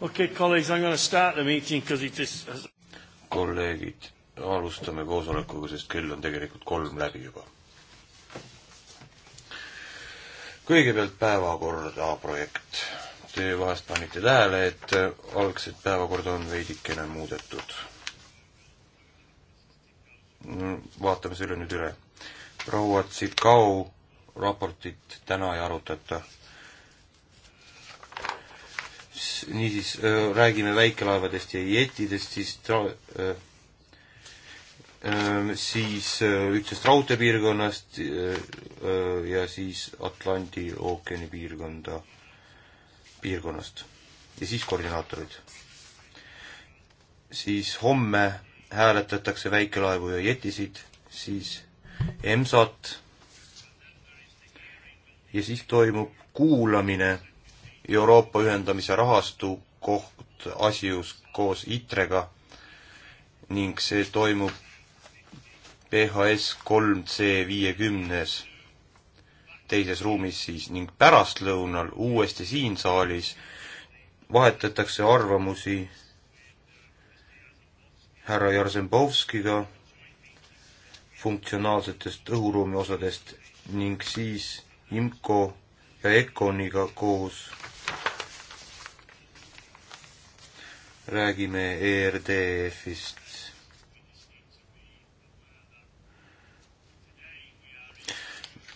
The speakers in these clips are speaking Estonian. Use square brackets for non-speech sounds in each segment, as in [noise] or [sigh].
okei okay,, colleagues, I m gonna start the meeting because it is uh, kolleegid, alustame koosolekuga, sest kell on tegelikult kolm läbi juba. kõigepealt päevakorda projekt. Te vahest panite tähele, et algset päevakorda on veidikene muudetud. Mm, vaatame selle nüüd üle. proua Tsikau raportit täna ei arutata siis, niisiis äh, räägime väikelaevadest ja jetidest, siis tra-, äh, äh, siis äh, ühtsest raudteepiirkonnast äh, äh, ja siis Atlandi ookeani piirkonda, piirkonnast. ja siis koordinaatorid. siis homme hääletatakse väikelaevu ja jetisid, siis EMSA-t ja siis toimub kuulamine Euroopa ühendamise rahastu koht asjus koos ITREga ning see toimub PHS 3C viiekümnes teises ruumis siis ning pärastlõunal uuesti siin saalis vahetatakse arvamusi härra Jarzembovskiga funktsionaalsetest õhuruumi osadest ning siis IMCO ja ECONiga koos räägime ERDF-ist.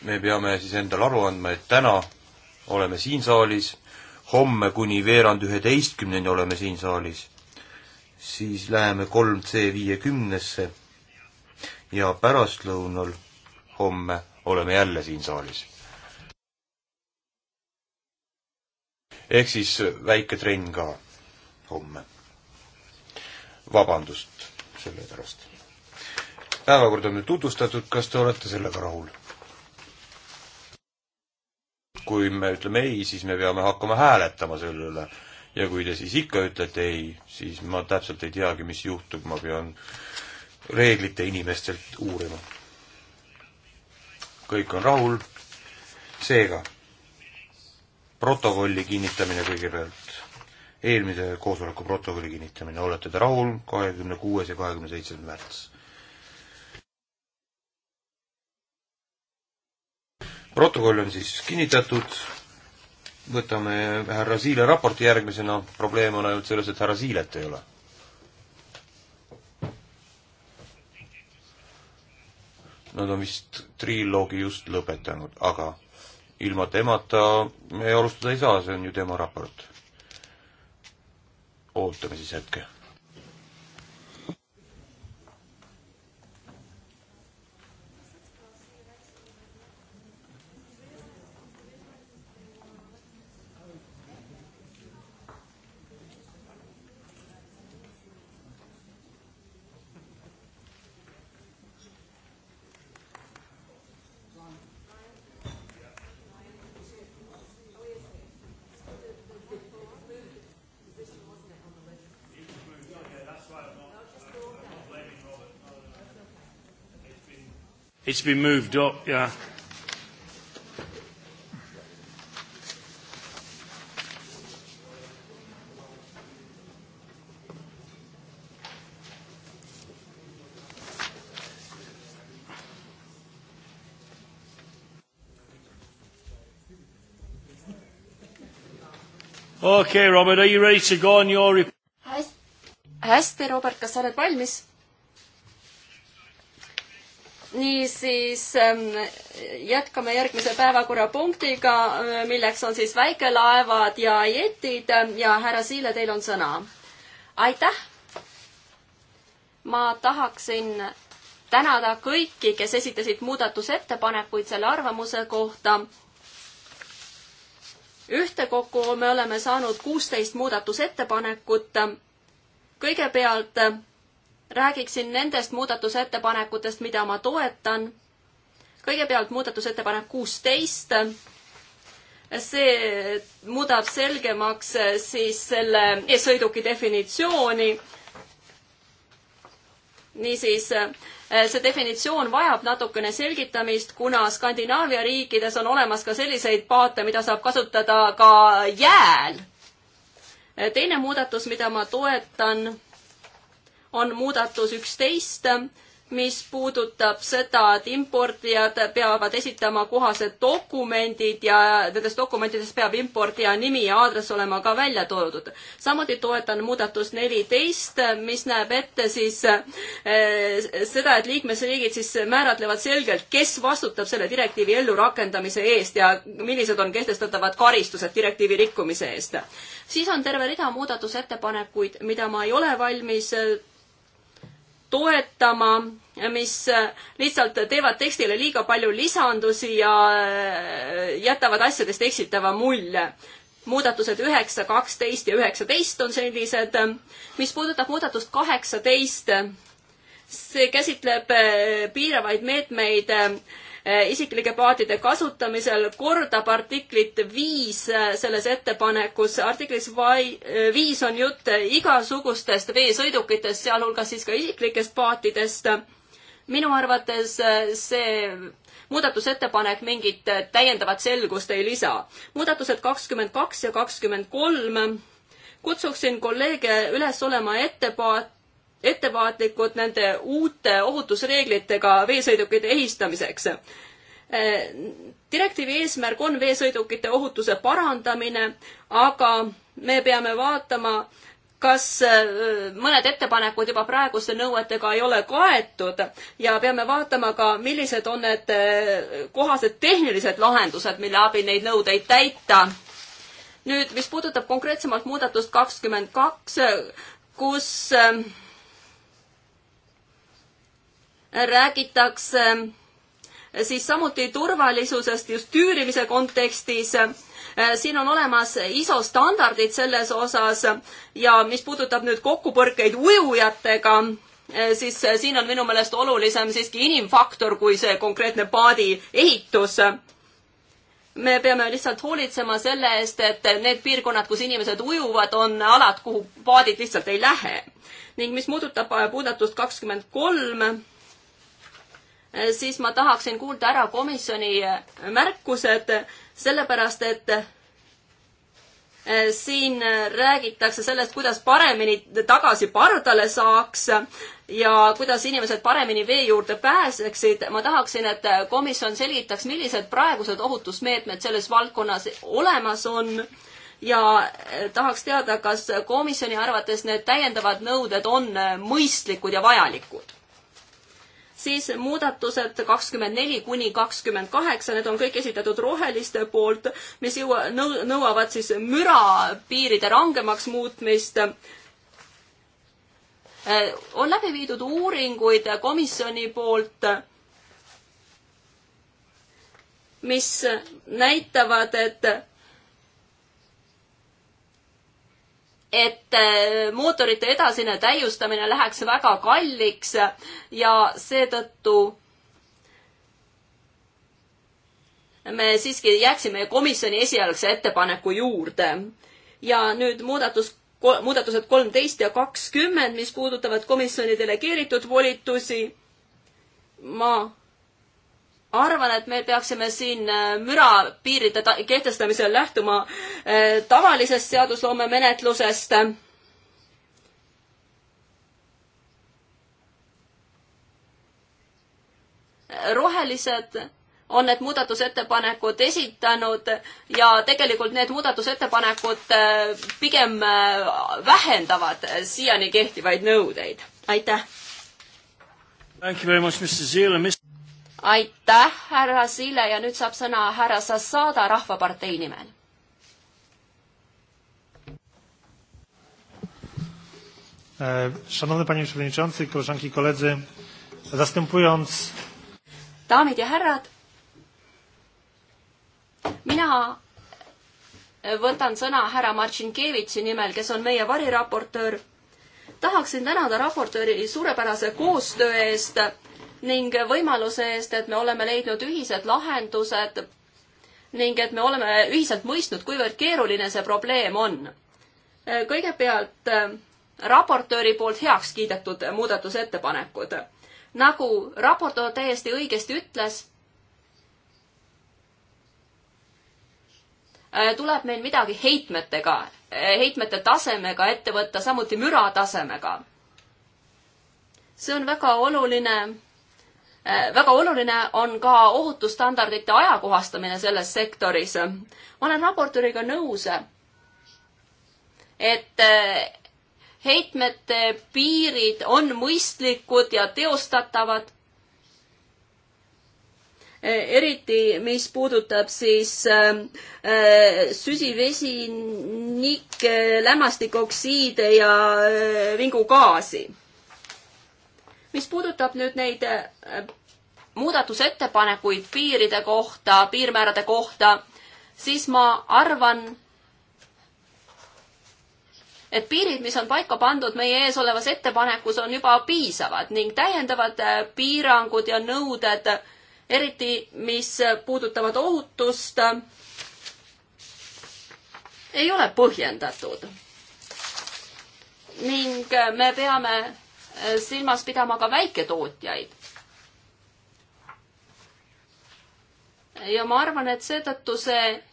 me peame siis endale aru andma, et täna oleme siin saalis, homme kuni veerand üheteistkümneni oleme siin saalis, siis läheme kolm C viiekümnesse ja pärastlõunal homme oleme jälle siin saalis. ehk siis väike trenn ka homme vabandust selle pärast. päevakord on nüüd tutvustatud, kas te olete sellega rahul? kui me ütleme ei, siis me peame hakkama hääletama selle üle. ja kui te siis ikka ütlete ei, siis ma täpselt ei teagi, mis juhtub, ma pean reeglite inimestelt uurima. kõik on rahul, seega protokolli kinnitamine kõigepealt eelmise koosoleku protokolli kinnitamine, olete te rahul, kahekümne kuues ja kahekümne seitsmes märts. protokoll on siis kinnitatud, võtame härra Siile raporti järgmisena, probleem on ainult selles, et härra Siilet ei ole. Nad on vist triloogi just lõpetanud, aga ilma temata me alustada ei saa, see on ju tema raport ootame siis hetke It's been moved up, yeah. okei okay,, Robert, are you ready to go on your hästi, Robert, kas sa oled valmis? niisiis ähm, jätkame järgmise päevakorrapunktiga, äh, milleks on siis väikelaevad ja jetid ja härra Siile, teil on sõna. aitäh! ma tahaksin tänada kõiki, kes esitasid muudatusettepanekuid selle arvamuse kohta. ühtekokku me oleme saanud kuusteist muudatusettepanekut. kõigepealt räägiksin nendest muudatusettepanekutest, mida ma toetan. kõigepealt muudatusettepanek kuusteist. see muudab selgemaks siis selle e-sõiduki definitsiooni. niisiis, see definitsioon vajab natukene selgitamist, kuna Skandinaavia riikides on olemas ka selliseid paate, mida saab kasutada ka jääl. teine muudatus, mida ma toetan on muudatus üksteist, mis puudutab seda, et importijad peavad esitama kohased dokumendid ja nendes dokumentides peab importija nimi ja aadress olema ka välja toodud. samuti toetan muudatust neliteist, mis näeb ette siis äh, seda, et liikmesriigid siis määratlevad selgelt, kes vastutab selle direktiivi ellurakendamise eest ja millised on kehtestatavad karistused direktiivi rikkumise eest. siis on terve rida muudatusettepanekuid, mida ma ei ole valmis toetama, mis lihtsalt teevad tekstile liiga palju lisandusi ja äh, jätavad asjadest eksitava mulje. muudatused üheksa, kaksteist ja üheksateist on sellised. mis puudutab muudatust kaheksateist, see käsitleb äh, piiravaid meetmeid Eh, isiklike paatide kasutamisel kordab artiklit viis eh, selles ettepanekus. artiklis vai-, eh, viis on jutt igasugustest veesõidukitest, sealhulgas siis ka isiklikest paatidest. minu arvates see muudatusettepanek mingit täiendavat selgust ei lisa. muudatused kakskümmend kaks ja kakskümmend kolm kutsuksin kolleege üles olema ettepaat-, ettevaatlikud nende uute ohutusreeglitega veesõidukite ehistamiseks. Äh, direktiivi eesmärk on veesõidukite ohutuse parandamine, aga me peame vaatama, kas äh, mõned ettepanekud juba praeguste nõuetega ei ole kaetud ja peame vaatama ka, millised on need äh, kohased tehnilised lahendused, mille abil neid nõudeid täita. nüüd, mis puudutab konkreetsemalt muudatust kakskümmend kaks, kus räägitakse eh, siis samuti turvalisusest just tüürimise kontekstis. Eh, siin on olemas ISO standardid selles osas ja mis puudutab nüüd kokkupõrkeid ujujatega, eh, siis siin on minu meelest olulisem siiski inimfaktor kui see konkreetne paadi ehitus me peame lihtsalt hoolitsema selle eest, et need piirkonnad, kus inimesed ujuvad, on alad, kuhu paadid lihtsalt ei lähe. ning mis puudutab muudatust kakskümmend kolm, Eh, siis ma tahaksin kuulda ära komisjoni eh, märkused, sellepärast et eh, siin räägitakse sellest, kuidas paremini tagasi pardale saaks ja kuidas inimesed paremini vee juurde pääseksid. ma tahaksin, et komisjon selgitaks, millised praegused ohutusmeetmed selles valdkonnas olemas on ja tahaks teada, kas komisjoni arvates need täiendavad nõuded on mõistlikud ja vajalikud siis muudatused kakskümmend neli kuni kakskümmend kaheksa, need on kõik esitatud roheliste poolt, mis jõua-, nõu-, nõuavad siis müra piiride rangemaks muutmist äh, on läbi viidud uuringuid komisjoni poolt, mis näitavad, et et äh, mootorite edasine täiustamine läheks väga kalliks ja seetõttu me siiski jääksime komisjoni esialgse ettepaneku juurde. ja nüüd muudatus, muudatused kolmteist ja kakskümmend, mis puudutavad komisjoni delegeeritud volitusi. ma arvan, et me peaksime siin äh, mürapiiride kehtestamisel lähtuma äh, tavalisest seadusloome menetlusest. rohelised on need muudatusettepanekud esitanud ja tegelikult need muudatusettepanekud äh, pigem vähendavad siiani kehtivaid nõudeid. aitäh! Thank you very much, Mr Zila aitäh, härra Sille ja nüüd saab sõna härra Sassada Rahvapartei nimel. E, szanowny panie przewodniczący, koleżanki i koledzy, zastępując. daamid ja härrad, mina võtan sõna härra Martšinkevitši nimel, kes on meie variraportöör. tahaksin tänada raportööri suurepärase koostöö eest ning võimaluse eest, et me oleme leidnud ühised lahendused ning et me oleme ühiselt mõistnud, kuivõrd keeruline see probleem on. kõigepealt äh, raportööri poolt heaks kiidetud muudatusettepanekud. nagu raportöör täiesti õigesti ütles, äh, tuleb meil midagi heitmetega, äh, heitmete tasemega ette võtta, samuti müra tasemega. see on väga oluline Äh, väga oluline on ka ohutusstandardite ajakohastamine selles sektoris. ma olen raportööriga nõus, et äh, heitmete piirid on mõistlikud ja teostatavad. Äh, eriti, mis puudutab siis äh, süsivesinik, lämmastikoksiide ja äh, vingugaasi mis puudutab nüüd neid äh, muudatusettepanekuid piiride kohta, piirmäärade kohta, siis ma arvan, et piirid, mis on paika pandud meie ees olevas ettepanekus, on juba piisavad ning täiendavad äh, piirangud ja nõuded, eriti mis puudutavad ohutust, ei ole põhjendatud. ning äh, me peame Äh, silmas pidama ka väiketootjaid. ja ma arvan, et seetõttu see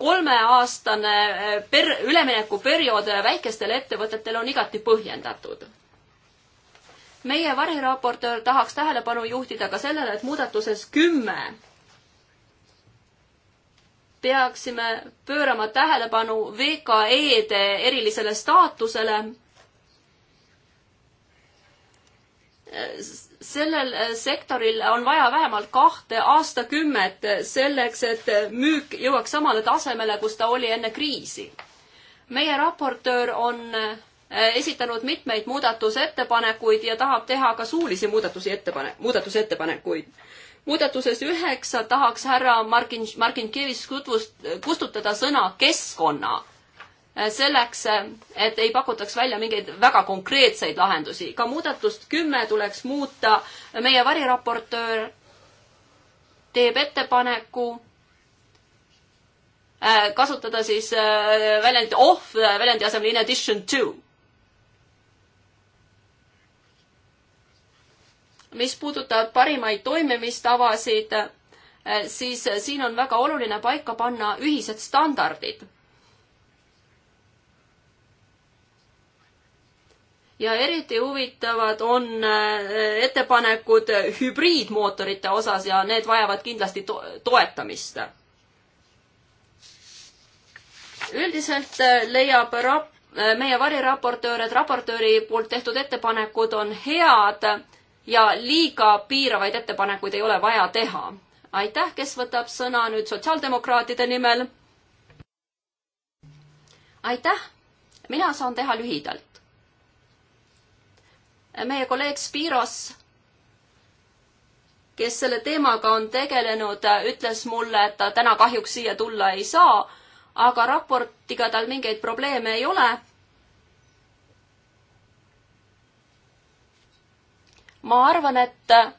kolmeaastane äh, per-, üleminekuperiood väikestele ettevõtetele on igati põhjendatud. meie variraportöör tahaks tähelepanu juhtida ka sellele, et muudatuses kümme peaksime pöörama tähelepanu VKE-de erilisele staatusele sellel äh, sektoril on vaja vähemalt kahte aastakümmet selleks, et äh, müük jõuaks samale tasemele, kus ta oli enne kriisi. meie raportöör on äh, esitanud mitmeid muudatusettepanekuid ja tahab teha ka suulisi muudatusi ettepane-, muudatusettepanekuid. muudatuses üheksa tahaks härra Margin, Margin Kivis kutvust, kustutada sõna keskkonna Äh, selleks, äh, et ei pakutaks välja mingeid väga konkreetseid lahendusi. ka muudatust kümme tuleks muuta. meie variraportöör teeb ettepaneku äh, kasutada siis väljendit off väljendi asemel in addition to. mis puudutab parimaid toimimistavasid, siis siin on väga oluline paika panna ühised standardid ja eriti huvitavad on äh, ettepanekud hübriidmootorite osas ja need vajavad kindlasti to toetamist. üldiselt äh, leiab rap-, äh, meie variraportöör, et raportööri poolt tehtud ettepanekud on head ja liiga piiravaid ettepanekuid ei ole vaja teha. aitäh, kes võtab sõna nüüd sotsiaaldemokraatide nimel. aitäh, mina saan teha lühidalt meie kolleeg Spiros, kes selle teemaga on tegelenud, ütles mulle, et ta täna kahjuks siia tulla ei saa, aga raportiga tal mingeid probleeme ei ole. ma arvan, et äh,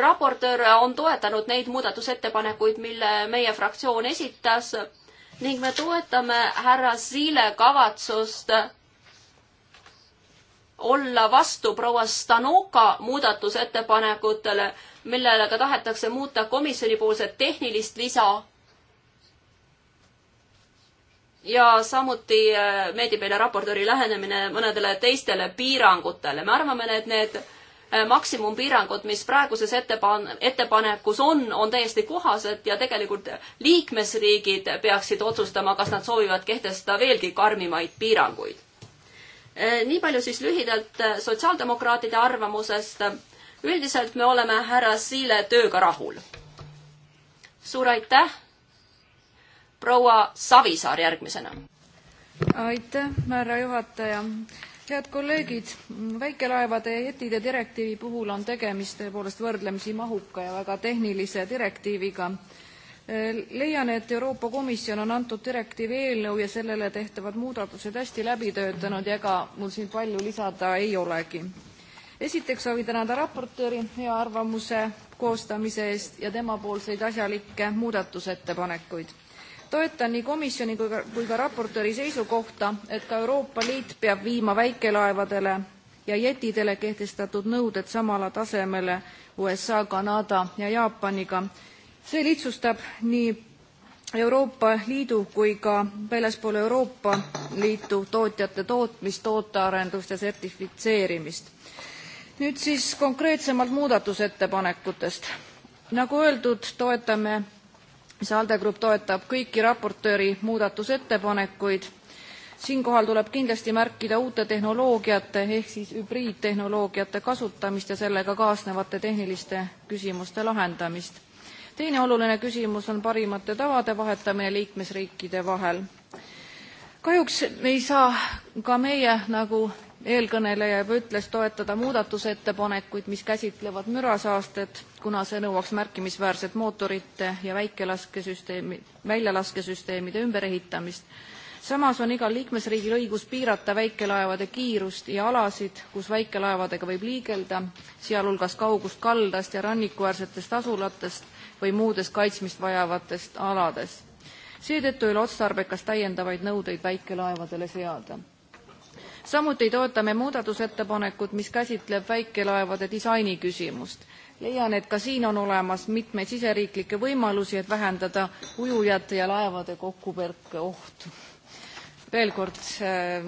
raportöör on toetanud neid muudatusettepanekuid, mille meie fraktsioon esitas ning me toetame härra Siile kavatsust olla vastu proua Stanoka muudatusettepanekutele, millega tahetakse muuta komisjonipoolset tehnilist lisa. ja samuti äh, meeldib meile raportööri lähenemine mõnedele teistele piirangutele. me arvame, et need äh, maksimumpiirangud, mis praeguses ettepan-, ettepanekus on, on täiesti kohased ja tegelikult liikmesriigid peaksid otsustama, kas nad soovivad kehtestada veelgi karmimaid piiranguid Eh, nii palju siis lühidalt eh, sotsiaaldemokraatide arvamusest. üldiselt me oleme härra Siile tööga rahul. suur aitäh. proua Savisaar järgmisena. aitäh, härra juhataja head kolleegid, väikelaevade ja jetide direktiivi puhul on tegemist tõepoolest võrdlemisi mahuka ja väga tehnilise direktiiviga Äh, leian, et Euroopa Komisjon on antud direktiivi eelnõu ja sellele tehtavad muudatused hästi läbi töötanud ja ega mul siin palju lisada ei olegi. esiteks soovin tänada raportööri hea arvamuse koostamise eest ja temapoolseid asjalikke muudatusettepanekuid. toetan nii komisjoni kui ka, kui ka raportööri seisukohta, et ka Euroopa Liit peab viima väikelaevadele ja jetidele kehtestatud nõuded samale tasemele USA, Kanada ja Jaapaniga see lihtsustab nii Euroopa Liidu kui ka väljaspool Euroopa Liitu tootjate tootmist, tootearendust ja sertifitseerimist. nüüd siis konkreetsemalt muudatusettepanekutest. nagu öeldud, toetame, see ALDE grupp toetab kõiki raportööri muudatusettepanekuid. siinkohal tuleb kindlasti märkida uute tehnoloogiate ehk siis hübriidtehnoloogiate kasutamist ja sellega kaasnevate tehniliste küsimuste lahendamist teine oluline küsimus on parimate tavade vahetamine liikmesriikide vahel. kahjuks ei saa ka meie, nagu eelkõneleja juba ütles, toetada muudatusettepanekuid, mis käsitlevad mürasaastet, kuna see nõuaks märkimisväärset mootorite ja väikelaskesüsteemi, väljalaskesüsteemide ümberehitamist. samas on igal liikmesriigil õigus piirata väikelaevade kiirust ja alasid, kus väikelaevadega võib liigelda, sealhulgas kaugust kaldast ja rannikuäärsetest asulatest või muudest kaitsmist vajavatest aladest. seetõttu ei ole otstarbekas täiendavaid nõudeid väikelaevadele seada. samuti ei toeta me muudatusettepanekut, mis käsitleb väikelaevade disaini küsimust. leian, et ka siin on olemas mitmeid siseriiklikke võimalusi, et vähendada ujujate ja laevade kokkupõrke ohtu veel kord äh,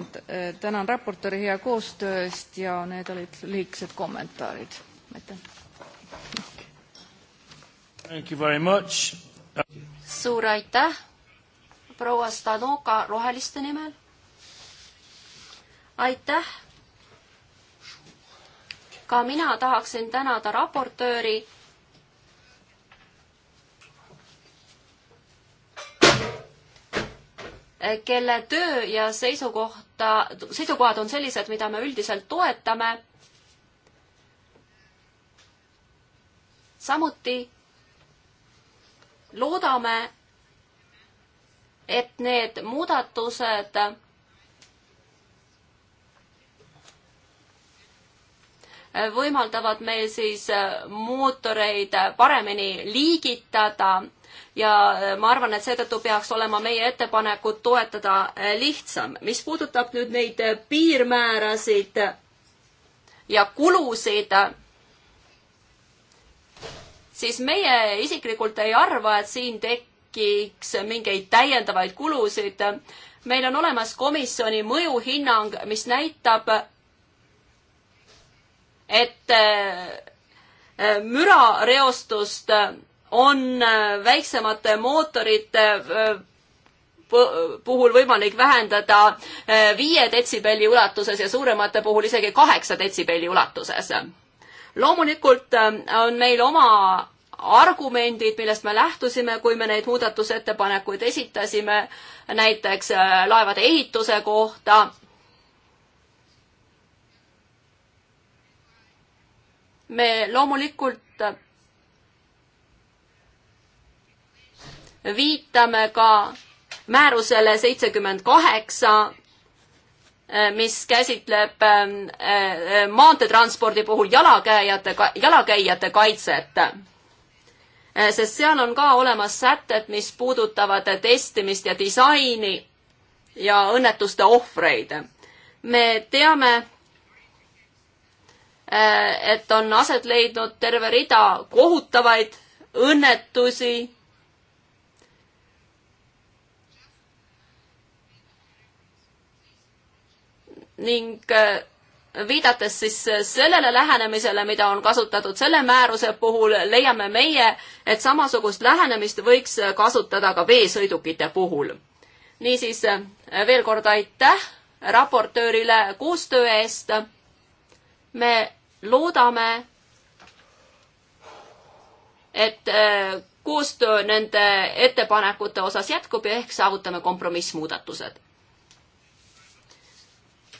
tänan raportööri hea koostöö eest ja need olid lühikesed kommentaarid. aitäh suur aitäh, proua Stanoka Roheliste nimel. aitäh. ka mina tahaksin tänada raportööri kelle töö ja seisukohta, seisukohad on sellised, mida me üldiselt toetame. samuti loodame, et need muudatused võimaldavad meil siis mootoreid paremini liigitada ja ma arvan, et seetõttu peaks olema meie ettepanekut toetada lihtsam. mis puudutab nüüd neid piirmäärasid ja kulusid, siis meie isiklikult ei arva, et siin tekiks mingeid täiendavaid kulusid. meil on olemas komisjoni mõjuhinnang, mis näitab, et äh, mürareostust on äh, väiksemate mootorite äh, puhul võimalik vähendada viie detsibelli ulatuses ja suuremate puhul isegi kaheksa detsibelli ulatuses loomulikult ähm, on meil oma argumendid, millest me lähtusime, kui me neid muudatusettepanekuid esitasime, näiteks äh, laevade ehituse kohta. me loomulikult äh, viitame ka määrusele seitsekümmend kaheksa, Äh, mis käsitleb ähm, äh, äh, maanteetranspordi puhul jalakäijate, jalakäijate kaitset. sest seal on ka olemas sätted, mis puudutavad testimist ja disaini ja õnnetuste ohvreid. me teame, et on aset leidnud terve rida kohutavaid õnnetusi ning äh, viidates siis äh, sellele lähenemisele, mida on kasutatud selle määruse puhul, leiame meie, et samasugust lähenemist võiks äh, kasutada ka veesõidukite puhul. niisiis veel kord aitäh raportöörile koostöö eest. me loodame, et koostöö nende ettepanekute osas jätkub ja ehk saavutame kompromissmuudatused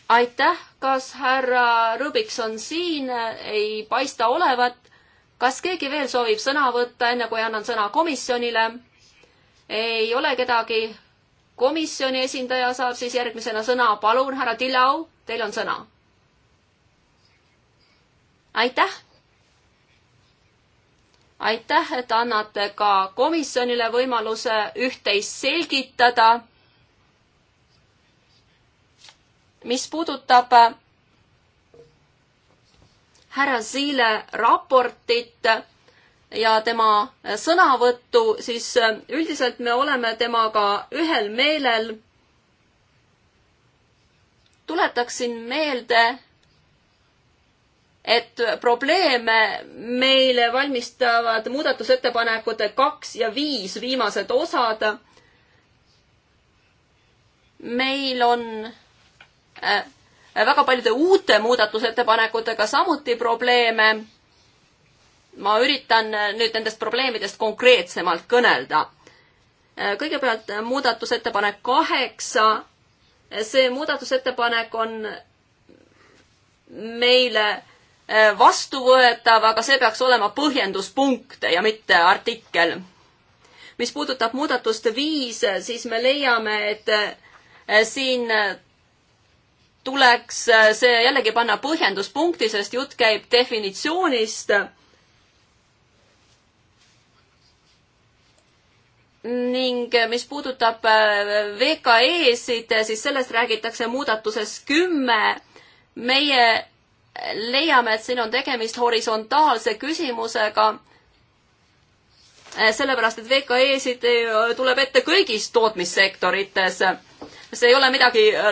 aitäh, kas härra Rubik on siin, ei paista olevat. kas keegi veel soovib sõna võtta, enne kui annan sõna komisjonile? ei ole kedagi. komisjoni esindaja saab siis järgmisena sõna. palun, härra Tillau, teil on sõna. aitäh. aitäh, et annate ka komisjonile võimaluse üht-teist selgitada mis puudutab äh, härra Ziile raportit ja tema sõnavõttu, siis äh, üldiselt me oleme temaga ühel meelel. tuletaksin meelde, et probleeme meile valmistavad muudatusettepanekute kaks ja viis viimased osad. meil on Äh, väga paljude uute muudatusettepanekutega samuti probleeme. ma üritan äh, nüüd nendest probleemidest konkreetsemalt kõnelda. Äh, kõigepealt muudatusettepanek kaheksa. see muudatusettepanek on meile vastuvõetav, aga see peaks olema põhjenduspunkt ja mitte artikkel. mis puudutab muudatust viis, siis me leiame, et siin tuleks äh, see jällegi panna põhjenduspunkti, sest jutt käib definitsioonist. ning äh, mis puudutab äh, VKE-sid, siis sellest räägitakse muudatuses kümme. meie leiame, et siin on tegemist horisontaalse küsimusega sellepärast, et VKE-sid tuleb ette kõigis tootmissektorites see ei ole midagi äh,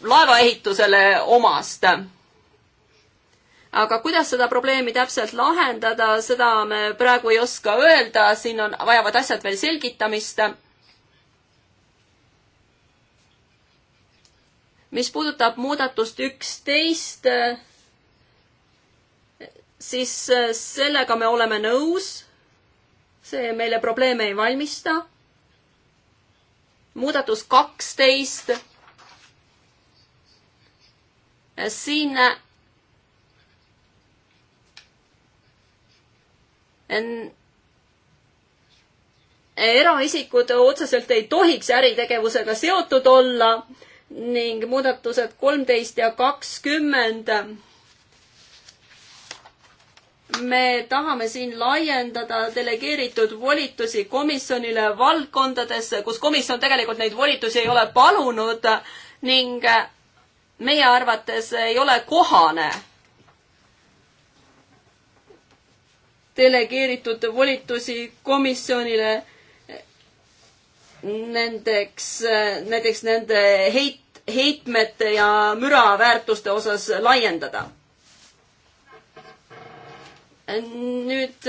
laevaehitusele omast. aga kuidas seda probleemi täpselt lahendada, seda me praegu ei oska öelda, siin on, vajavad asjad veel selgitamist mis puudutab muudatust üksteist, siis äh, sellega me oleme nõus. see meile probleeme ei valmista muudatus kaksteist. siin en, eraisikud otseselt ei tohiks äritegevusega seotud olla ning muudatused kolmteist ja kakskümmend 20 me tahame siin laiendada delegeeritud volitusi komisjonile valdkondades, kus komisjon tegelikult neid volitusi ei ole palunud ning meie arvates ei ole kohane delegeeritud volitusi komisjonile nendeks, näiteks nende heit, heitmete ja müraväärtuste osas laiendada nüüd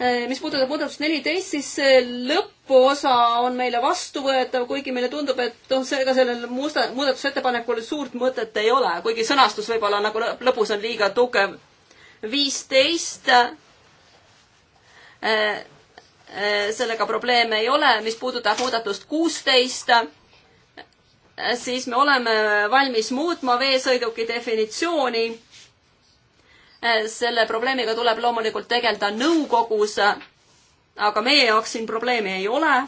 eh, mis puudutab muudatust neliteist, siis see lõpuosa on meile vastuvõetav, kuigi meile tundub, et noh, seega sellel musta, muudatusettepanekul suurt mõtet ei ole, kuigi sõnastus võib-olla nagu lõpus on liiga tugev. viisteist. Eh, eh, sellega probleeme ei ole, mis puudutab muudatust kuusteist siis me oleme valmis muutma veesõiduki definitsiooni. selle probleemiga tuleb loomulikult tegeleda nõukogus, aga meie jaoks siin probleemi ei ole.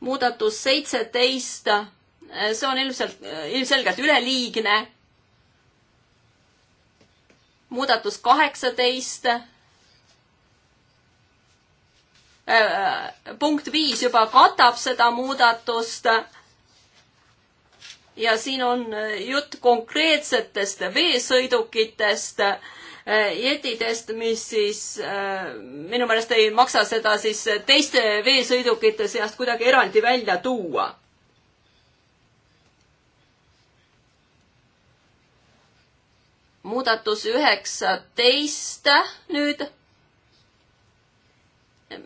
muudatus seitseteist, see on ilmselt, ilmselgelt üleliigne. muudatus kaheksateist punkt viis juba katab seda muudatust ja siin on eh, jutt konkreetsetest veesõidukitest, eh, jetidest, mis siis eh, minu meelest ei maksa seda siis teiste veesõidukite seast kuidagi eraldi välja tuua muudatus üheksateist nüüd.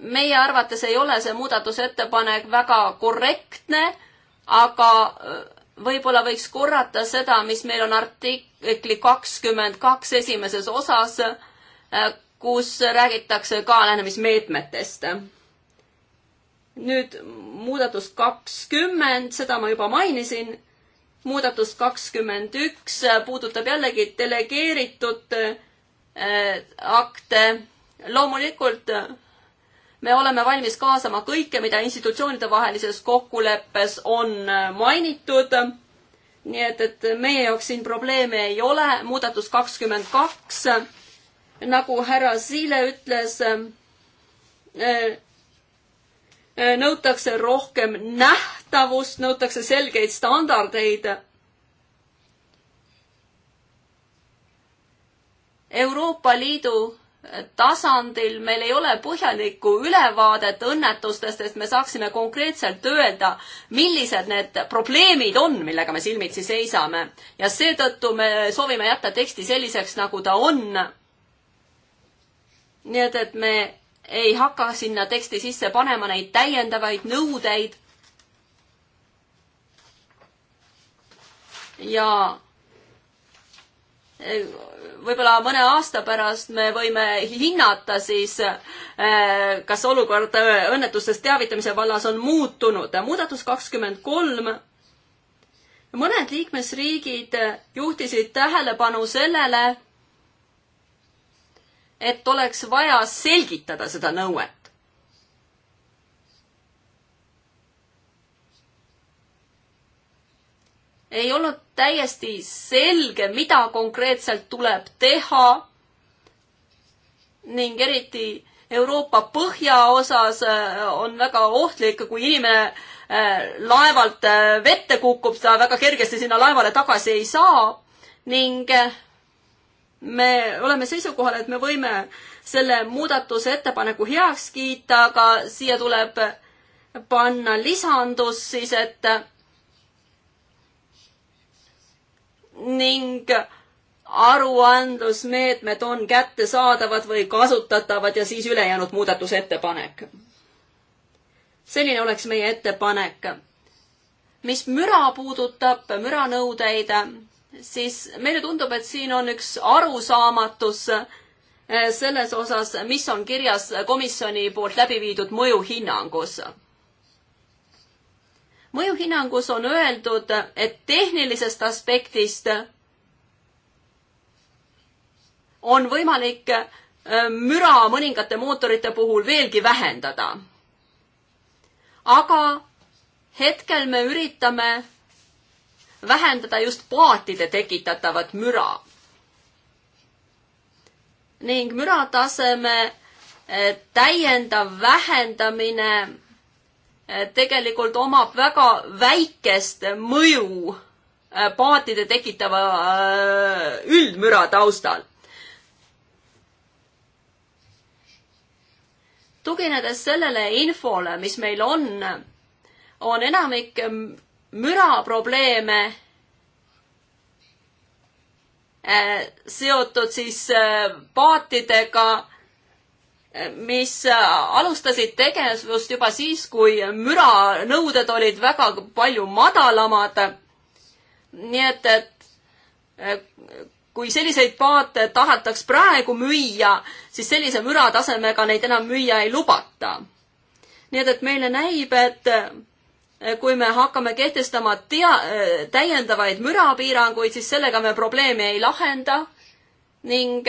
meie arvates ei ole see muudatusettepanek väga korrektne, aga võib-olla võiks korrata seda, mis meil on artikli kakskümmend kaks esimeses osas, äh, kus räägitakse ka lähenemismeetmetest. nüüd muudatus kakskümmend, seda ma juba mainisin. muudatus kakskümmend üks puudutab jällegi delegeeritud äh, akte. loomulikult me oleme valmis kaasama kõike, mida institutsioonide vahelises kokkuleppes on äh, mainitud. nii et, et meie jaoks siin probleeme ei ole. muudatus kakskümmend kaks, nagu härra Siile ütles, äh, äh, nõutakse rohkem nähtavust, nõutakse selgeid standardeid Euroopa Liidu tasandil meil ei ole põhjalikku ülevaadet õnnetustest, sest me saaksime konkreetselt öelda, millised need probleemid on, millega me silmitsi seisame. ja seetõttu me soovime jätta teksti selliseks, nagu ta on. nii et, et me ei hakka sinna teksti sisse panema neid täiendavaid nõudeid. ja võib-olla mõne aasta pärast me võime hinnata siis, eh, kas olukord eh, õnnetustest teavitamise vallas on muutunud. muudatus kakskümmend kolm. mõned liikmesriigid juhtisid tähelepanu sellele, et oleks vaja selgitada seda nõuet. ei olnud täiesti selge, mida konkreetselt tuleb teha ning eriti Euroopa põhjaosas äh, on väga ohtlik, kui inimene äh, laevalt äh, vette kukub, ta väga kergesti sinna laevale tagasi ei saa ning me oleme seisukohal, et me võime selle muudatuse ettepaneku heaks kiita, aga siia tuleb panna lisandus siis, et ning aruandlusmeetmed on kättesaadavad või kasutatavad ja siis ülejäänud muudatusettepanek. selline oleks meie ettepanek. mis müra puudutab, müranõudeid, siis meile tundub, et siin on üks arusaamatus eh, selles osas, mis on kirjas komisjoni poolt läbi viidud mõjuhinnangus mõjuhinnangus on öeldud, et tehnilisest aspektist on võimalik äh, müra mõningate mootorite puhul veelgi vähendada. aga hetkel me üritame vähendada just paatide tekitatavat müra. ning mürataseme äh, täiendav vähendamine Eh, tegelikult omab väga väikest mõju eh, paatide tekitava eh, üldmüra taustal. tuginedes sellele infole, mis meil on, on enamik mm, müraprobleeme seotud siis paatidega mis alustasid tegevust juba siis, kui müranõuded olid väga palju madalamad. nii et, et kui selliseid paate tahetaks praegu müüa, siis sellise müratasemega neid enam müüa ei lubata. nii et, et meile näib, et kui me hakkame kehtestama tea-, täiendavaid mürapiiranguid, siis sellega me probleemi ei lahenda ning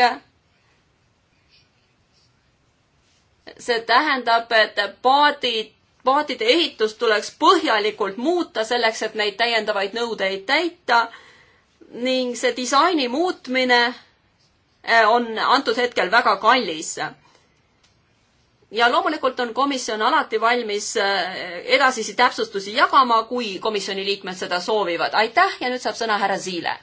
see tähendab, et paadid, paadide ehitus tuleks põhjalikult muuta selleks, et neid täiendavaid nõudeid täita ning see disaini muutmine eh, on antud hetkel väga kallis ja loomulikult on komisjon alati valmis eh, edasisi täpsustusi jagama, kui komisjoni liikmed seda soovivad. aitäh ja nüüd saab sõna härra Ziile.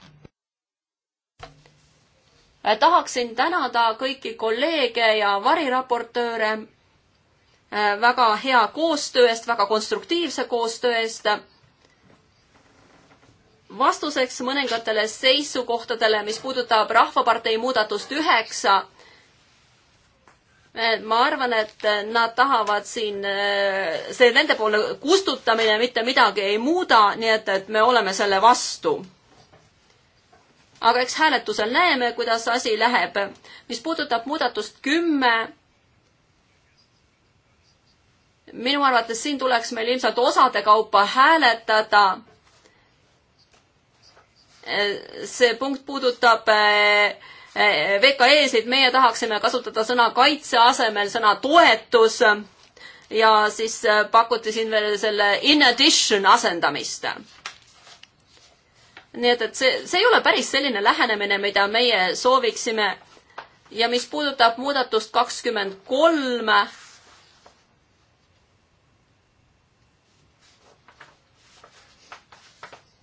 Äh, tahaksin tänada kõiki kolleege ja variraportööre äh, väga hea koostöö eest, väga konstruktiivse koostöö eest. vastuseks mõningatele seisukohtadele, mis puudutab Rahvapartei muudatust üheksa, äh, ma arvan, et nad tahavad siin, see nende poole kustutamine mitte midagi ei muuda, nii et, et me oleme selle vastu aga eks hääletusel näeme, kuidas asi läheb. mis puudutab muudatust kümme, minu arvates siin tuleks meil ilmselt osade kaupa hääletada. see punkt puudutab eh, eh, VKE-sid, meie tahaksime kasutada sõna kaitse asemel sõna toetus ja siis eh, pakuti siin veel selle in addition asendamist nii et, et see, see ei ole päris selline lähenemine, mida meie sooviksime. ja mis puudutab muudatust kakskümmend kolm,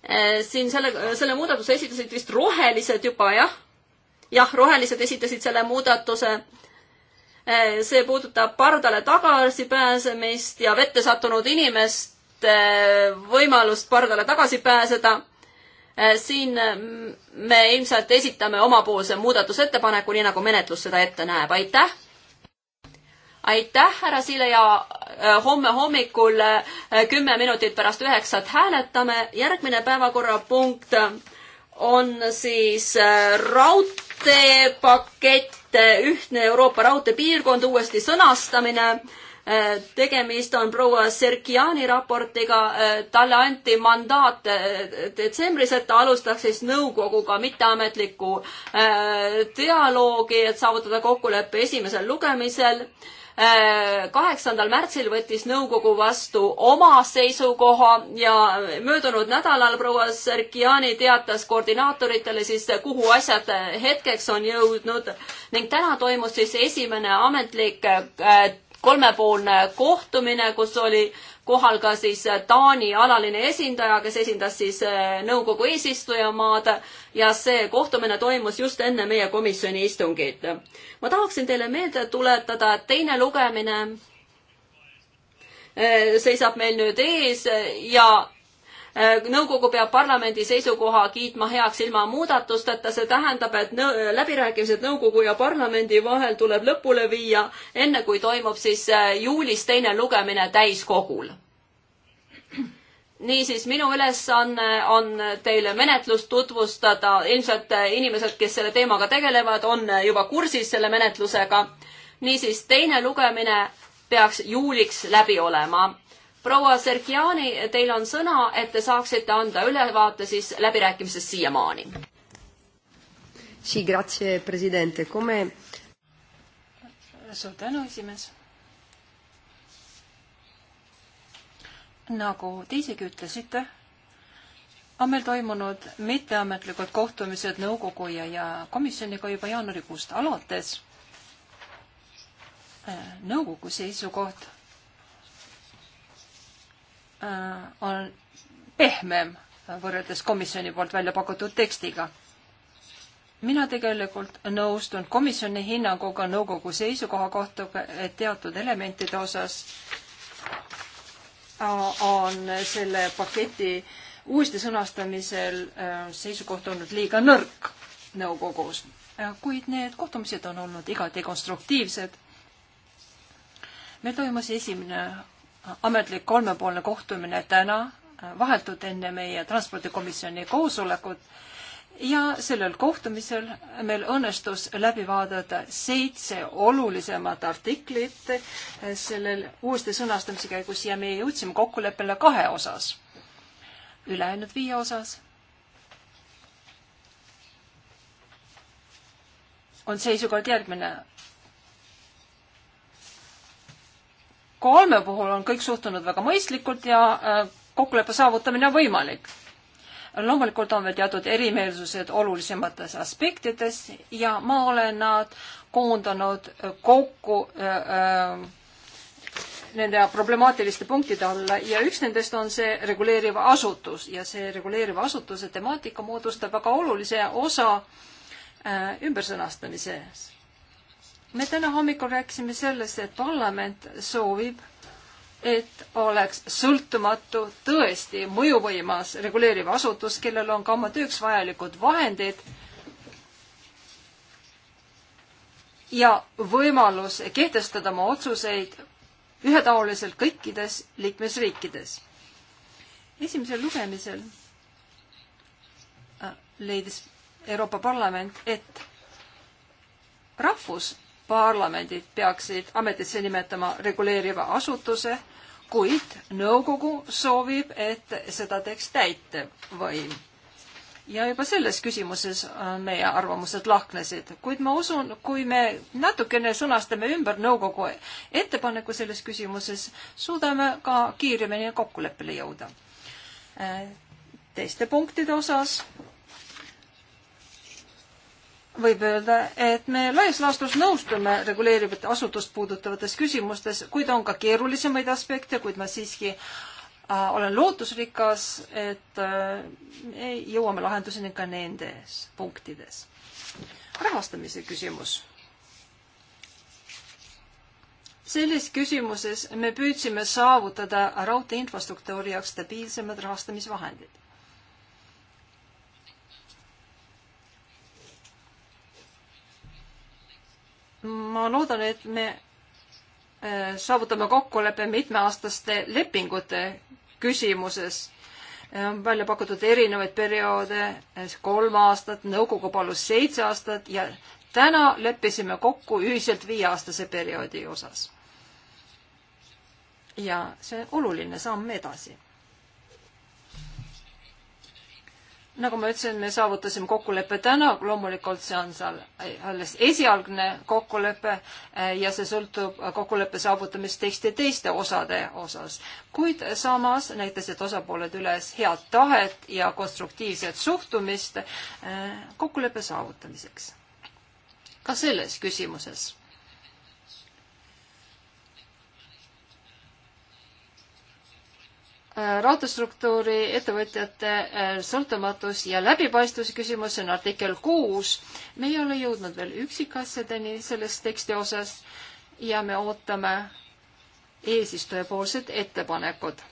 eh, siin selle, selle muudatuse esitasid vist rohelised juba, jah? jah, rohelised esitasid selle muudatuse. Eh, see puudutab pardale tagasipääsemist ja vette sattunud inimeste eh, võimalust pardale tagasi pääseda Äh, siin äh, me ilmselt esitame omapoolse muudatusettepaneku, nii nagu menetlus seda ette näeb, aitäh! aitäh, härra Sile ja äh, homme hommikul kümme minutit pärast üheksat hääletame. järgmine päevakorrapunkt on siis raudteepakett, ühtne Euroopa raudteepiirkond, uuesti sõnastamine Äh, tegemist on proua Serkiani raportiga, äh, talle anti mandaat äh, detsembris, et ta alustaks siis nõukoguga mitteametlikku dialoogi, et saavutada kokkulepe esimesel lugemisel kaheksandal märtsil võttis nõukogu vastu oma seisukoha ja möödunud nädalal proua Serkiani teatas koordinaatoritele siis, kuhu asjad hetkeks on jõudnud ning täna toimus siis esimene ametlik kolmepoolne kohtumine, kus oli kohal ka siis Taani alaline esindaja, kes esindas siis äh, nõukogu eesistujamaad ja see kohtumine toimus just enne meie komisjoni istungit. ma tahaksin teile meelde tuletada, et teine lugemine äh, seisab meil nüüd ees ja Äh, nõukogu peab parlamendi seisukoha kiitma heaks ilma muudatusteta, see tähendab, et nõ-, äh, läbirääkimised nõukogu ja parlamendi vahel tuleb lõpule viia, enne kui toimub siis äh, juulis teine lugemine täiskogul niisiis, minu ülesanne on, on teile menetlust tutvustada, ilmselt inimesed, kes selle teemaga tegelevad, on juba kursis selle menetlusega. niisiis, teine lugemine peaks juuliks läbi olema proua Sergiani, teil on sõna, et te saaksite anda ülevaate siis läbirääkimistest siiamaani. suur tänu, esimees. nagu teisegi ütlesite, on meil toimunud mitteametlikud kohtumised nõukogu ja, ja komisjoniga juba jaanuarikuust alates. nõukogu seisukoht Äh, on pehmem võrreldes komisjoni poolt välja pakutud tekstiga. mina tegelikult nõustun komisjoni hinnanguga nõukogu seisukoha kohta, et teatud elementide osas on selle paketi uuesti sõnastamisel äh, seisukoht olnud liiga nõrk nõukogus, äh, kuid need kohtumised on olnud igati konstruktiivsed. meil toimus esimene ametlik kolmepoolne kohtumine täna, vahetult enne meie transpordikomisjoni koosolekut ja sellel kohtumisel meil õnnestus läbi vaadata seitse olulisemat artiklit sellel uuesti sõnastamise käigus ja me jõudsime kokkuleppele kahe osas, ülejäänud viie osas on seisukord järgmine. kolme puhul on kõik suhtunud väga mõistlikult ja äh, kokkuleppe saavutamine on võimalik. loomulikult on veel teatud erimeelsused olulisemates aspektides ja ma olen nad koondanud kokku äh, äh nende problemaatiliste punktide alla ja üks nendest on see reguleeriv asutus ja see reguleeriva asutuse temaatika moodustab väga olulise osa äh, ümbersõnastamises me täna hommikul rääkisime sellest, et parlament soovib, et oleks sõltumatu, tõesti mõjuvõimas reguleeriv asutus, kellel on ka oma tööks vajalikud vahendid ja võimalus kehtestada oma otsuseid ühetaoliselt kõikides liikmesriikides. esimesel lugemisel äh, leidis Euroopa Parlament, et rahvus parlamendid peaksid ametisse nimetama reguleeriva asutuse, kuid nõukogu soovib, et seda teeks täitevvõim. ja juba selles küsimuses äh, meie arvamused lahknesid, kuid ma usun, kui me natukene sõnastame ümber nõukogu ettepaneku selles küsimuses, suudame ka kiiremini kokkuleppele jõuda äh, teiste punktide osas võib öelda, et me laias laastus nõustume reguleerivate asutust puudutavates küsimustes, kuid on ka keerulisemaid aspekte, kuid ma siiski äh, olen lootusrikas, et äh, me jõuame lahenduseni ka nendes punktides. rahastamise küsimus. selles küsimuses me püüdsime saavutada raudteeinfrastruktuuri jaoks stabiilsemad rahastamisvahendid ma loodan, et me äh, saavutame kokkuleppe mitmeaastaste lepingute küsimuses. Äh, on välja pakutud erinevaid perioode, äh, kolm aastat, nõukogu palus seitse aastat ja täna leppisime kokku ühiselt viieaastase perioodi osas. ja see on oluline samm edasi nagu ma ütlesin, me saavutasime kokkuleppe täna, loomulikult see on seal alles esialgne kokkulepe eh, ja see sõltub kokkuleppe saavutamisteksti teiste osade osas. kuid samas näitasid osapooled üles head tahet ja konstruktiivset suhtumist eh, kokkuleppe saavutamiseks. ka selles küsimuses Äh, raudteestruktuuri ettevõtjate äh, sõltumatus ja läbipaistvuse küsimus, see on artikkel kuus. me ei ole jõudnud veel üksikasjadeni selles teksti osas ja me ootame eesistujapoolsed ettepanekud.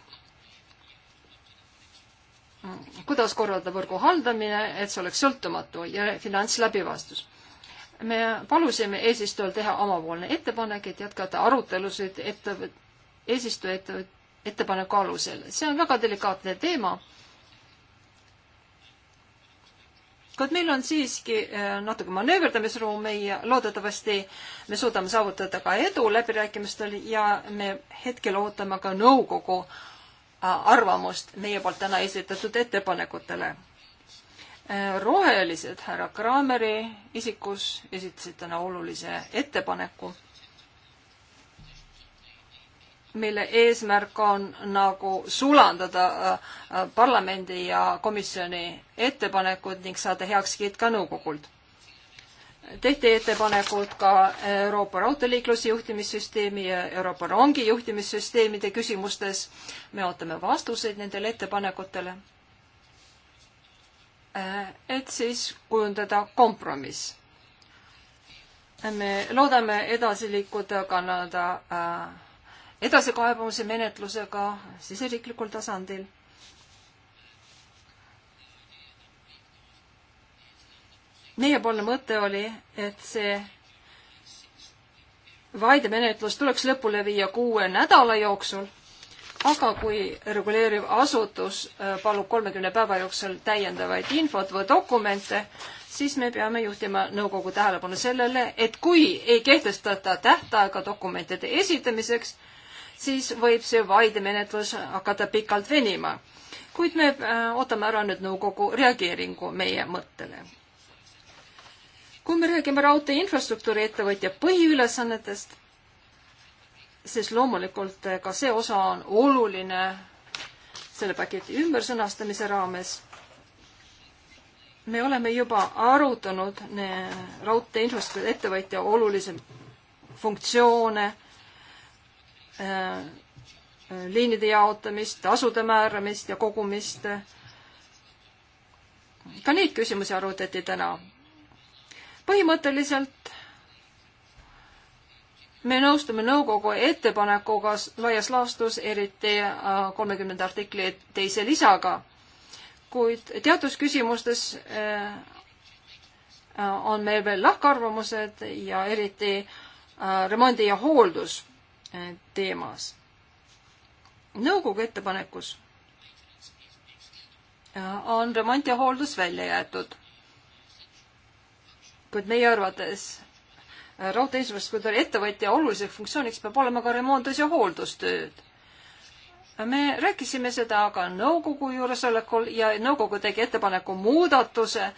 Mm, kuidas korraldada võrgu haldamine, et see oleks sõltumatu ja finantsläbivastus. me palusime eesistujal teha omapoolne ettepanek, et jätkata arutelusid ettevõt-, eesistuja ettevõt-, ettepaneku alusel. see on väga delikaatne teema. kuid meil on siiski äh, natuke manööverdamisruumi ja loodetavasti me suudame saavutada ka edu läbirääkimistel ja me hetkel ootame ka nõukogu äh, arvamust meie poolt täna esitatud ettepanekutele. Äh, rohelised härra Krahmeri isikus esitasid täna olulise ettepaneku mille eesmärk on nagu sulandada äh, äh, parlamendi ja komisjoni ettepanekud ning saada heakskiit ka nõukogult. tehti ettepanekud ka Euroopa raudteeliikluse juhtimissüsteemi ja Euroopa rongi juhtimissüsteemide küsimustes. me ootame vastuseid nendele ettepanekutele. Äh, et siis kujundada kompromiss. me loodame edasi liikuda Kanada äh, edasikaebamise menetlusega siseriiklikul tasandil. meiepoolne mõte oli, et see vaidemenetlus tuleks lõpule viia kuue nädala jooksul, aga kui reguleeriv asutus äh, palub kolmekümne päeva jooksul täiendavaid infot või dokumente, siis me peame juhtima nõukogu tähelepanu sellele, et kui ei kehtestata tähtaega dokumentide esitamiseks, siis võib see vaidemenetlus hakata pikalt venima. kuid me äh, ootame ära nüüd nõukogu reageeringu meie mõttele. kui me räägime raudtee infrastruktuuri ettevõtja põhiülesannetest, siis loomulikult äh, ka see osa on oluline selle paketi ümbersõnastamise raames me oleme juba arutanud raudtee infrastruktuuri ettevõtja olulisi funktsioone Äh, liinide jaotamist, tasude määramist ja kogumist. ka neid küsimusi arutati täna. põhimõtteliselt me nõustume nõukogu ettepanekuga laias laastus, eriti äh, kolmekümnenda artikli teise lisaga, kuid teadusküsimustes äh, on meil veel lahkarvamused ja eriti remondi ja hooldus Äh, teemas. nõukogu ettepanekus äh, on remont ja hooldus välja jäetud. kuid meie arvates äh, raudteeinfrastruktuuri ettevõtja oluliseks funktsiooniks peab olema ka remondus- ja hooldustööd me rääkisime seda ka nõukogu juuresolekul ja nõukogu tegi ettepaneku muudatuse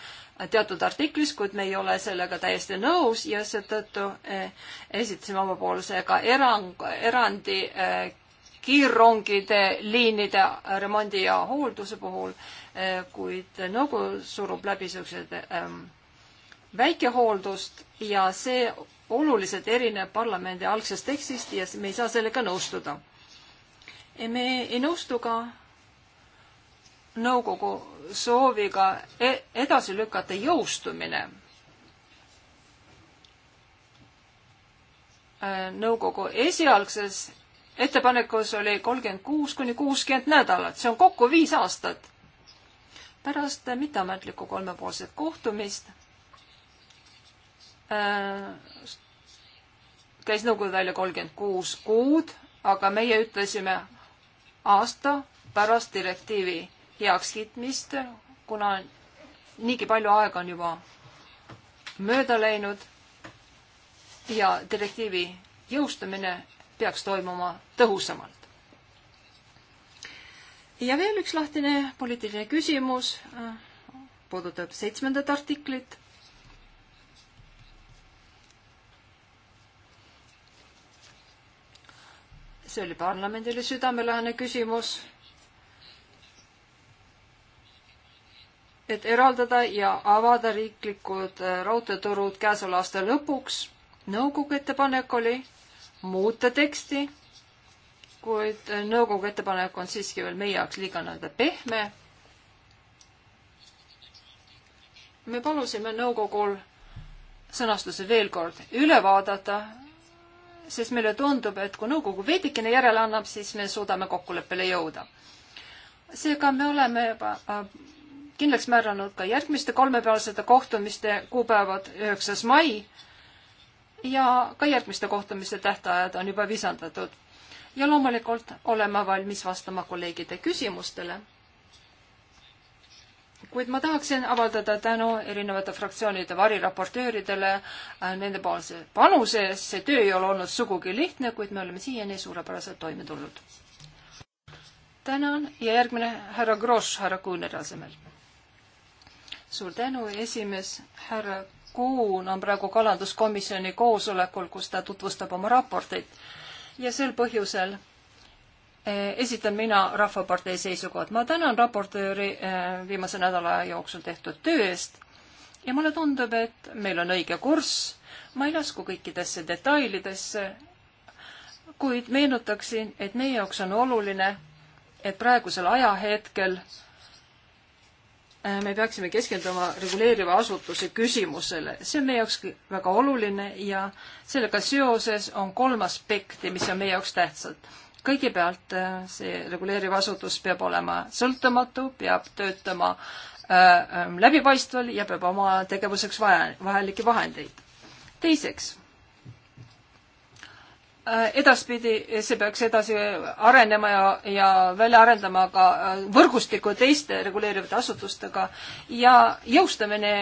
teatud artiklis, kuid me ei ole sellega täiesti nõus ja seetõttu eh, esitasime omapoolse ka erang, erandi eh, kiirrongide liinide remondi ja hoolduse puhul, eh, kuid nõukogu surub läbi niisugused ehm, väikehooldust ja see oluliselt erineb parlamendi algsest tekstist ja me ei saa sellega nõustuda me ei nõustu ka nõukogu sooviga e-, edasi lükata jõustumine. Äh, nõukogu esialgses ettepanekus oli kolmkümmend kuus kuni kuuskümmend nädalat, see on kokku viis aastat. pärast mitteametlikku kolmepoolset kohtumist äh, käis nõukogu välja kolmkümmend kuus kuud, aga meie ütlesime aasta pärast direktiivi heakskiitmist, kuna niigi palju aega on juba mööda läinud ja direktiivi jõustumine peaks toimuma tõhusamalt. ja veel üks lahtine poliitiline küsimus äh, puudutab seitsmendat artiklit see oli parlamendile südamelähene küsimus, et eraldada ja avada riiklikud äh, raudteeturud käesoleva aasta lõpuks. nõukogu ettepanek oli muuta teksti, kuid äh, nõukogu ettepanek on siiski veel meie jaoks liiga nii-öelda pehme. me palusime nõukogul sõnastuse veel kord üle vaadata sest meile tundub, et kui nõukogu veidikene järele annab, siis me suudame kokkuleppele jõuda. seega me oleme juba äh, kindlaks määranud ka järgmiste kolmepäevasete kohtumiste kuupäevad, üheksas mai ja ka järgmiste kohtumiste tähtajad on juba visandatud. ja loomulikult olen ma valmis vastama kolleegide küsimustele kuid ma tahaksin avaldada tänu erinevate fraktsioonide variraportööridele äh, nendepoolse panuse eest. see töö ei ole olnud sugugi lihtne, kuid me oleme siiani suurepäraselt toime tulnud. tänan ja järgmine härra Grosch härra Kuuneri asemel. suur tänu, esimees härra Kuun on praegu kalanduskomisjoni koosolekul, kus ta tutvustab oma raporteid ja sel põhjusel Eh, esitan mina Rahvapartei seisukohad. ma tänan raportööri eh, viimase nädala jooksul tehtud töö eest ja mulle tundub, et meil on õige kurss. ma ei lasku kõikidesse detailidesse, kuid meenutaksin, et meie jaoks on oluline, et praegusel ajahetkel eh, me peaksime keskenduma reguleeriva asutuse küsimusele. see on meie jaoks väga oluline ja sellega seoses on kolm aspekti, mis on meie jaoks tähtsad kõigepealt äh, see reguleeriv asutus peab olema sõltumatu, peab töötama äh, ähm, läbipaistval ja peab oma tegevuseks vaja, vajalikke vahendeid. teiseks äh,, edaspidi see peaks edasi arenema ja, ja välja arendama ka äh, võrgustiku teiste reguleerivate asutustega ja jõustamine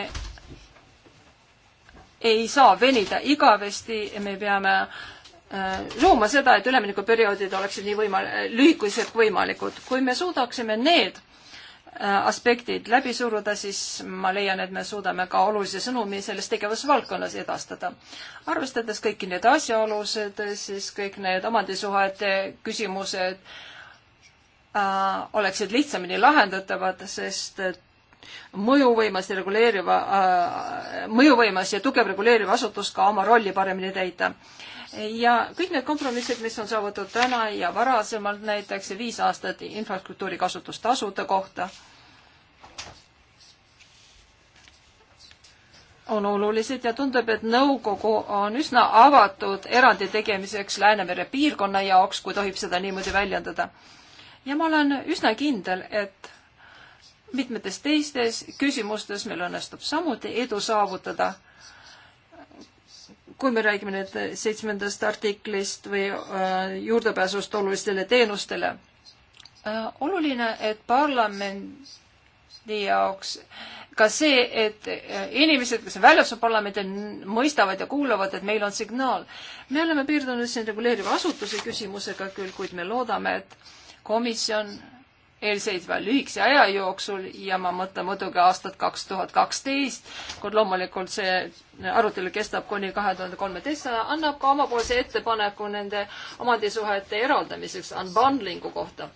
ei saa venida igavesti, me peame äh, Äh, looma seda, et üleminekuperioodid oleksid nii võima-, lühikesed kui võimalikud. kui me suudaksime need äh, aspektid läbi suruda, siis ma leian, et me suudame ka olulise sõnumi selles tegevusvaldkonnas edastada. arvestades kõiki neid asjaolusid, siis kõik need omandisuhete küsimused äh, oleksid lihtsamini lahendatavad, sest äh, mõjuvõimas ja reguleeriva äh,, mõjuvõimas ja tugev reguleeriv asutus ka oma rolli paremini täita äh, ja kõik need kompromissid, mis on saavutatud täna ja varasemalt, näiteks viis aastat infrastruktuuri kasutustasude kohta, on olulised ja tundub, et nõukogu on üsna avatud erandi tegemiseks Läänemere piirkonna jaoks, kui tohib seda niimoodi väljendada. ja ma olen üsna kindel, et mitmetes teistes küsimustes meil õnnestub samuti edu saavutada kui me räägime nüüd seitsmendast artiklist või äh, juurdepääsust olulistele teenustele, äh, oluline, et parlamendi jaoks ka see, et äh, inimesed, kes on väljaspool parlamendi, mõistavad ja kuulavad, et meil on signaal. me oleme piirdunud siin reguleeriva asutuse küsimusega küll, kuid me loodame, et komisjon eelseisva lühikese aja jooksul ja ma mõtlen muidugi aastat kaks tuhat kaksteist, kuid loomulikult see arutelu kestab kuni kahe tuhande kolmeteistkümne, annab ka omapoolse ettepaneku nende omandisuhete eraldamiseks, unbundling'u kohta.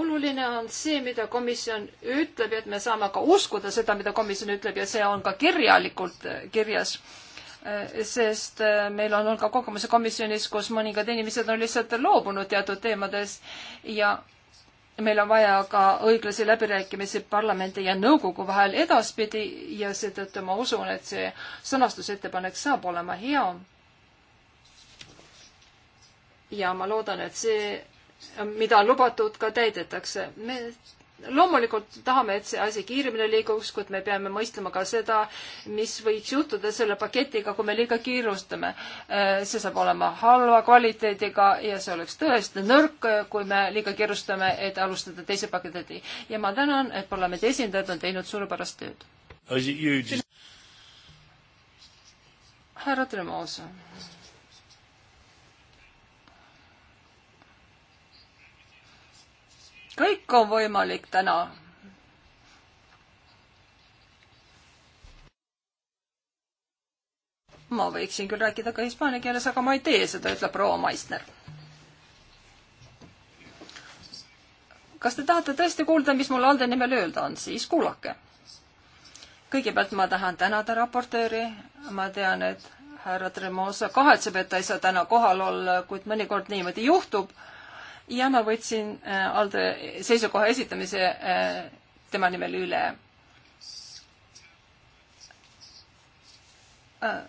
oluline on see, mida komisjon ütleb, et me saame ka uskuda seda, mida komisjon ütleb ja see on ka kirjalikult äh, kirjas äh, sest äh, meil on olnud ka kogemuse komisjonis, kus mõningad inimesed on lihtsalt loobunud teatud teemades ja meil on vaja ka õiglasi läbirääkimisi parlamendi ja nõukogu vahel edaspidi ja seetõttu ma usun, et see sõnastusettepanek saab olema hea. ja ma loodan, et see, mida on lubatud, ka täidetakse. me loomulikult tahame, et see asi kiiremini liiguks, kuid me peame mõistlema ka seda, mis võiks juhtuda selle paketiga, kui me liiga kiirustame. Äh, see saab olema halva kvaliteediga ja see oleks tõesti nõrk, kui me liiga kiirustame, et alustada teise paketi. ja ma tänan, et parlamendi esindajad on teinud suurepärast tööd. härra Tremosa kõik on võimalik täna. ma võiksin küll rääkida ka hispaania keeles, aga ma ei tee seda, ütleb proua Maisner. kas te tahate tõesti kuulda, mis mul Alde nimel öelda on, siis kuulake. kõigepealt ma tahan tänada raportööri, ma tean, et härra Tremosa kahetseb, et ta ei saa täna kohal olla, kuid mõnikord niimoodi juhtub ja ma võtsin äh, ALDE seisukoha esitamise äh, tema nimel üle. Äh,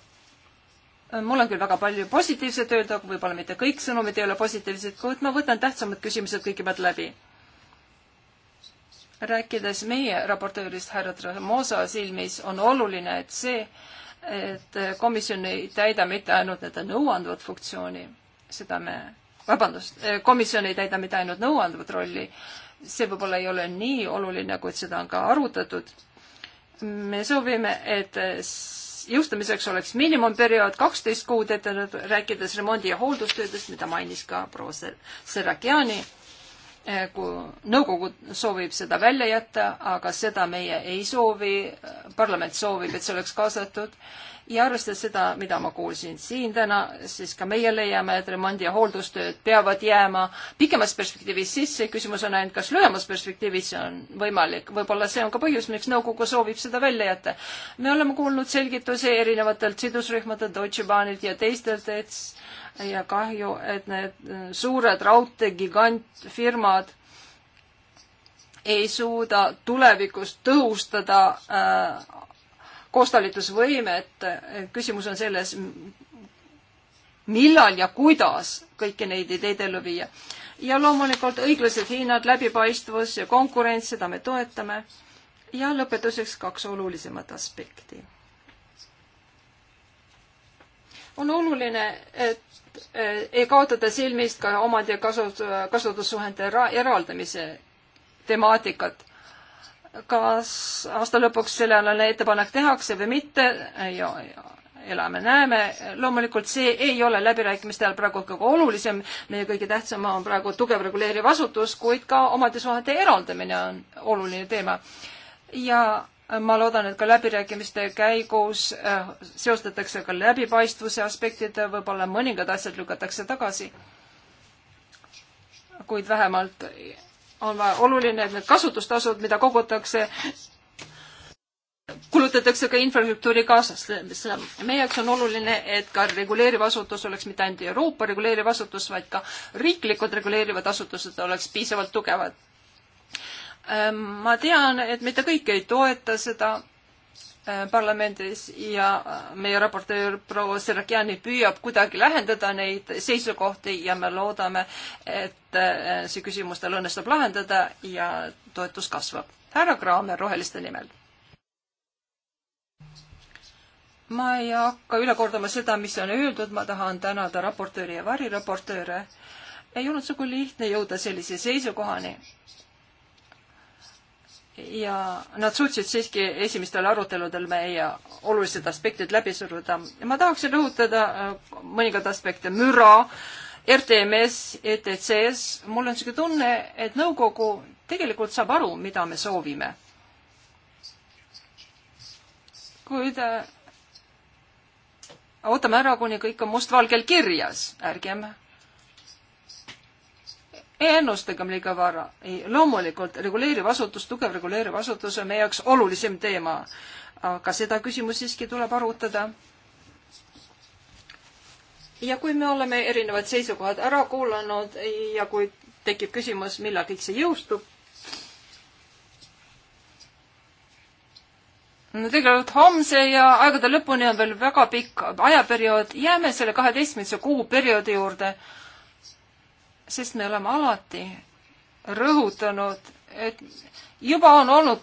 mul on küll väga palju positiivset öelda, võib-olla mitte kõik sõnumid ei ole positiivsed, kuid ma võtan tähtsamad küsimused kõigepealt läbi rääkides meie raportöörist härra Tramosa silmis, on oluline, et see, et komisjon ei täida mitte ainult nende nõuandvat funktsiooni, seda me vabandust, eh, komisjon ei täida mitte ainult nõuandvat rolli, see võib-olla ei ole nii oluline, kuid seda on ka arutatud. me soovime, et eh, jõustamiseks oleks miinimumperiood kaksteist kuud ette, rääkides remondi- ja hooldustöödest, mida mainis ka proua Serrakiani, eh, kui nõukogu soovib seda välja jätta, aga seda meie ei soovi, parlament soovib, et see oleks kaasatud ja arvestades seda, mida ma kuulsin siin täna, siis ka meie leiame, et remondi ja hooldustööd peavad jääma pikemas perspektiivis sisse, küsimus on ainult, kas lühemas perspektiivis see on võimalik. võib-olla see on ka põhjus, miks nõukogu soovib seda välja jätta. me oleme kuulnud selgitusi erinevatelt sidusrühmadelt, Deutsche Bahnilt ja teistelt, et ja kahju, et need äh, suured raudteegigantfirmad ei suuda tulevikus tõhustada äh, koostalitusvõimet, küsimus on selles, millal ja kuidas kõiki neid ideid ellu viia. ja loomulikult õiglased hinnad, läbipaistvus ja konkurents, seda me toetame. ja lõpetuseks kaks olulisemat aspekti. on oluline, et ei kaotada silmist ka omandi ja kasut-, kasutussuhete eraldamise temaatikat kas aasta lõpuks sellele ettepanek tehakse või mitte ja, ja elame-näeme, loomulikult see ei ole läbirääkimiste ajal praegu kõige olulisem, meie kõige tähtsam on praegu tugev reguleeriv asutus, kuid ka omandisuhete eraldamine on oluline teema. ja ma loodan, et ka läbirääkimiste käigus äh, seostatakse ka läbipaistvuse aspektid, võib-olla mõningad asjad lükatakse tagasi, kuid vähemalt on oluline, et need kasutustasud, mida kogutakse, kulutatakse ka infrastruktuuri kaasaslemisele. meie jaoks on oluline, et ka reguleeriv asutus oleks mitte ainult Euroopa reguleeriv asutus, vaid ka riiklikud reguleerivad asutused oleks piisavalt tugevad. Ehm, ma tean, et mitte kõik ei toeta seda Äh, parlamendis ja äh, meie raportöör proua Sergiani püüab kuidagi lähendada neid seisukohti ja me loodame, et äh, see küsimus tal õnnestub lahendada ja toetus kasvab. härra Kraamer Roheliste nimel. ma ei hakka üle kordama seda, mis on öeldud, ma tahan tänada raportööri ja variraportööre. ei olnud sugugi lihtne jõuda sellise seisukohani ja nad suutsid siiski esimestel aruteludel meie olulised aspektid läbi suruda. ma tahaksin rõhutada äh, mõningaid aspekte. müra, RTMS, ETCS, mul on niisugune tunne, et nõukogu tegelikult saab aru, mida me soovime. kuid äh, ootame ära, kuni kõik on mustvalgel kirjas, ärgem ennustagem liiga vara. ei, loomulikult reguleeriv asutus, tugev reguleeriv asutus on meie jaoks olulisem teema. aga seda küsimust siiski tuleb arutada. ja kui me oleme erinevad seisukohad ära kuulanud ja kui tekib küsimus, millal kõik see jõustub, no tegelikult homse ja aegade lõpuni on veel väga pikk ajaperiood, jääme selle kaheteistkümnese kuu perioodi juurde sest me oleme alati rõhutanud, et juba on olnud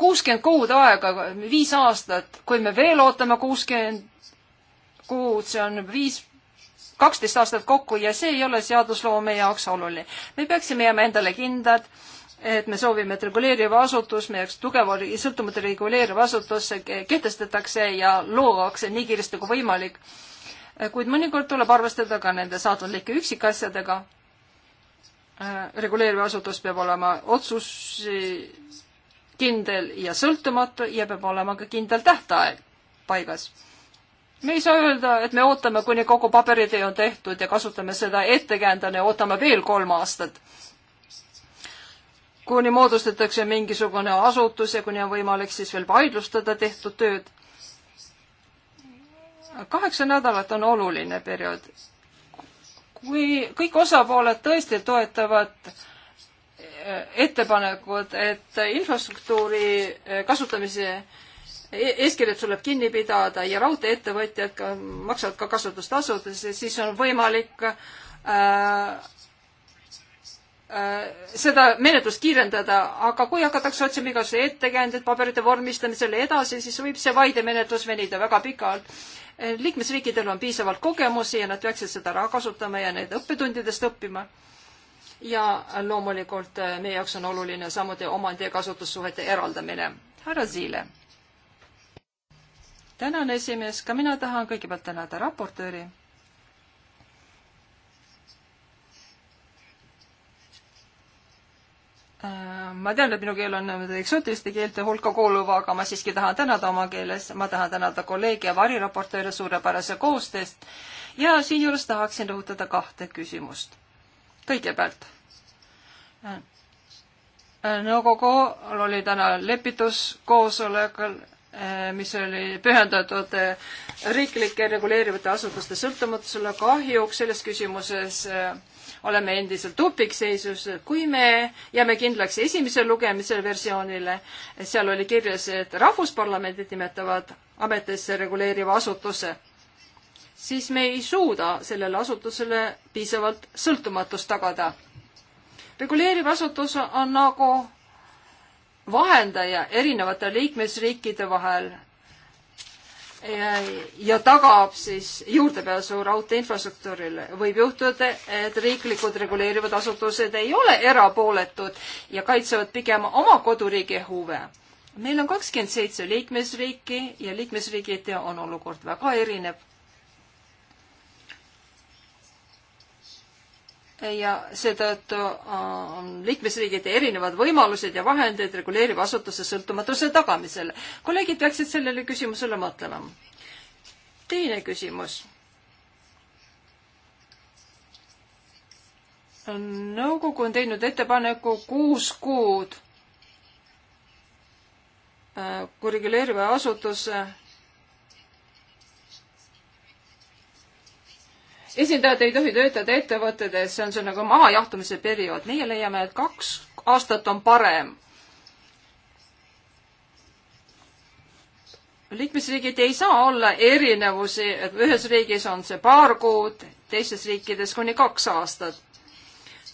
kuuskümmend kuud aega, viis aastat, kui me veel ootame kuuskümmend kuud, see on viis, kaksteist aastat kokku ja see ei ole seadusloome jaoks oluline. me peaksime jääma endale kindlad, et me soovime, et reguleeriv asutus, meie jaoks tugev oli, sõltumatu reguleeriv asutus kehtestatakse ja luuakse nii kiiresti kui võimalik kuid mõnikord tuleb arvestada ka nende saatundlike üksikasjadega. Äh, reguleeriv asutus peab olema otsus kindel ja sõltumatu ja peab olema ka kindel tähtaeg paigas. me ei saa öelda, et me ootame, kuni kogu paberitöö on tehtud ja kasutame seda ettekäändena ja ootame veel kolm aastat. kuni moodustatakse mingisugune asutus ja kuni on võimalik siis veel vaidlustada tehtud tööd kaheksa nädalat on oluline periood. kui kõik osapooled tõesti toetavad eh, ettepanekud, et infrastruktuuri eh, kasutamise e-, eeskirjad tuleb kinni pidada ja raudtee-ettevõtjad maksavad ka kasutustasud, siis on võimalik äh, Äh, seda menetlust kiirendada, aga kui hakatakse otsima igasuguseid ettekäändeid paberite vormistamisele edasi, siis võib see vaidemenetlus venida väga pikalt. Äh, liikmesriikidel on piisavalt kogemusi ja nad peaksid seda raha kasutama ja need õppetundidest õppima. ja loomulikult äh, meie jaoks on oluline samuti omandi ja kasutussuhete eraldamine. härra Ziile. tänan, esimees, ka mina tahan kõigepealt tänada raportööri Äh, ma tean, et minu keel on eksootiliste keelte hulka kuuluv, aga ma siiski tahan tänada oma keeles, ma tahan tänada kolleege ja variraportööre suurepärase koostööst ja siinjuures tahaksin rõhutada kahte küsimust. kõigepealt, äh, nõukogul oli täna lepituskoosolek, äh, mis oli pühendatud riiklike reguleerivate asutuste sõltumatusele, kahjuks selles küsimuses äh, oleme endiselt tupikseisus. kui me jääme kindlaks esimese lugemise versioonile, seal oli kirjas, et rahvusparlamendid nimetavad ametisse reguleeriva asutuse, siis me ei suuda sellele asutusele piisavalt sõltumatust tagada. reguleeriv asutus on nagu vahendaja erinevate liikmesriikide vahel ja, ja tagab siis juurdepääsu raudtee infrastruktuurile. võib juhtuda, et riiklikud reguleerivad asutused ei ole erapooletud ja kaitsevad pigem oma koduriigi huve. meil on kakskümmend seitse liikmesriiki ja liikmesriigiti on olukord väga erinev ja seetõttu äh, on liikmesriigide erinevad võimalused ja vahendid reguleeriva asutuse sõltumatuse tagamisel. kolleegid peaksid sellele küsimusele mõtlema. teine küsimus. nõukogu on teinud ettepaneku kuus kuud, äh, kui reguleeriva asutuse esindajad ei tohi töötada ettevõtetes, see on see nagu maha jahtumise periood. meie leiame, et kaks aastat on parem. liikmesriigid ei saa olla erinevusi, et ühes riigis on see paar kuud, teistes riikides kuni kaks aastat.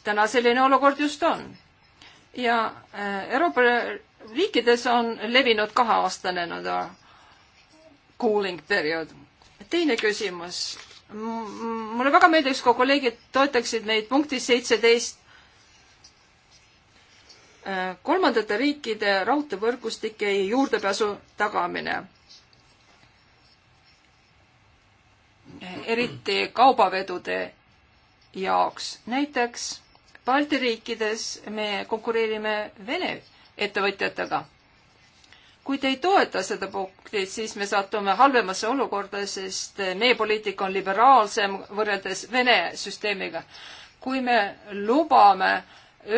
täna selline olukord just on. ja äh, Euroopa riikides on levinud kaheaastane nii-öelda cooling periood. teine küsimus mulle väga meeldiks, kui kolleegid toetaksid neid punktis seitseteist. Äh, kolmandate riikide raudteevõrgustike juurdepääsu tagamine. eriti kaubavedude jaoks. näiteks Balti riikides me konkureerime Vene ettevõtjatega kui te ei toeta seda punkti, siis me satume halvemasse olukorda, sest meie poliitika on liberaalsem võrreldes Vene süsteemiga. kui me lubame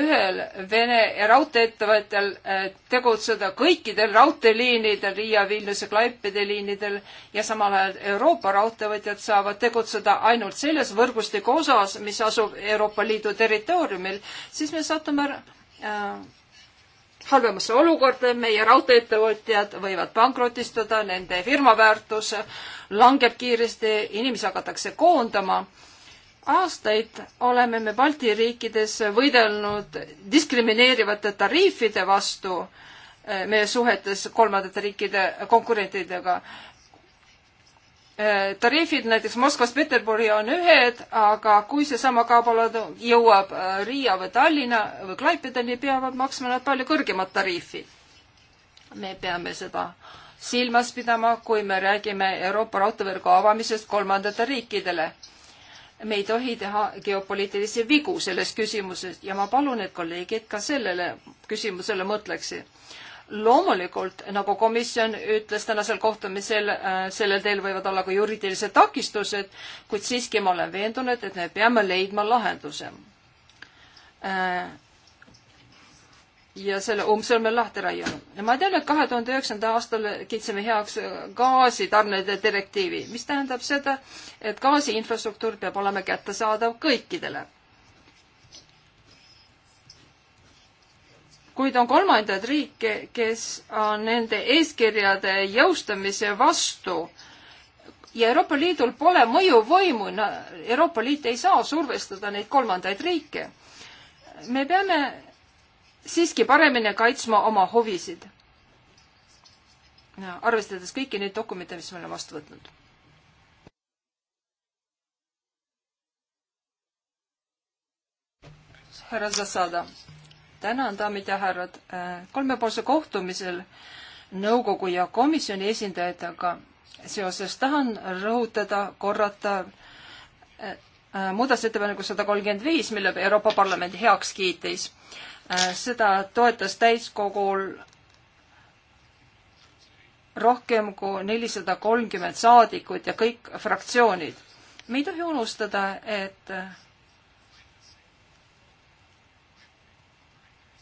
ühel Vene raudteeettevõttel eh, tegutseda kõikidel raudteeliinidel, Riia, Vilniuse, Klaipedi liinidel ja samal ajal Euroopa raudteevõtjad saavad tegutseda ainult selles võrgustiku osas, mis asub Euroopa Liidu territooriumil, siis me satume äh, halvemasse olukorda, meie raudtee-ettevõtjad võivad pankrotistuda, nende firma väärtus langeb kiiresti, inimesi hakatakse koondama. aastaid oleme me Balti riikides võidelnud diskrimineerivate tariifide vastu eh, meie suhetes kolmandate riikide konkurentidega. Äh, tariifid näiteks Moskvast Peterburi on ühed, aga kui seesama kaubalaev jõuab äh, Riia või Tallinna või Klaipedani, peavad maksma nad palju kõrgemat tariifi. me peame seda silmas pidama, kui me räägime Euroopa raudteevõrgu avamisest kolmandatele riikidele. me ei tohi teha geopoliitilisi vigu selles küsimuses ja ma palun, et kolleegid ka sellele küsimusele mõtleksid loomulikult, nagu komisjon ütles tänasel kohtumisel, äh, sellel teel võivad olla ka juriidilised takistused, kuid siiski ma olen veendunud, et me peame leidma lahenduse. Äh, ja selle umbsõlme lahti raiuma. ma tean, et kahe tuhande üheksanda aastal kiitsime heaks gaasitarnede direktiivi, mis tähendab seda, et gaasi infrastruktuur peab olema kättesaadav kõikidele kuid on kolmandaid riike, kes on nende eeskirjade jõustamise vastu. ja Euroopa Liidul pole mõjuvõimu, Euroopa Liit ei saa survestada neid kolmandaid riike. me peame siiski paremini kaitsma oma huvisid. arvestades kõiki neid dokumente, mis me oleme vastu võtnud härra Zasada tänan, daamid ja härrad, äh, kolmepoolse kohtumisel nõukogu ja komisjoni esindajatega seoses tahan rõhutada, korrata äh, äh, muudatusettepaneku sada kolmkümmend viis, mille Euroopa Parlament heaks kiitis. seda toetas täiskogul rohkem kui nelisada kolmkümmend saadikut ja kõik fraktsioonid. me ei tohi unustada, et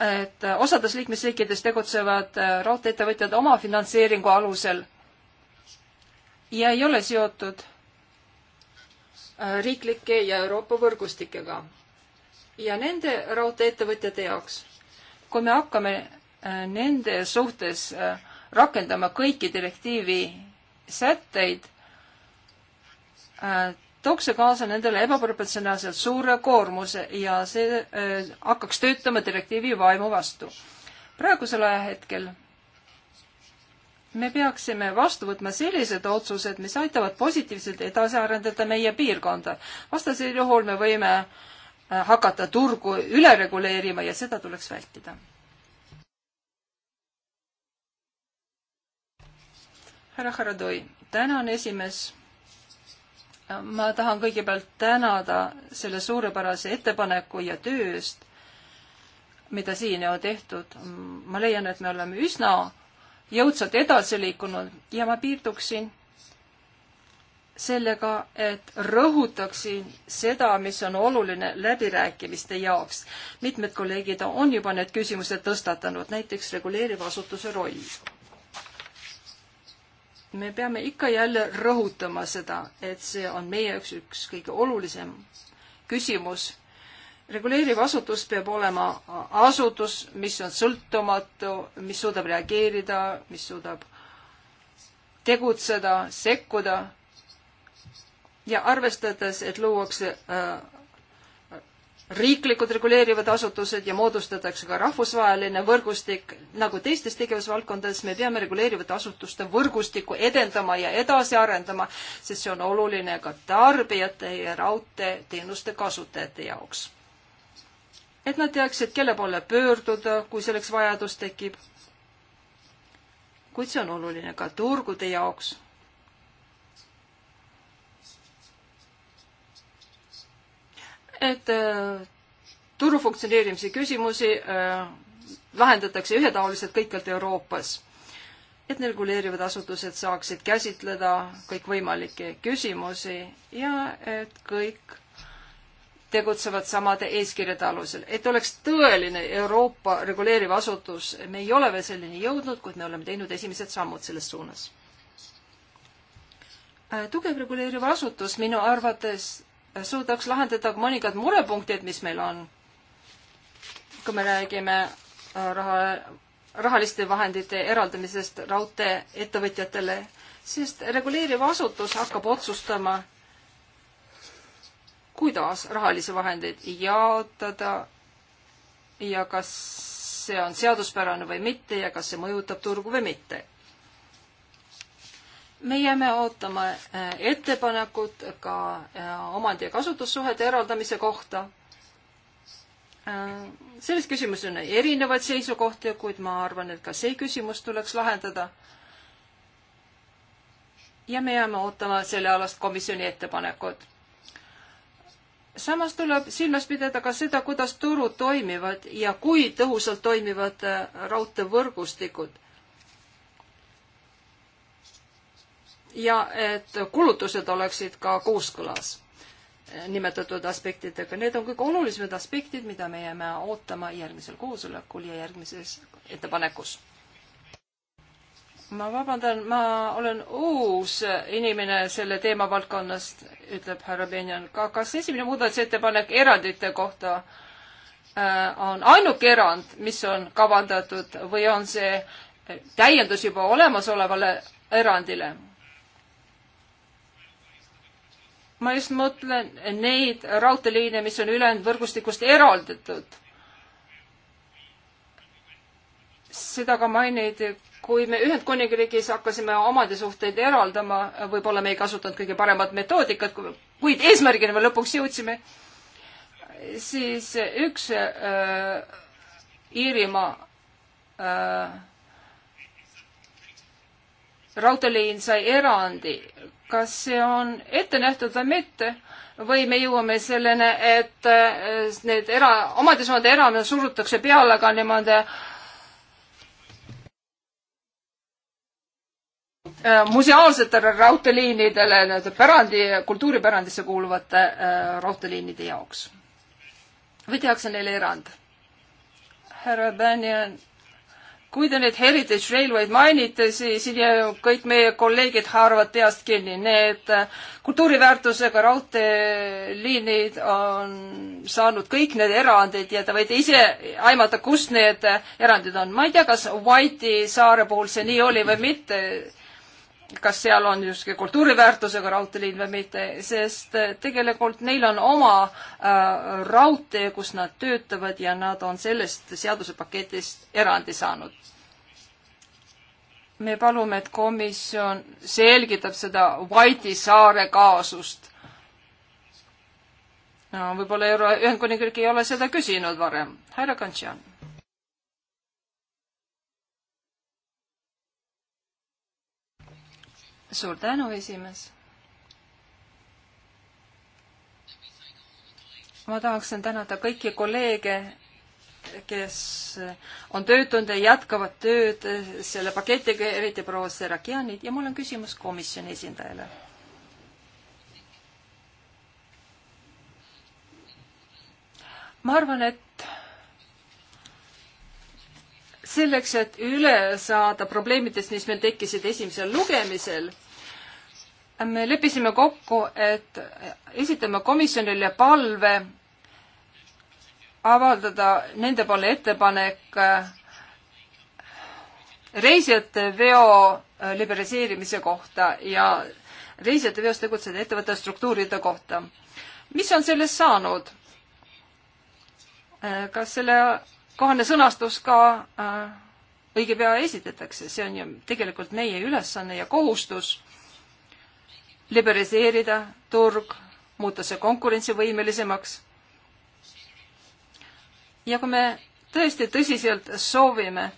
et osades liikmesriikides tegutsevad äh, raudteeettevõtjad oma finantseeringu alusel ja ei ole seotud äh, riiklike ja Euroopa võrgustikega. ja nende raudteeettevõtjate jaoks, kui me hakkame äh, nende suhtes rakendama kõiki direktiivi sätteid, tooks see kaasa nendele ebaproportsionaalselt suure koormuse ja see äh, hakkaks töötama direktiivi vaimu vastu. praegusel ajahetkel me peaksime vastu võtma sellised otsused, mis aitavad positiivselt edasi arendada meie piirkonda. vastasel juhul me võime äh, hakata turgu üle reguleerima ja seda tuleks vältida. härra Haradoi, tänan esimees ma tahan kõigepealt tänada selle suurepärase ettepaneku ja töö eest, mida siiani on tehtud. ma leian, et me oleme üsna jõudsalt edasi liikunud ja ma piirduksin sellega, et rõhutaksin seda, mis on oluline läbirääkimiste jaoks. mitmed kolleegid on juba need küsimused tõstatanud, näiteks reguleeriva asutuse roll me peame ikka jälle rõhutama seda, et see on meie jaoks üks kõige olulisem küsimus. reguleeriv asutus peab olema asutus, mis on sõltumatu, mis suudab reageerida, mis suudab tegutseda, sekkuda ja arvestades, et luuakse äh, riiklikud reguleerivad asutused ja moodustatakse ka rahvusvaheline võrgustik. nagu teistes tegevusvaldkondades, me peame reguleerivate asutuste võrgustikku edendama ja edasi arendama, sest see on oluline ka tarbijate ja raudteeteenuste kasutajate jaoks. et nad teaksid, kelle poole pöörduda, kui selleks vajadus tekib. kuid see on oluline ka turgude jaoks et äh, turu funktsioneerimise küsimusi äh, lahendatakse ühetaoliselt kõikjalt Euroopas. et need reguleerivad asutused saaksid käsitleda kõikvõimalikke küsimusi ja et kõik tegutsevad samade eeskirjade alusel, et oleks tõeline Euroopa reguleeriv asutus. me ei ole veel selleni jõudnud, kuid me oleme teinud esimesed sammud selles suunas. Äh, tugev reguleeriv asutus minu arvates suudaks lahendada mõningad murepunktid, mis meil on. kui me räägime äh, raha, rahaliste vahendite eraldamisest raudteeettevõtjatele, sest reguleeriv asutus hakkab otsustama, kuidas rahalisi vahendeid jaotada ja kas see on seaduspärane või mitte ja kas see mõjutab turgu või mitte me jääme ootama äh, ettepanekut ka äh, omandi- ja kasutussuhete eraldamise kohta. Äh, selles küsimuses on erinevaid seisukohti, kuid ma arvan, et ka see küsimus tuleks lahendada. ja me jääme ootama sellealast komisjoni ettepanekut. samas tuleb silmas pidada ka seda, kuidas turud toimivad ja kui tõhusalt toimivad raudteevõrgustikud ja et kulutused oleksid ka kooskõlas nimetatud aspektidega. Need on kõik olulisemad aspektid, mida me jääme ootama järgmisel koosolekul ja järgmises ettepanekus. ma vabandan, ma olen uus inimene selle teemavaldkonnast, ütleb härra Benjan. ka kas esimene muudatusettepanek erandite kohta äh, on ainuke erand, mis on kavandatud või on see täiendus juba olemasolevale erandile? ma just mõtlen neid raudteeliine, mis on ülejäänud võrgustikust eraldatud. seda ka mainiti, kui me Ühendkuningriigis hakkasime omandisuhteid eraldama, võib-olla me ei kasutanud kõige paremat metoodikat, kuid eesmärgini me lõpuks jõudsime, siis üks äh, Iirimaa äh, raudteeliin sai erandi kas see on ette nähtud või mitte või me jõuame selleni, et äh, need era, omandismaade eramine surutakse peale ka niimoodi äh, museaalsetele raudteeliinidele, nii-öelda pärandi, kultuuripärandisse kuuluvate äh, raudteeliinide jaoks. või tehakse neile erand? härra Bänjan kui te nüüd Heritage Railway'd mainite, siis kõik meie kolleegid haaravad peast kinni. Need äh, kultuuriväärtusega raudteeliinid on saanud kõik need erandid ja te võite ise aimata, kust need erandid on. ma ei tea, kas White'i saare puhul see nii oli või mitte kas seal on justkui kultuuriväärtusega raudteeliin või mitte, sest eh, tegelikult neil on oma äh, raudtee, kus nad töötavad ja nad on sellest seadusepaketist erandi saanud. me palume, et komisjon selgitab seda Vaidi saare kaasust no,. võib-olla Euro-, Ühendkuningriik ei ole seda küsinud varem. härra Kantšan. suur tänu, esimees. ma tahaksin tänada kõiki kolleege, kes on töötanud ja jätkavad tööd selle paketiga, eriti proua Serakianit ja mul on küsimus komisjoni esindajale ma arvan, et selleks, et üle saada probleemidest, mis meil tekkisid esimesel lugemisel, me leppisime kokku, et esitame komisjonile palve avaldada nendepoolne ettepanek äh, reisijate veo äh, liberaliseerimise kohta ja reisijate veos tegutseda ettevõtte struktuuride kohta. mis on sellest saanud? Äh, kas selle kohane sõnastus ka äh, õige pea esitatakse, see on ju tegelikult meie ülesanne ja kohustus liberaliseerida turg, muuta see konkurentsivõimelisemaks. ja kui me tõesti tõsiselt soovime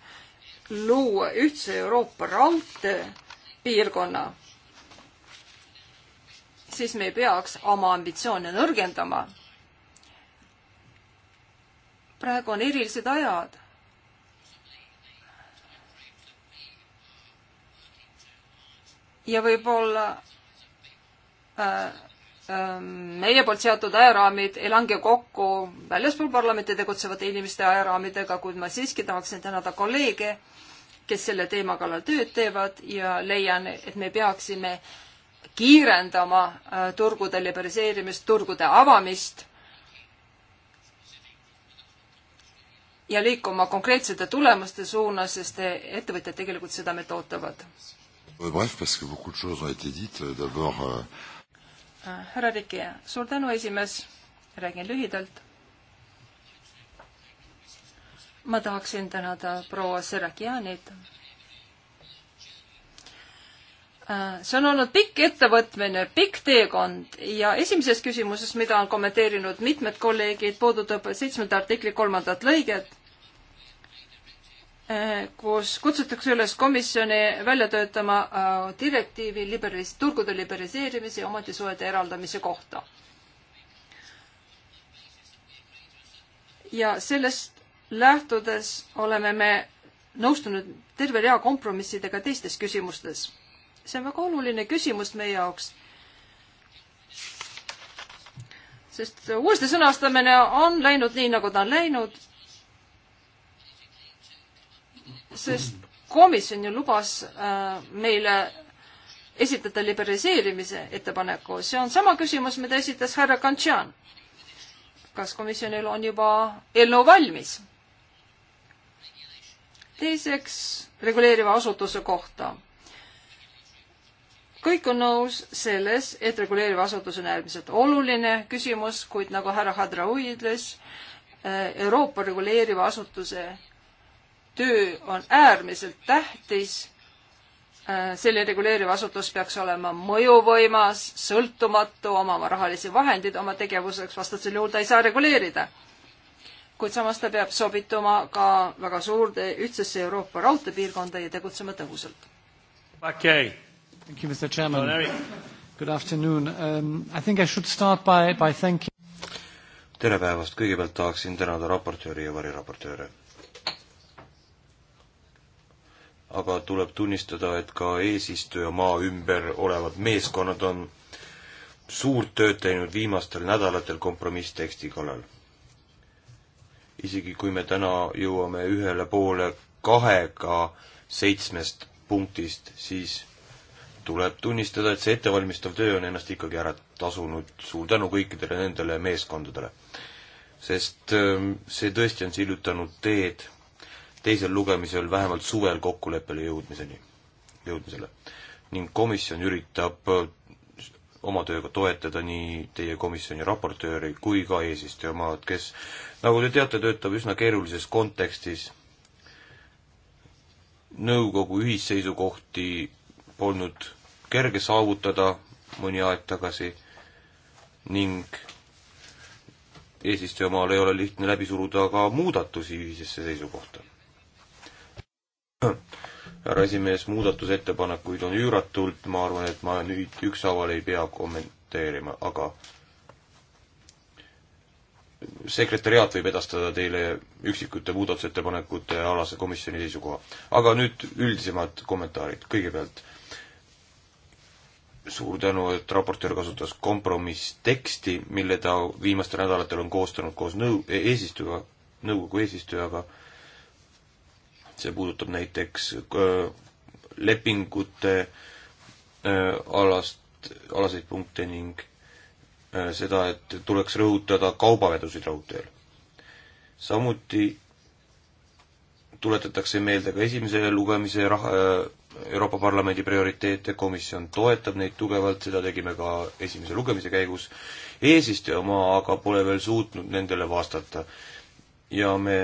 luua ühtse Euroopa raudteepiirkonna, siis me ei peaks oma ambitsioone nõrgendama praegu on erilised ajad. ja võib-olla äh, äh, meie poolt seatud ajaraamid ei lange kokku väljaspool parlamenti tegutsevate inimeste ajaraamidega, kuid ma siiski tahaksin tänada kolleege, kes selle teema kallal tööd teevad ja leian, et me peaksime kiirendama äh, turgude liberaliseerimist, turgude avamist äh, ja liikuma konkreetsete tulemuste suunas, sest ettevõtjad tegelikult seda meilt ootavad. Euh, euh, äh, härra Riki, suur tänu, esimees, räägin lühidalt. ma tahaksin tänada proua Serakianit. Äh, see on olnud pikk ettevõtmine, pikk teekond ja esimeses küsimuses, mida on kommenteerinud mitmed kolleegid, puudutab seitsmenda artikli kolmandat lõiget Eh, kus kutsutakse üles komisjoni välja töötama eh, direktiivi liberis-, turgude liberaliseerimise ja omandisuhete eraldamise kohta. ja sellest lähtudes oleme me nõustunud terve rea kompromissidega teistes küsimustes. see on väga oluline küsimus meie jaoks sest uuesti sõnastamine on läinud nii, nagu ta on läinud sest komisjon ju lubas äh, meile esitada liberaliseerimise ettepaneku. see on sama küsimus, mida esitas härra Kantšan. kas komisjonil on juba eelnõu valmis? teiseks reguleeriva asutuse kohta. kõik on nõus selles, et reguleeriv asutus on äärmiselt oluline küsimus, kuid nagu härra Hadraui ütles, äh, Euroopa reguleeriva asutuse töö on äärmiselt tähtis. Äh, selline reguleeriv asutus peaks olema mõjuvõimas, sõltumatu, omama rahalisi vahendeid oma tegevuseks, vastasel juhul ta ei saa reguleerida. kuid samas ta peab sobituma ka väga suurde ühtsesse Euroopa raudteepiirkonda ja tegutsema tõhusalt. okei okay.. Thank you, Mr Chairman. Good afternoon um,. I think I should start by, by thanking tere päevast, kõigepealt tahaksin tänada raportööri ja variraportööre aga tuleb tunnistada, et ka eesistujamaa ümber olevad meeskonnad on suurt tööd teinud viimastel nädalatel kompromissteksti kallal. isegi kui me täna jõuame ühele poole kahega seitsmest punktist, siis tuleb tunnistada, et see ettevalmistav töö on ennast ikkagi ära tasunud. suur tänu kõikidele nendele meeskondadele. sest ähm, see tõesti on sillutanud teed teisel lugemisel vähemalt suvel kokkuleppele jõudmiseni, jõudmisele. ning komisjon üritab äh, oma tööga toetada nii teie komisjoni raportööri kui ka eesistuja maad, kes, nagu te teate, töötab üsna keerulises kontekstis. nõukogu ühisseisukohti polnud kerge saavutada mõni aeg tagasi ning eesistujamaal ei ole lihtne läbi suruda ka muudatusi ühisesse seisukohta härra esimees, muudatusettepanekuid on üüratult, ma arvan, et ma nüüd ükshaaval ei pea kommenteerima, aga sekretäriaat võib edastada teile üksikute muudatusettepanekute alase komisjoni seisukoha. aga nüüd üldisemad kommentaarid, kõigepealt suur tänu, et raportöör kasutas kompromissteksti, mille ta viimastel nädalatel on koostanud koos nõu-, eesistuja, nõukogu eesistujaga, eesistujaga see puudutab näiteks äh, lepingute äh, alast, alaseid punkte ning äh, seda, et tuleks rõhutada kaubavedusid raudteel. samuti tuletatakse meelde ka esimese lugemise raha, Euroopa Parlamendi prioriteete, komisjon toetab neid tugevalt, seda tegime ka esimese lugemise käigus, eesistuja oma aga pole veel suutnud nendele vastata. ja me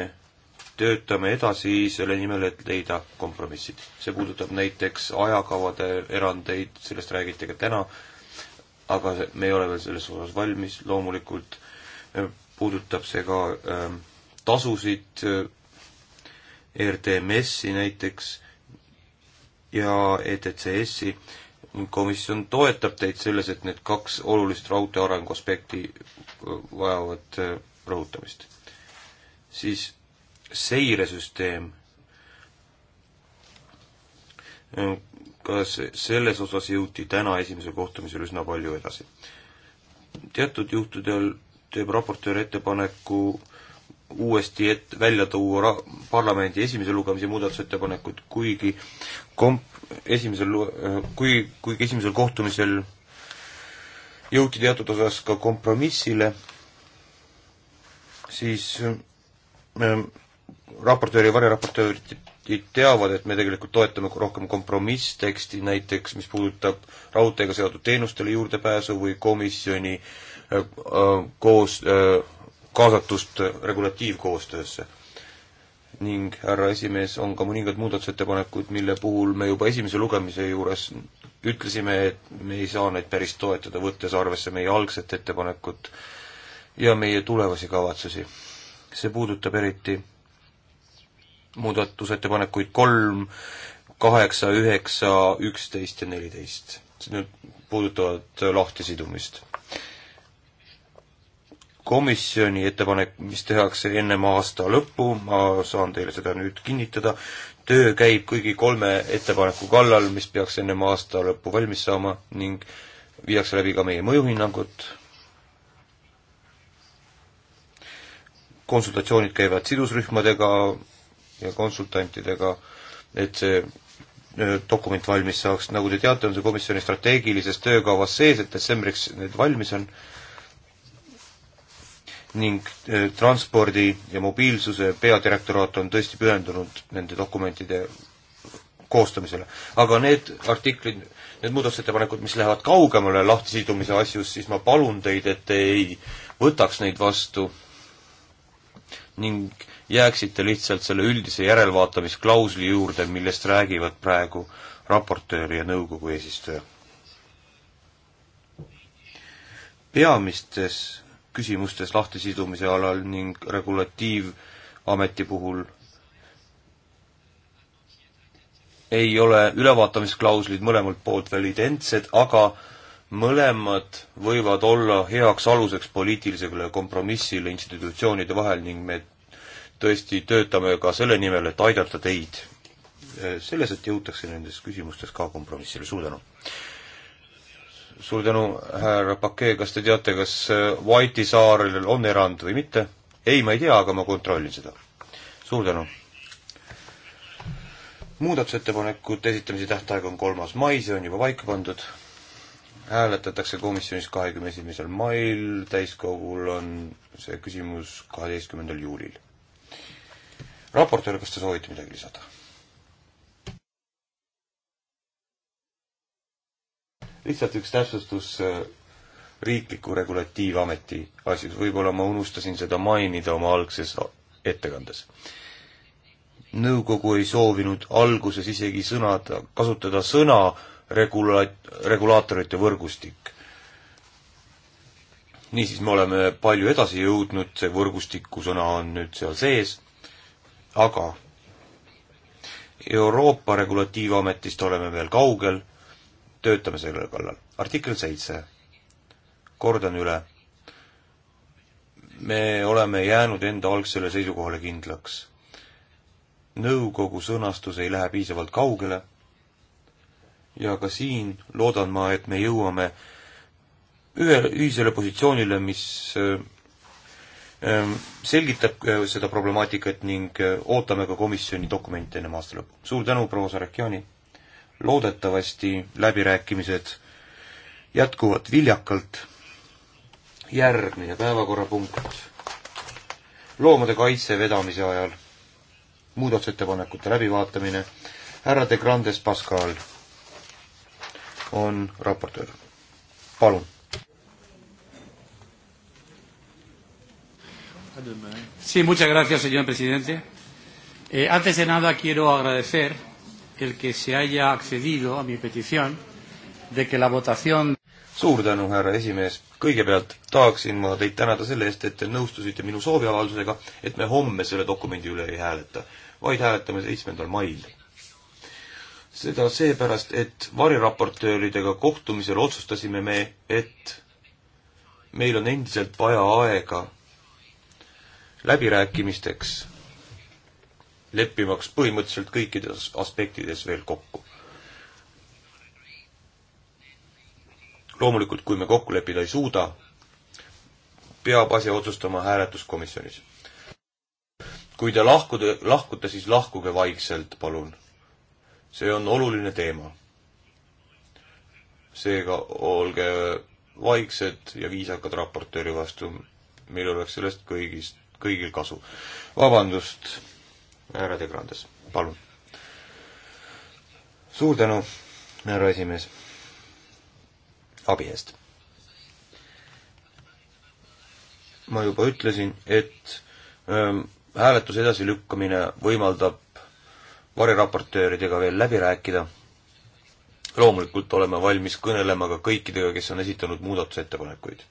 töötame edasi selle nimel, et leida kompromissid. see puudutab näiteks ajakavade erandeid, sellest räägiti ka täna, aga me ei ole veel selles osas valmis, loomulikult äh, puudutab see ka ähm, tasusid, ERTMS-i äh, näiteks ja ETCS-i. komisjon toetab teid selles, et need kaks olulist raudtee arengu aspekti äh, vajavad rõhutamist. siis seiresüsteem, kas selles osas jõuti täna esimesel kohtumisel üsna palju edasi? teatud juhtudel teeb raportöör ettepaneku uuesti et-, välja tuua ra-, parlamendi esimese lugemise muudatusettepanekud, kuigi komp-, esimesel lu-, äh, kui, kuigi esimesel kohtumisel jõuti teatud osas ka kompromissile, siis ähm, raportöör ja variraportöörid teavad, et me tegelikult toetame rohkem kompromissteksti, näiteks mis puudutab raudteega seotud teenustele juurdepääsu või komisjoni äh, äh, koos äh,, kaasatust regulatiivkoostöösse. ning härra esimees, on ka mõningad muudatusettepanekud, mille puhul me juba esimese lugemise juures ütlesime, et me ei saa neid päris toetada, võttes arvesse meie algset ettepanekut ja meie tulevasi kavatsusi. see puudutab eriti muudatusettepanekuid kolm, kaheksa, üheksa, üksteist ja neliteist. Need puudutavad lahtisidumist. komisjoni ettepanek, mis tehakse ennem aasta lõppu, ma saan teile seda nüüd kinnitada, töö käib kõigi kolme ettepaneku kallal, mis peaks ennem aasta lõppu valmis saama ning viiakse läbi ka meie mõjuhinnangud, konsultatsioonid käivad sidusrühmadega, ja konsultantidega, et see äh, dokument valmis saaks, nagu te teate, on see komisjoni strateegilises töökavas sees, et detsembriks need valmis on ning äh, transpordi ja mobiilsuse peadirektoraat on tõesti pühendunud nende dokumentide koostamisele. aga need artiklid, need muudatusettepanekud, mis lähevad kaugemale lahtisidumise asjus, siis ma palun teid, et te ei võtaks neid vastu ning jääksite lihtsalt selle üldise järelvaatamisklausli juurde, millest räägivad praegu raportöör ja nõukogu eesistuja. peamistes küsimustes lahtisidumise alal ning regulatiivameti puhul ei ole ülevaatamisklauslid mõlemalt poolt veel identsed, aga mõlemad võivad olla heaks aluseks poliitilisele kompromissile institutsioonide vahel ning me tõesti töötame ka selle nimel, et aidata teid selles, et jõutakse nendes küsimustes ka kompromissile, suur tänu! suur tänu, härra Pakee, kas te teate, kas Vaiti saarel on erand või mitte? ei, ma ei tea, aga ma kontrollin seda. suur tänu! muudatusettepanekute esitamise tähtaeg on kolmas mai, see on juba paika pandud. hääletatakse komisjonis kahekümne esimesel mail, täiskogul on see küsimus kaheteistkümnendal juulil raportöör, kas te soovite midagi lisada? lihtsalt üks täpsustus äh, riikliku regulatiivameti asjus, võib-olla ma unustasin seda mainida oma algses ettekandes. nõukogu ei soovinud alguses isegi sõnada, kasutada sõna regula-, regulaatorite võrgustik. niisiis, me oleme palju edasi jõudnud, see võrgustiku sõna on nüüd seal sees aga Euroopa Regulatiivametist oleme veel kaugel, töötame selle kallal. artikkel seitse, kordan üle, me oleme jäänud enda algsele seisukohale kindlaks. nõukogu sõnastus ei lähe piisavalt kaugele ja ka siin loodan ma, et me jõuame ühe, ühisele positsioonile, mis Ehm, selgitab äh, seda problemaatikat ning äh, ootame ka komisjoni dokumente enne aasta lõppu. suur tänu, proua Sarekjani! loodetavasti läbirääkimised jätkuvad viljakalt. järgmine päevakorrapunkt. loomade kaitse vedamise ajal muudatusettepanekute läbivaatamine. härra De Grandes Pascal on raportöör. palun! Sí, muchas gracias, señor presidente. Eh, antes de nada, quiero agradecer el que se haya accedido a mi petición de que la votación suur tänu, härra esimees. kõigepealt tahaksin ma teid tänada selle eest, et te nõustusite minu sooviavaldusega, et me homme selle dokumendi üle ei hääleta, vaid hääletame seitsmendal mail. seda seepärast, et variraportööridega kohtumisel otsustasime me, et meil on endiselt vaja aega läbirääkimisteks, leppimaks põhimõtteliselt kõikides aspektides veel kokku. loomulikult, kui me kokku leppida ei suuda, peab asja otsustama hääletuskomisjonis. kui te lahkude, lahkute, siis lahkuge vaikselt, palun. see on oluline teema. seega olge vaiksed ja viisakad raportööri vastu. meil oleks sellest kõigist kõigil kasu. vabandust, härra De Grandes, palun. suur tänu, härra esimees, abi eest. ma juba ütlesin, et öö, ähm, hääletuse edasilükkamine võimaldab variraportööridega veel läbi rääkida. loomulikult oleme valmis kõnelema ka kõikidega, kes on esitanud muudatusettepanekuid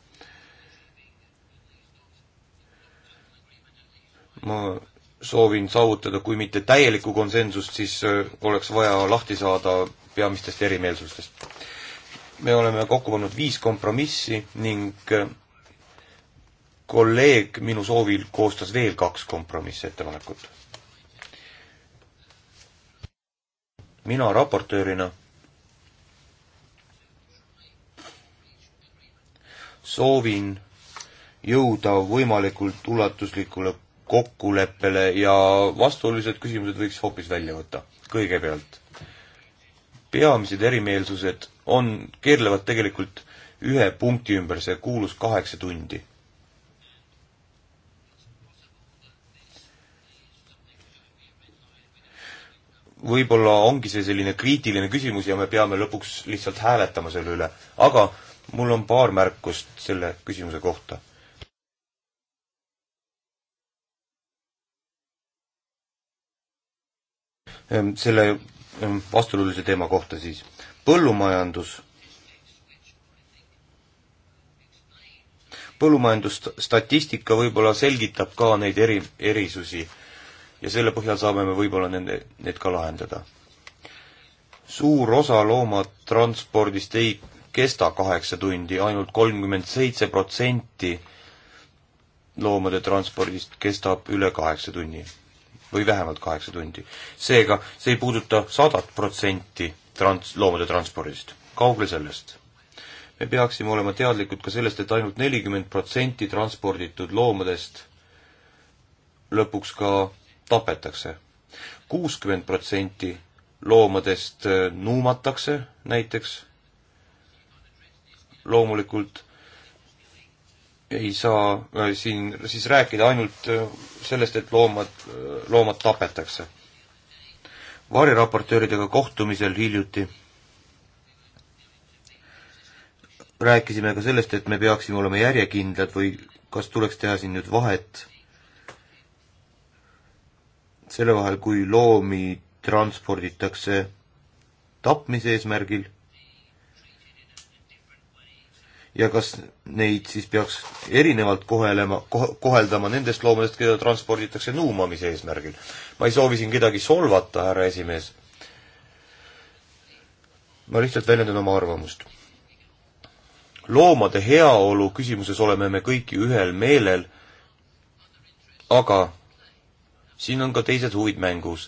ma soovin saavutada, kui mitte täielikku konsensust, siis äh, oleks vaja lahti saada peamistest erimeelsustest. me oleme kokku pannud viis kompromissi ning äh, kolleeg minu soovil koostas veel kaks kompromissettepanekut. mina raportöörina soovin jõuda võimalikult ulatuslikule kokkuleppele ja vastuolulised küsimused võiks hoopis välja võtta. kõigepealt, peamised erimeelsused on, keerlevad tegelikult ühe punkti ümber, see kuulus kaheksa tundi. võib-olla ongi see selline kriitiline küsimus ja me peame lõpuks lihtsalt hääletama selle üle, aga mul on paar märkust selle küsimuse kohta selle vastuolulise teema kohta siis. põllumajandus, põllumajandusstatistika võib-olla selgitab ka neid eri, erisusi ja selle põhjal saame me võib-olla nende, need ka lahendada. suur osa loomatranspordist ei kesta kaheksa tundi ainult, ainult kolmkümmend seitse protsenti loomade transpordist kestab üle kaheksa tunni või vähemalt kaheksa tundi. seega see ei puuduta sadat protsenti trans-, loomade transpordist, kaugel sellest. me peaksime olema teadlikud ka sellest, et ainult nelikümmend protsenti transporditud loomadest lõpuks ka tapetakse. kuuskümmend protsenti loomadest äh, nuumatakse näiteks loomulikult ei saa äh, siin siis rääkida ainult äh, sellest, et loomad, äh, loomad tapetakse. variraportööridega kohtumisel hiljuti rääkisime ka sellest, et me peaksime olema järjekindlad või kas tuleks teha siin nüüd vahet selle vahel, kui loomi transporditakse tapmise eesmärgil ja kas neid siis peaks erinevalt kohelema ko,, koheldama nendest loomadest, keda transporditakse nuumamise eesmärgil? ma ei soovi siin kedagi solvata, härra esimees. ma lihtsalt väljendan oma arvamust. loomade heaolu küsimuses oleme me kõik ühel meelel, aga siin on ka teised huvid mängus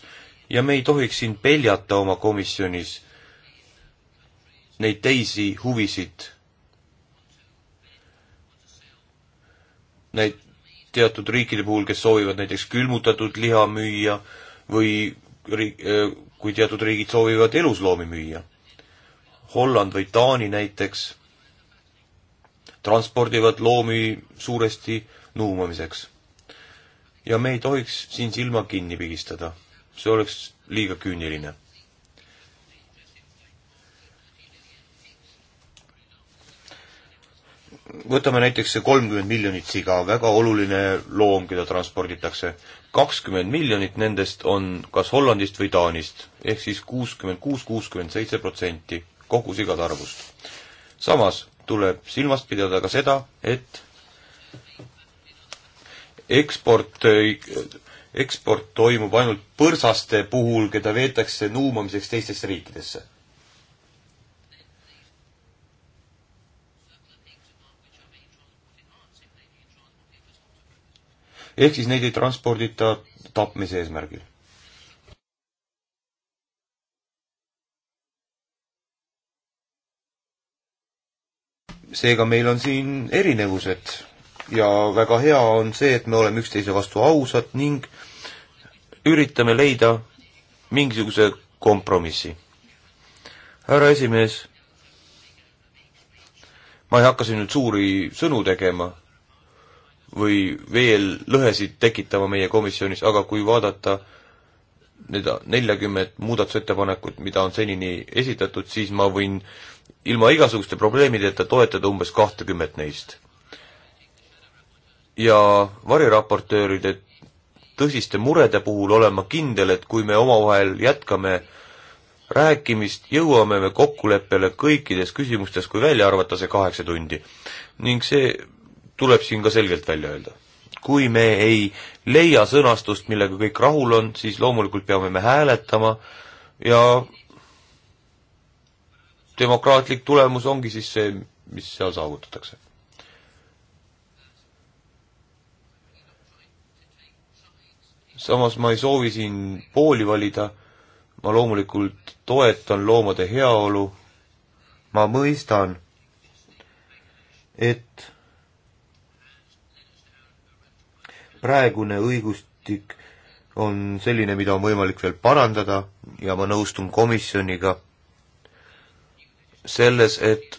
ja me ei tohiks siin peljata oma komisjonis neid teisi huvisid neid teatud riikide puhul, kes soovivad näiteks külmutatud liha müüa või riik, kui teatud riigid soovivad elusloomi müüa. Holland või Taani näiteks transpordivad loomi suuresti nuumamiseks. ja me ei tohiks siin silma kinni pigistada, see oleks liiga küüniline võtame näiteks see kolmkümmend miljonit siga, väga oluline loom, keda transporditakse. kakskümmend miljonit nendest on kas Hollandist või Taanist ehk siis kuuskümmend kuus, kuuskümmend seitse protsenti kogu sigade arvust. samas tuleb silmas pidada ka seda, et eksport, eksport toimub ainult põrsaste puhul, keda veetakse nuumamiseks teistesse riikidesse ehk siis neid ei transpordita tapmise eesmärgil. seega meil on siin erinevused ja väga hea on see, et me oleme üksteise vastu ausad ning üritame leida mingisuguse kompromissi. härra esimees, ma ei hakka siin nüüd suuri sõnu tegema või veel lõhesid tekitama meie komisjonis, aga kui vaadata need neljakümmet muudatusettepanekut, mida on senini esitatud, siis ma võin ilma igasuguste probleemideta toetada umbes kahtekümmet neist. ja variraportööride tõsiste murede puhul olen ma kindel, et kui me omavahel jätkame rääkimist, jõuame me kokkuleppele kõikides küsimustes, kui välja arvata see kaheksa tundi. ning see tuleb siin ka selgelt välja öelda. kui me ei leia sõnastust, millega kõik rahul on, siis loomulikult peame me hääletama ja demokraatlik tulemus ongi siis see, mis seal saavutatakse. samas ma ei soovi siin pooli valida, ma loomulikult toetan loomade heaolu, ma mõistan, et praegune õigustik on selline, mida on võimalik veel parandada ja ma nõustun komisjoniga selles, et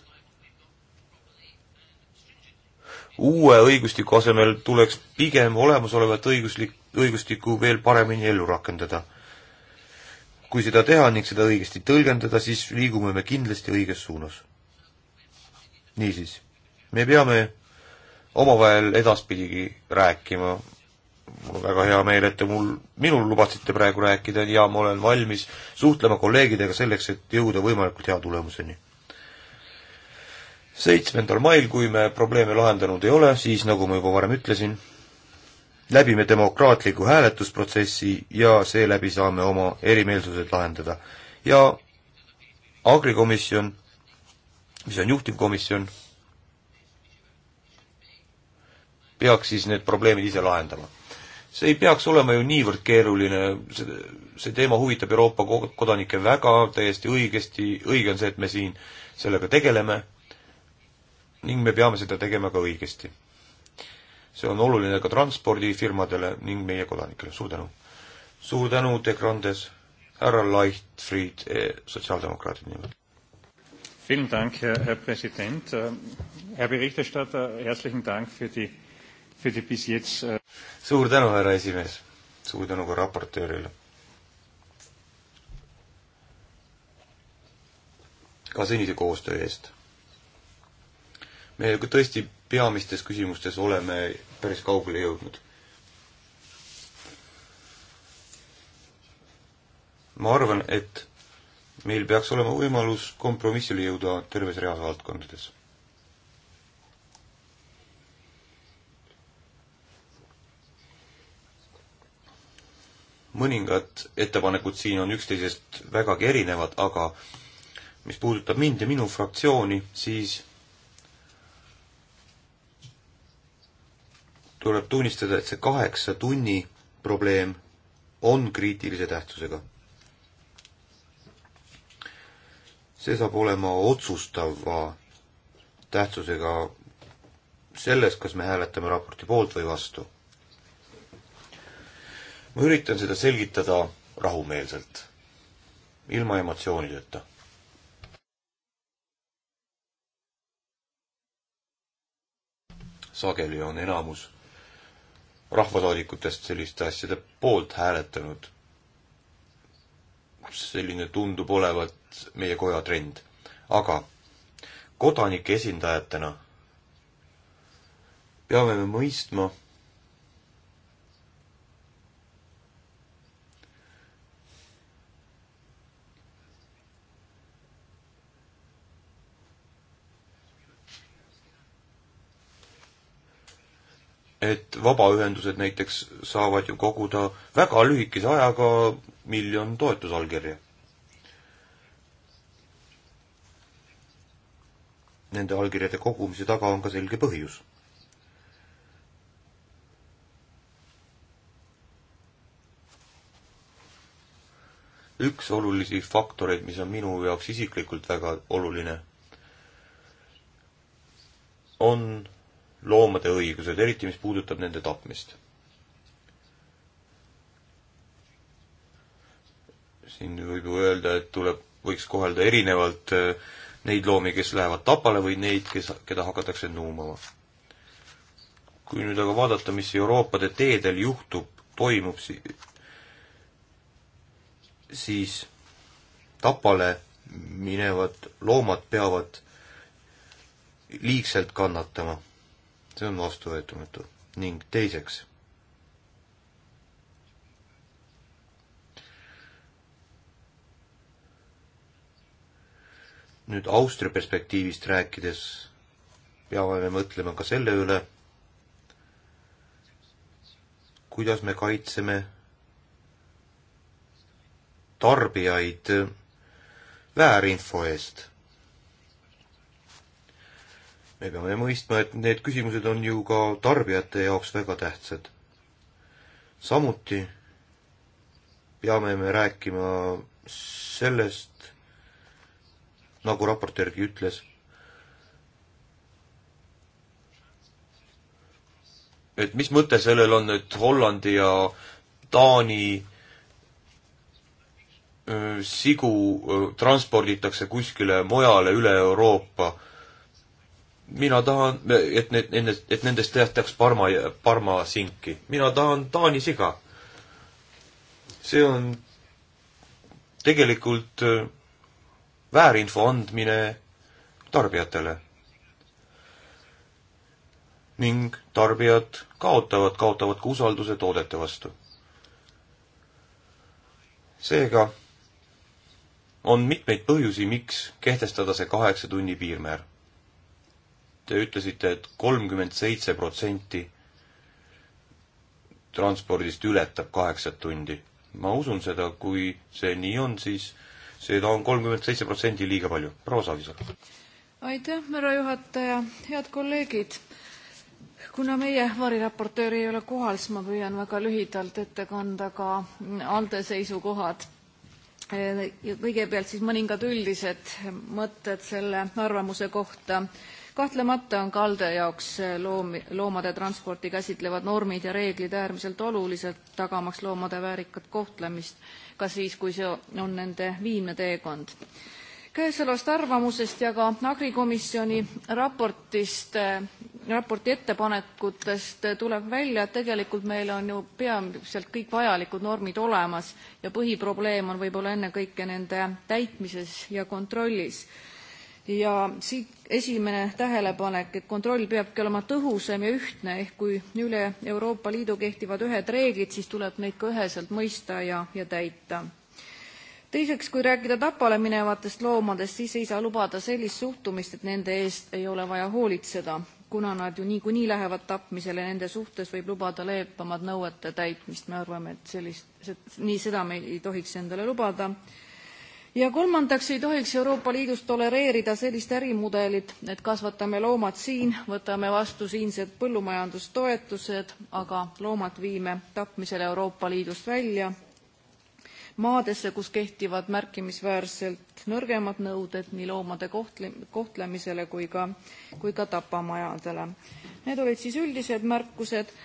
uue õigustiku asemel tuleks pigem olemasolevat õiguslik, õigustikku veel paremini ellu rakendada. kui seda teha ning seda õigesti tõlgendada, siis liigume me kindlasti õiges suunas. niisiis, me peame omavahel edaspidigi rääkima, mul on väga hea meel, et te mul, minul lubasite praegu rääkida ja ma olen valmis suhtlema kolleegidega selleks, et jõuda võimalikult hea tulemuseni. seitsmendal mail, kui me probleeme lahendanud ei ole, siis nagu ma juba varem ütlesin, läbime demokraatliku hääletusprotsessi ja seeläbi saame oma erimeelsused lahendada. ja agrikomisjon, mis on juhtivkomisjon, peaks siis need probleemid ise lahendama see ei peaks olema ju niivõrd keeruline, see, see teema huvitab Euroopa kodanikke väga, täiesti õigesti, õige on see, et me siin sellega tegeleme ning me peame seda tegema ka õigesti. see on oluline ka transpordifirmadele ning meie kodanikele, suur tänu! suur tänu, De Grandes, härra Leichtfried eh, sotsiaaldemokraatide nimel! Vielen Dank, Herr Präsident. Ähm, Herr Berichterstatter, herzlichen Dank für die Äh, suur tänu, härra esimees. suur tänu ka raportöörile. ka senise koostöö eest. me tõesti peamistes küsimustes oleme päris kaugele jõudnud. ma arvan, et meil peaks olema võimalus kompromissile jõuda terves reas valdkondades mõningad ettepanekud siin on üksteisest vägagi erinevad, aga mis puudutab mind ja minu fraktsiooni, siis tuleb tunnistada, et see kaheksa tunni probleem on kriitilise tähtsusega. see saab olema otsustava tähtsusega selles, kas me hääletame raporti poolt või vastu ma üritan seda selgitada rahumeelselt, ilma emotsioonideta. sageli on enamus rahvasaadikutest selliste asjade poolt hääletanud. selline tundub olevat meie koja trend. aga kodanike esindajatena peame me mõistma, et vabaühendused näiteks saavad ju koguda väga lühikese ajaga miljon toetusallkirja. Nende allkirjade kogumise taga on ka selge põhjus. üks olulisi faktoreid, mis on minu jaoks isiklikult väga oluline, on loomade õigused, eriti mis puudutab nende tapmist. siin võib ju öelda, et tuleb, võiks kohelda erinevalt äh, neid loomi, kes lähevad tapale või neid, kes, keda hakatakse nuumama. kui nüüd aga vaadata, mis Euroopade teedel juhtub, toimub, siis tapale minevad loomad peavad liigselt kannatama see on vastuvõetamatu. ning teiseks, nüüd Austria perspektiivist rääkides peame me mõtlema ka selle üle, kuidas me kaitseme tarbijaid väärinfo eest me peame mõistma, et need küsimused on ju ka tarbijate jaoks väga tähtsad. samuti peame me rääkima sellest, nagu raportöörgi ütles, et mis mõte sellel on, et Hollandi ja Taani äh, sigu äh, transporditakse kuskile mujale üle Euroopa mina tahan, et need, nendest, et nendest tehtaks parma, parmasinki. mina tahan Taani siga. see on tegelikult äh, väärinfo andmine tarbijatele. ning tarbijad kaotavad, kaotavad ka usalduse toodete vastu. seega on mitmeid põhjusi, miks kehtestada see kaheksa tunni piirmäär Te ütlesite et, et kolmkümmend seitse protsenti transpordist ületab kaheksat tundi. ma usun seda, kui see nii on, siis seda on kolmkümmend seitse protsenti liiga palju. proua Savisaar. aitäh, härra juhataja, head kolleegid. kuna meie variraportöör ei ole kohal, siis ma püüan väga lühidalt ette kanda ka ALDE seisukohad. ja kõigepealt siis mõningad üldised mõtted selle arvamuse kohta kahtlemata on kalde jaoks eh, loomi, loomade transporti käsitlevad normid ja reeglid äärmiselt olulised, tagamaks loomade väärikat kohtlemist, ka siis, kui see on nende viimne teekond. käesolevast arvamusest ja ka agrikomisjoni raportist, eh, raporti ettepanekutest tuleb välja, et tegelikult meil on ju peamiselt kõik vajalikud normid olemas ja põhiprobleem on võib-olla ennekõike nende täitmises ja kontrollis ja siit esimene tähelepanek, et kontroll peabki olema tõhusam ja ühtne, ehk kui üle Euroopa Liidu kehtivad ühed reeglid, siis tuleb neid ka üheselt mõista ja, ja täita. teiseks, kui rääkida tapale minevatest loomadest, siis ei saa lubada sellist suhtumist, et nende eest ei ole vaja hoolitseda, kuna nad ju niikuinii lähevad tapmisele, nende suhtes võib lubada leebemad nõuete täitmist, me arvame, et sellist, nii seda me ei tohiks endale lubada ja kolmandaks ei tohiks euroopa liidus tolereerida sellist ärimudelit et kasvatame loomad siin võtame vastu siinsed põllumajandustoetused aga loomad viime tapmisele euroopa liidust välja maadesse kus kehtivad märkimisväärselt nõrgemad nõuded nii loomade kohtle kohtlemisele kui ka kui ka tapamajadele need olid siis üldised märkused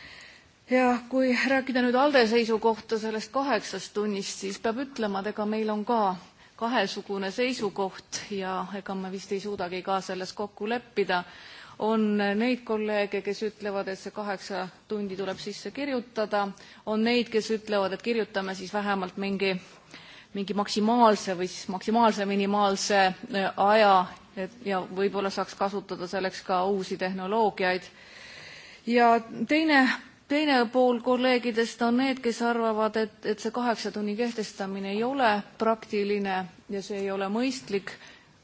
ja kui rääkida nüüd alde seisukohta sellest kaheksast tunnist siis peab ütlema et ega meil on ka kahesugune seisukoht ja ega me vist ei suudagi ka selles kokku leppida. on neid kolleege, kes ütlevad, et see kaheksa tundi tuleb sisse kirjutada, on neid, kes ütlevad, et kirjutame siis vähemalt mingi mingi maksimaalse või siis maksimaalse minimaalse äh, aja et, ja võib-olla saaks kasutada selleks ka uusi tehnoloogiaid. ja teine teine pool kolleegidest on need, kes arvavad, et, et see kaheksa tunni kehtestamine ei ole praktiline ja see ei ole mõistlik,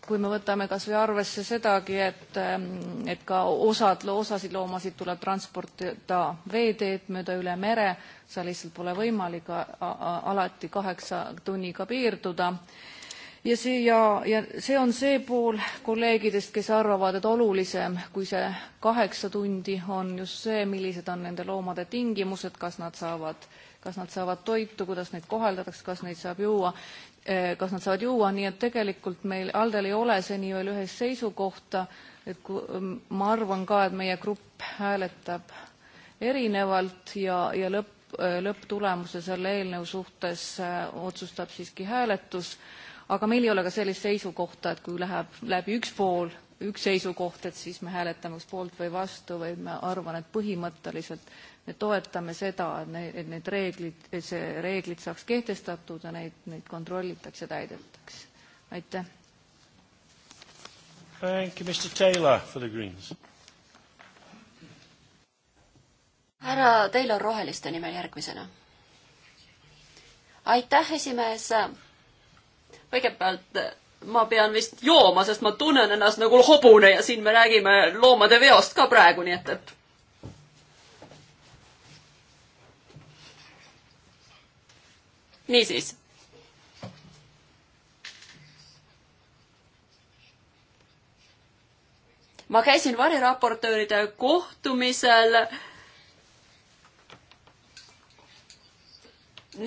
kui me võtame kas või arvesse sedagi, et, ähm, et ka osad, osasid loomasid tuleb transportida veeteed mööda üle mere, seal lihtsalt pole võimalik alati kaheksa tunniga piirduda ja see ja, ja see on see pool kolleegidest, kes arvavad, et olulisem kui see kaheksa tundi on just see, millised on nende loomade tingimused, kas nad saavad, kas nad saavad toitu, kuidas neid koheldatakse, kas neid saab juua, eh, kas nad saavad juua, nii et tegelikult meil Aldel ei ole seni veel ühest seisukohta, et kui, ma arvan ka, et meie grupp hääletab erinevalt ja, ja lõpp, eh, lõpptulemuse selle eelnõu suhtes eh, otsustab siiski hääletus aga meil ei ole ka sellist seisukohta, et kui läheb läbi üks pool, üks seisukoht, et siis me hääletame kas poolt või vastu, vaid ma arvan, et põhimõtteliselt me toetame seda, et neid, et need reeglid, et see reeglid saaks kehtestatud ja neid, neid kontrollitakse, täidetakse. aitäh. Thank you, Mr Taylor for the Greens. härra Taylor Roheliste nimel järgmisena. aitäh, esimees kõigepealt eh, ma pean vist jooma, sest ma tunnen ennast nagu hobune ja siin me räägime loomade veost ka praegu, nii et, et. niisiis. ma käisin variraportööride kohtumisel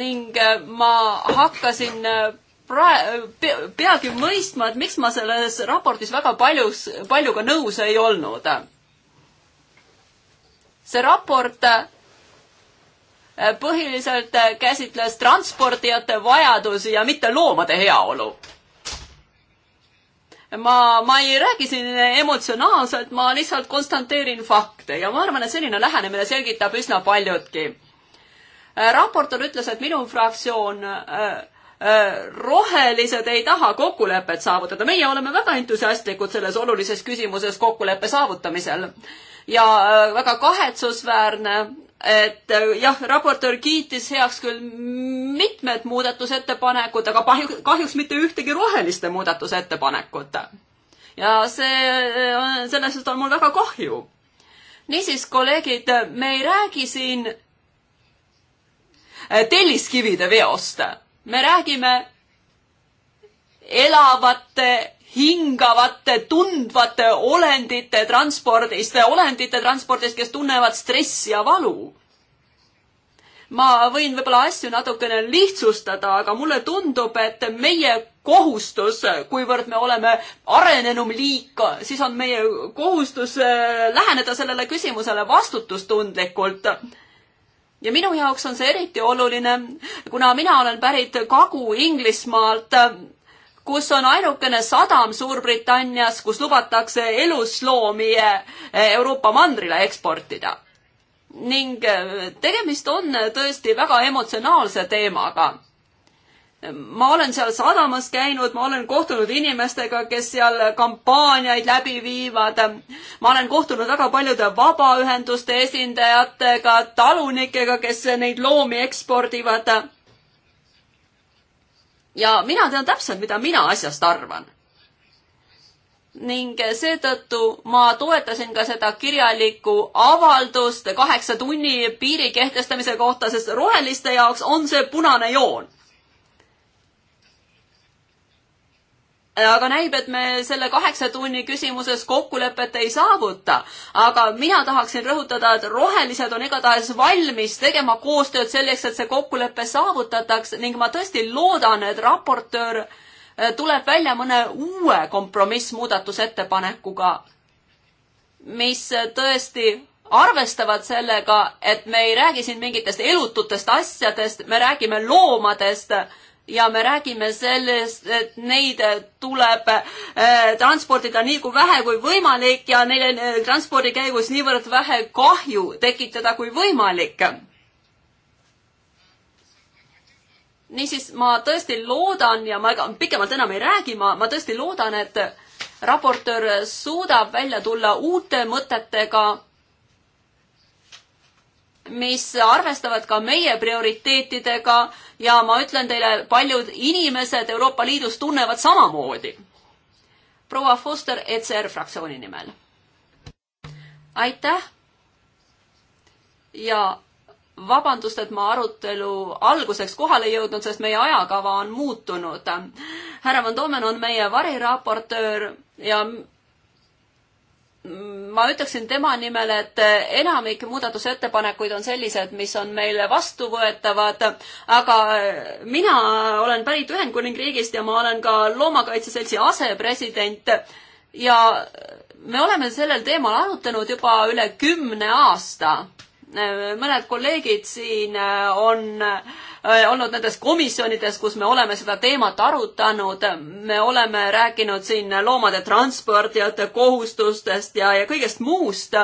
ning eh, ma hakkasin eh, praegu, peagi mõistma, et miks ma selles raportis väga paljus, paljuga nõus ei olnud. see raport äh, põhiliselt äh, käsitles transportijate vajadusi ja mitte loomade heaolu. ma, ma ei räägi siin emotsionaalselt, ma lihtsalt konstanteerin fakte ja ma arvan, et selline lähenemine selgitab üsna paljutki. Äh, raportor ütles, et minu fraktsioon äh, Äh, rohelised ei taha kokkulepet saavutada, meie oleme väga entusiastlikud selles olulises küsimuses kokkuleppe saavutamisel. ja äh, väga kahetsusväärne, et äh, jah, raportöör kiitis heaks küll mitmed muudatusettepanekud, aga kahjuks, kahjuks mitte ühtegi roheliste muudatusettepanekut. ja see, sellest on mul väga kahju. niisiis, kolleegid, me ei räägi siin telliskivide veost me räägime elavate, hingavate, tundvate olendite transpordist, olendite transpordist, kes tunnevad stressi ja valu. ma võin võib-olla asju natukene lihtsustada, aga mulle tundub, et meie kohustus, kuivõrd me oleme arenenum liik, siis on meie kohustus äh, läheneda sellele küsimusele vastutustundlikult ja minu jaoks on see eriti oluline, kuna mina olen pärit Kagu-Inglismaalt, kus on ainukene sadam Suurbritannias, kus lubatakse elusloomi eh, Euroopa mandrile eksportida. ning eh, tegemist on tõesti väga emotsionaalse teemaga ma olen seal sadamas käinud, ma olen kohtunud inimestega, kes seal kampaaniaid läbi viivad. ma olen kohtunud väga paljude vabaühenduste esindajatega, talunikega, kes neid loomi ekspordivad. ja mina tean täpselt, mida mina asjast arvan. ning seetõttu ma toetasin ka seda kirjalikku avaldust kaheksa tunni piiri kehtestamise kohta, sest roheliste jaoks on see punane joon aga näib, et me selle kaheksa tunni küsimuses kokkulepet ei saavuta. aga mina tahaksin rõhutada, et rohelised on igatahes valmis tegema koostööd selleks, et see kokkulepe saavutataks ning ma tõesti loodan, et raportöör äh, tuleb välja mõne uue kompromissmuudatusettepanekuga, mis äh, tõesti arvestavad sellega, et me ei räägi siin mingitest elututest asjadest, me räägime loomadest ja me räägime sellest, et neid tuleb äh, transportida nii kui vähe kui võimalik ja neile äh, transpordi käigus niivõrd vähe kahju tekitada kui võimalik niisiis ma tõesti loodan ja ma ega pikemalt enam ei räägi, ma, ma tõesti loodan, et raportöör suudab välja tulla uute mõtetega mis arvestavad ka meie prioriteetidega ja ma ütlen teile, paljud inimesed Euroopa Liidus tunnevad samamoodi. proua Foster ECR fraktsiooni nimel. aitäh. ja vabandust, et ma arutelu alguseks kohale ei jõudnud, sest meie ajakava on muutunud. härra Van Domen on meie variraportöör ja ma ütleksin tema nimel, et enamik muudatusettepanekuid on sellised, mis on meile vastuvõetavad, aga äh, mina olen pärit Ühendkuningriigist ja ma olen ka Loomakaitse Seltsi asepresident ja me oleme sellel teemal arutanud juba üle kümne aasta. Äh, mõned kolleegid siin äh, on äh, Äh, olnud nendes komisjonides, kus me oleme seda teemat arutanud. me oleme rääkinud siin loomade transportijate kohustustest ja, ja kõigest muust.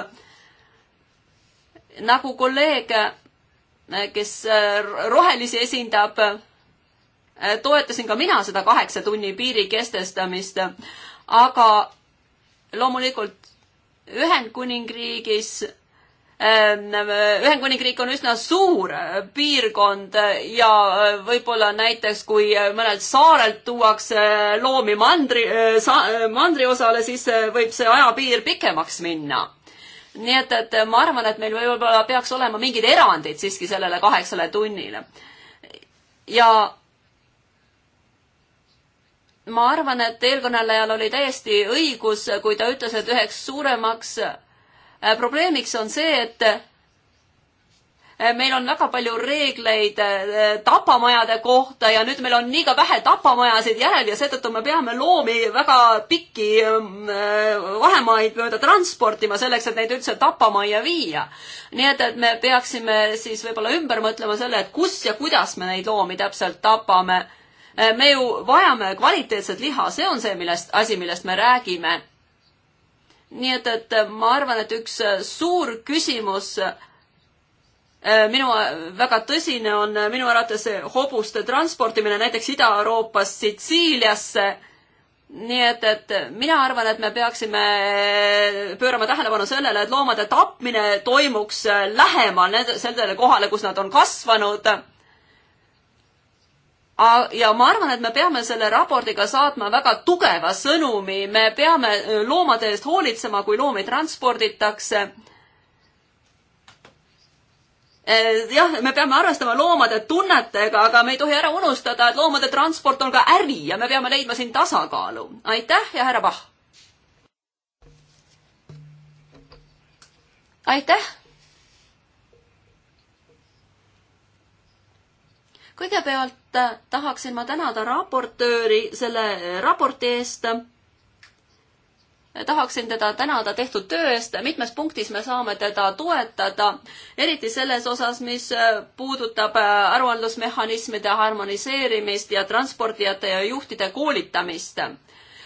nagu kolleeg, äh, kes äh, rohelisi esindab, toetasin ka mina seda kaheksa tunni piiri kestestamist, aga loomulikult Ühendkuningriigis Ehm, Ühendkuningriik on üsna suur eh, piirkond eh, ja eh, võib-olla näiteks kui mõnelt saarelt tuuakse loomi mandri, mandriosale, siis võib see ajapiir pikemaks minna. nii et, et ma arvan, et meil võib-olla peaks olema mingid erandid siiski sellele kaheksale tunnile. ja ma arvan, et eelkõnelejal oli täiesti õigus, kui ta ütles, et üheks suuremaks Äh, probleemiks on see, et äh, meil on väga palju reegleid äh, tapamajade kohta ja nüüd meil on liiga vähe tapamajasid järel ja seetõttu me peame loomi väga pikki ähm, vahemaid mööda transportima selleks, et neid üldse tapamajja viia. nii et, et me peaksime siis võib-olla ümber mõtlema selle, et kus ja kuidas me neid loomi täpselt tapame. me ju vajame kvaliteetset liha, see on see, millest, asi, millest me räägime nii et, et ma arvan, et üks äh, suur küsimus äh, minu, äh, väga tõsine on minu arvates hobuste transportimine näiteks Ida-Euroopast Sitsiiliasse. nii et, et mina arvan, et me peaksime pöörama tähelepanu sellele, et loomade tapmine toimuks lähemal sellele kohale, kus nad on kasvanud ja ma arvan, et me peame selle raportiga saatma väga tugeva sõnumi, me peame äh, loomade eest hoolitsema, kui loomi transporditakse. Äh, jah, me peame arvestama loomade tunnetega, aga me ei tohi ära unustada, et loomade transport on ka äri ja me peame leidma siin tasakaalu. aitäh ja härra Pahh! aitäh! kõigepealt kõigepealt eh, tahaksin ma tänada raportööri selle eh, raporti eest. tahaksin teda tänada tehtud töö eest, mitmes punktis me saame teda toetada, eriti selles osas, mis eh, puudutab aruandlusmehhanismide harmoniseerimist ja transportijate ja juhtide koolitamist.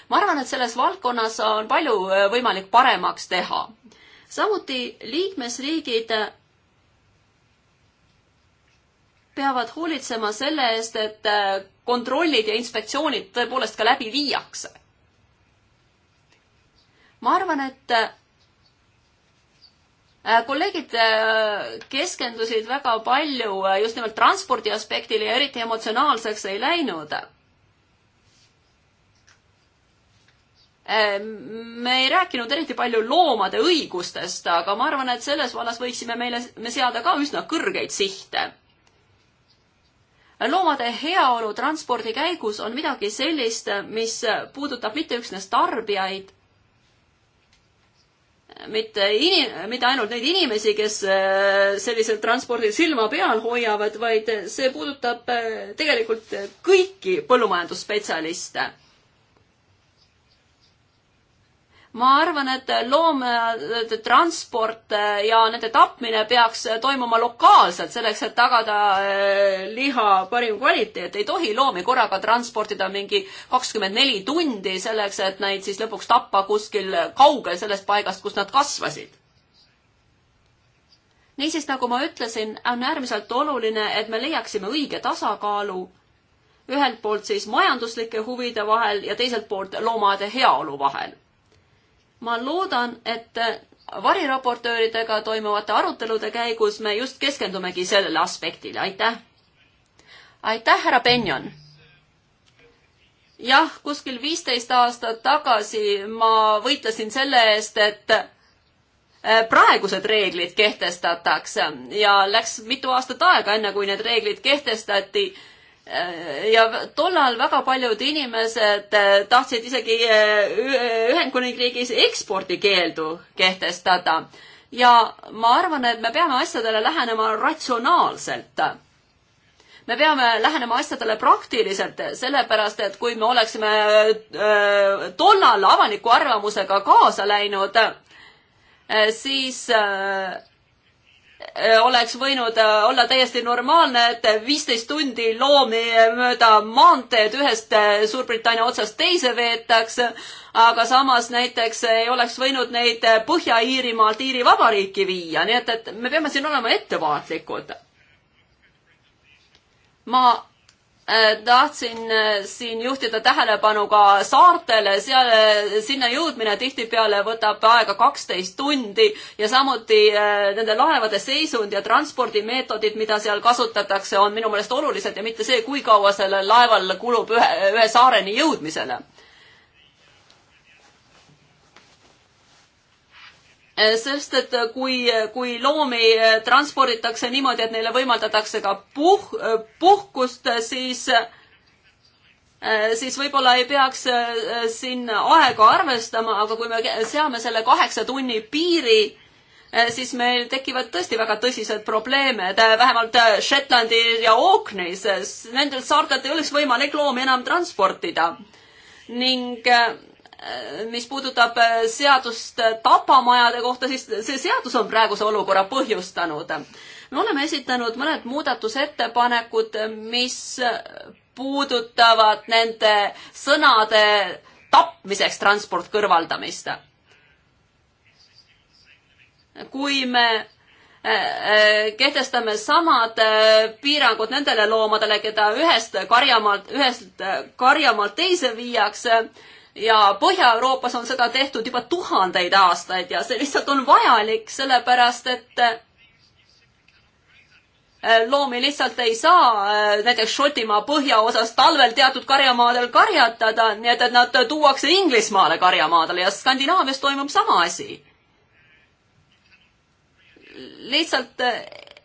ma arvan, et selles valdkonnas on palju võimalik paremaks teha samuti liikmesriigid peavad hoolitsema selle eest, et äh, kontrollid ja inspektsioonid tõepoolest ka läbi viiakse. ma arvan, et äh, äh, kolleegid keskendusid väga palju just nimelt transpordi aspektile ja eriti emotsionaalseks ei läinud me ei rääkinud eriti palju loomade õigustest, aga ma arvan, et selles vallas võiksime meile, me seada ka üsna kõrgeid sihte loomade heaolu transpordi käigus on midagi sellist, mis puudutab mitte üksnes tarbijaid, mitte ini-, mitte ainult neid inimesi, kes äh, sellisel transpordil silma peal hoiavad, vaid see puudutab äh, tegelikult kõiki põllumajandusspetsialiste ma arvan, et loomade transport äh, ja nende tapmine peaks toimuma lokaalselt, selleks et tagada äh, liha parim kvaliteet. ei tohi loomi korraga transportida mingi kakskümmend neli tundi, selleks et neid siis lõpuks tappa kuskil kaugel sellest paigast, kus nad kasvasid. niisiis, nagu ma ütlesin, on äärmiselt oluline, et me leiaksime õige tasakaalu ühelt poolt siis majanduslike huvide vahel ja teiselt poolt loomade heaolu vahel ma loodan, et variraportööridega toimuvate arutelude käigus me just keskendumegi sellele aspektile, aitäh. aitäh, härra Benjon. jah, kuskil viisteist aastat tagasi ma võitlesin selle eest, et äh, praegused reeglid kehtestatakse ja läks mitu aastat aega, enne kui need reeglid kehtestati Äh, ja tollal väga paljud inimesed äh, tahtsid isegi äh, Ühendkuningriigis ekspordikeeldu kehtestada. ja ma arvan, et me peame asjadele lähenema ratsionaalselt me peame lähenema asjadele praktiliselt, sellepärast et kui me oleksime tollal avaliku arvamusega kaasa läinud, siis Äh, oleks võinud äh, olla täiesti normaalne, et viisteist tundi loomi mööda maanteed ühest äh, Suurbritannia otsast teise veetakse, aga samas näiteks ei oleks võinud neid Põhja-Iirimaalt Iiri Vabariiki viia, nii et, et me peame siin olema ettevaatlikud. ma Äh, tahtsin äh, siin juhtida tähelepanu ka saartele, seal, äh, sinna jõudmine tihtipeale võtab aega kaksteist tundi ja samuti nende laevade seisund ja transpordimeetodid, mida seal kasutatakse, on minu meelest olulised ja mitte see, kui kaua sellel laeval kulub ühe, ühe saareni jõudmisele Eh, sest et eh, kui, eh, kui loomi transporditakse niimoodi, et neile võimaldatakse ka puh-, puhkust, siis siis võib-olla ei peaks siin aega arvestama, aga kui me seame selle kaheksa tunni piiri, siis meil tekivad tõesti väga tõsised probleeme, vähemalt Shetlandil ja Orkneys, nendel saartel ei oleks võimalik loomi enam transportida. ning mis puudutab äh, seadust äh, tapamajade kohta, siis see seadus on praeguse olukorra põhjustanud. me oleme esitanud mõned muudatusettepanekud, äh, mis puudutavad nende sõnade tapmiseks transport kõrvaldamist. kui me kehtestame samad piirangud nendele loomadele, keda ühest karjamaalt, ühest karjamaalt teise viiakse, ja Põhja-Euroopas on seda tehtud juba tuhandeid aastaid ja see lihtsalt on vajalik, sellepärast et äh, loomi lihtsalt ei saa äh, näiteks Šotimaa põhjaosas talvel teatud karjamaadel karjatada, nii et, et nad tuuakse Inglismaale karjamaadele ja Skandinaavias toimub sama asi. lihtsalt äh,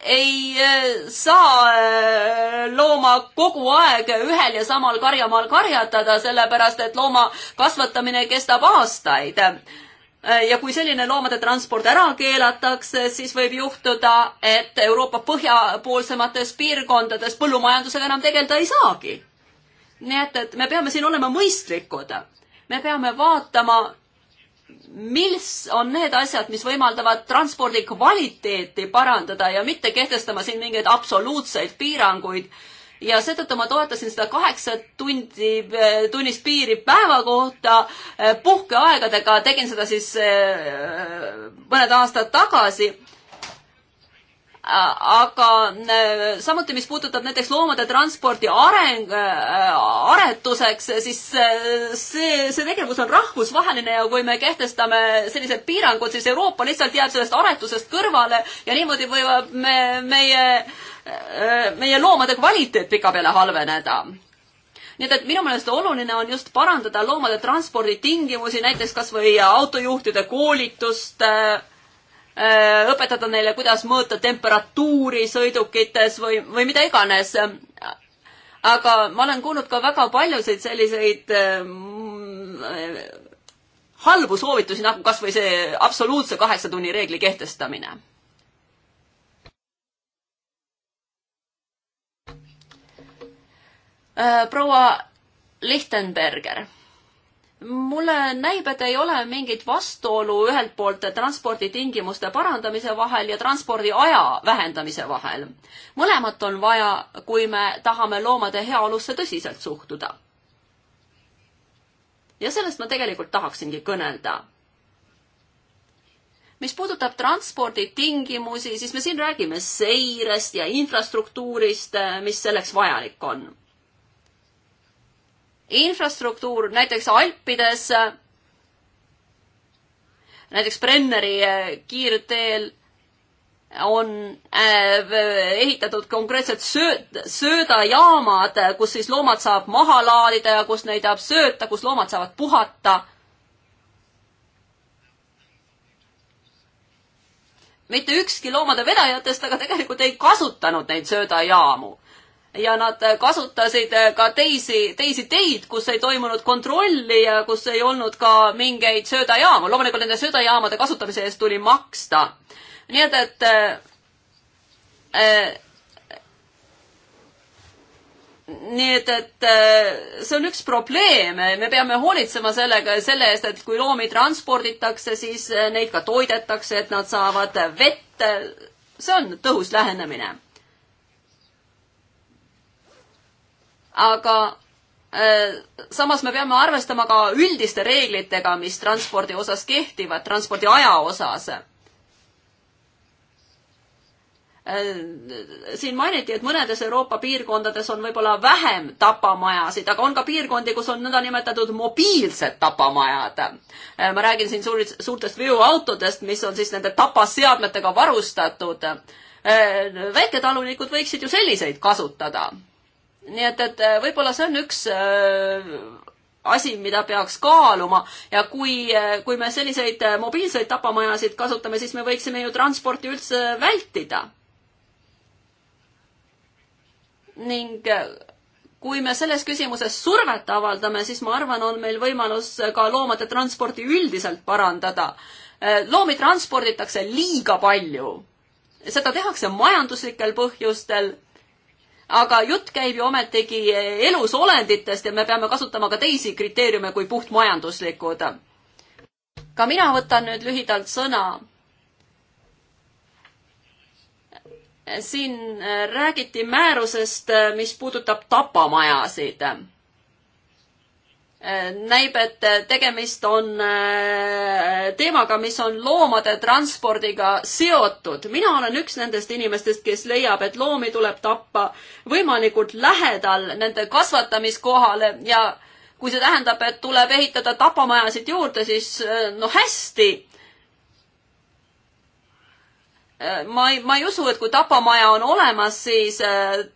ei eh, saa eh, looma kogu aeg ühel ja samal karjamaal karjatada, sellepärast et looma kasvatamine kestab aastaid. Eh, ja kui selline loomade transport ära keelatakse, siis võib juhtuda, et Euroopa põhjapoolsemates piirkondades põllumajandusega enam tegeleda ei saagi. nii et, et me peame siin olema mõistlikud. me peame vaatama, mis on need asjad, mis võimaldavad transpordi kvaliteeti parandada ja mitte kehtestama siin mingeid absoluutseid piiranguid. ja seetõttu ma toetasin seda kaheksa tundi, eh, tunnist piiri päeva kohta eh, puhkeaegadega, tegin seda siis eh, mõned aastad tagasi Äh, aga äh, samuti, mis puudutab näiteks loomade transpordi areng, äh, aretuseks, siis see, see tegevus on rahvusvaheline ja kui me kehtestame sellised piirangud, siis Euroopa lihtsalt jääb sellest aretusest kõrvale ja niimoodi võivad me, meie, meie loomade kvaliteet pikapeale halveneda nii et, et minu meelest oluline on just parandada loomade transporditingimusi, näiteks kas või autojuhtide koolitust äh,, Äh, õpetada neile, kuidas mõõta temperatuuri sõidukites või, või mida iganes. aga ma olen kuulnud ka väga paljusid selliseid äh, halbu soovitusi, nagu kas või see absoluutse kaheksa tunni reegli kehtestamine. Äh, proua Lichtenberger mulle näib, et ei ole mingit vastuolu ühelt poolt transporditingimuste parandamise vahel ja transpordi aja vähendamise vahel. mõlemat on vaja, kui me tahame loomade heaolusse tõsiselt suhtuda. ja sellest ma tegelikult tahaksingi kõnelda. mis puudutab transporditingimusi, siis me siin räägime seirest ja infrastruktuurist, mis selleks vajalik on infrastruktuur näiteks Alpides, näiteks Brenneri eh, kiirteel on eh, ehitatud konkreetsed sööt-, söödajaamad, kus siis loomad saab maha laadida ja kus neid saab sööta, kus loomad saavad puhata. mitte ükski loomade vedajatest aga tegelikult ei kasutanud neid söödajaamu ja nad äh, kasutasid äh, ka teisi, teisi teid, kus ei toimunud kontrolli ja kus ei olnud ka mingeid söödajaamu. loomulikult nende söödajaamade kasutamise eest tuli maksta. nii et, et äh, äh nii et, et see on üks probleem, me peame hoolitsema sellega, selle eest, et kui loomi transporditakse, siis neid ka toidetakse, et nad saavad vett. see on tõhus lähenemine aga äh, samas me peame arvestama ka üldiste reeglitega, mis transpordi osas kehtivad, transpordi aja osas. Äh, siin mainiti, et mõnedes Euroopa piirkondades on võib-olla vähem tapamajasid, aga on ka piirkondi, kus on nõndanimetatud mobiilsed tapamajad. Äh, ma räägin siin suur, suurtest veoautodest, mis on siis nende tapaseadmetega varustatud. väiketalunikud võiksid ju selliseid kasutada nii et, et äh, võib-olla see on üks äh, asi, mida peaks kaaluma ja kui, äh, kui me selliseid äh, mobiilseid tapamajasid kasutame, siis me võiksime ju transporti üldse vältida. ning kui me selles küsimuses survet avaldame, siis ma arvan, on meil võimalus ka loomade transporti üldiselt parandada. loomi transporditakse liiga palju. seda tehakse majanduslikel põhjustel aga jutt käib ju ometigi elusolenditest ja me peame kasutama ka teisi kriteeriume kui puhtmajanduslikud. ka mina võtan nüüd lühidalt sõna. siin räägiti määrusest, mis puudutab tapamajasid näib, et tegemist on äh, teemaga, mis on loomade transpordiga seotud. mina olen üks nendest inimestest, kes leiab, et loomi tuleb tappa võimalikult lähedal nende kasvatamiskohale ja kui see tähendab, et tuleb ehitada tapamajasid juurde, siis äh, no hästi. Äh, ma ei, ma ei usu, et kui tapamaja on olemas, siis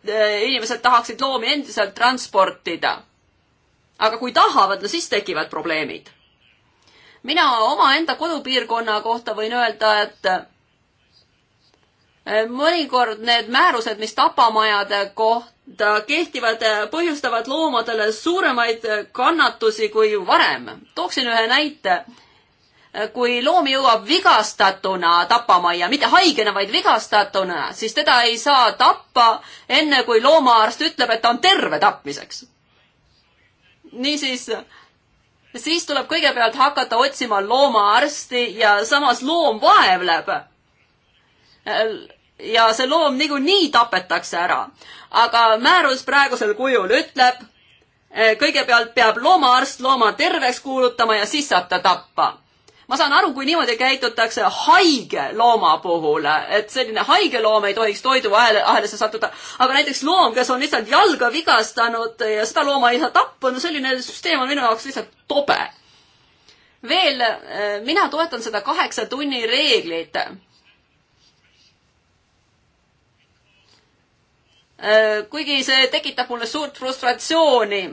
inimesed tahaksid loomi endiselt transportida aga kui tahavad, no siis tekivad probleemid. mina omaenda kodupiirkonna kohta võin öelda, et eh, mõnikord need määrused, mis tapamajade kohta kehtivad, eh, põhjustavad loomadele suuremaid eh, kannatusi kui varem. tooksin ühe näite kui loom jõuab vigastatuna tapamajja, mitte haigena, vaid vigastatuna, siis teda ei saa tappa enne, kui loomaarst ütleb, et ta on terve tapmiseks niisiis, siis tuleb kõigepealt hakata otsima loomaarsti ja samas loom vaevleb. ja see loom niikuinii tapetakse ära, aga määrus praegusel kujul ütleb, kõigepealt peab loomaarst looma terveks kuulutama ja siis saab ta tappa ma saan aru, kui niimoodi käitutakse haige looma puhul, et selline haige loom ei tohiks toiduahelasse sattuda, aga näiteks loom, kes on lihtsalt jalga vigastanud ja seda looma ei saa tappa, no selline süsteem on minu jaoks lihtsalt tobe. veel, eh, mina toetan seda kaheksa tunni reeglit eh, kuigi see tekitab mulle suurt frustratsiooni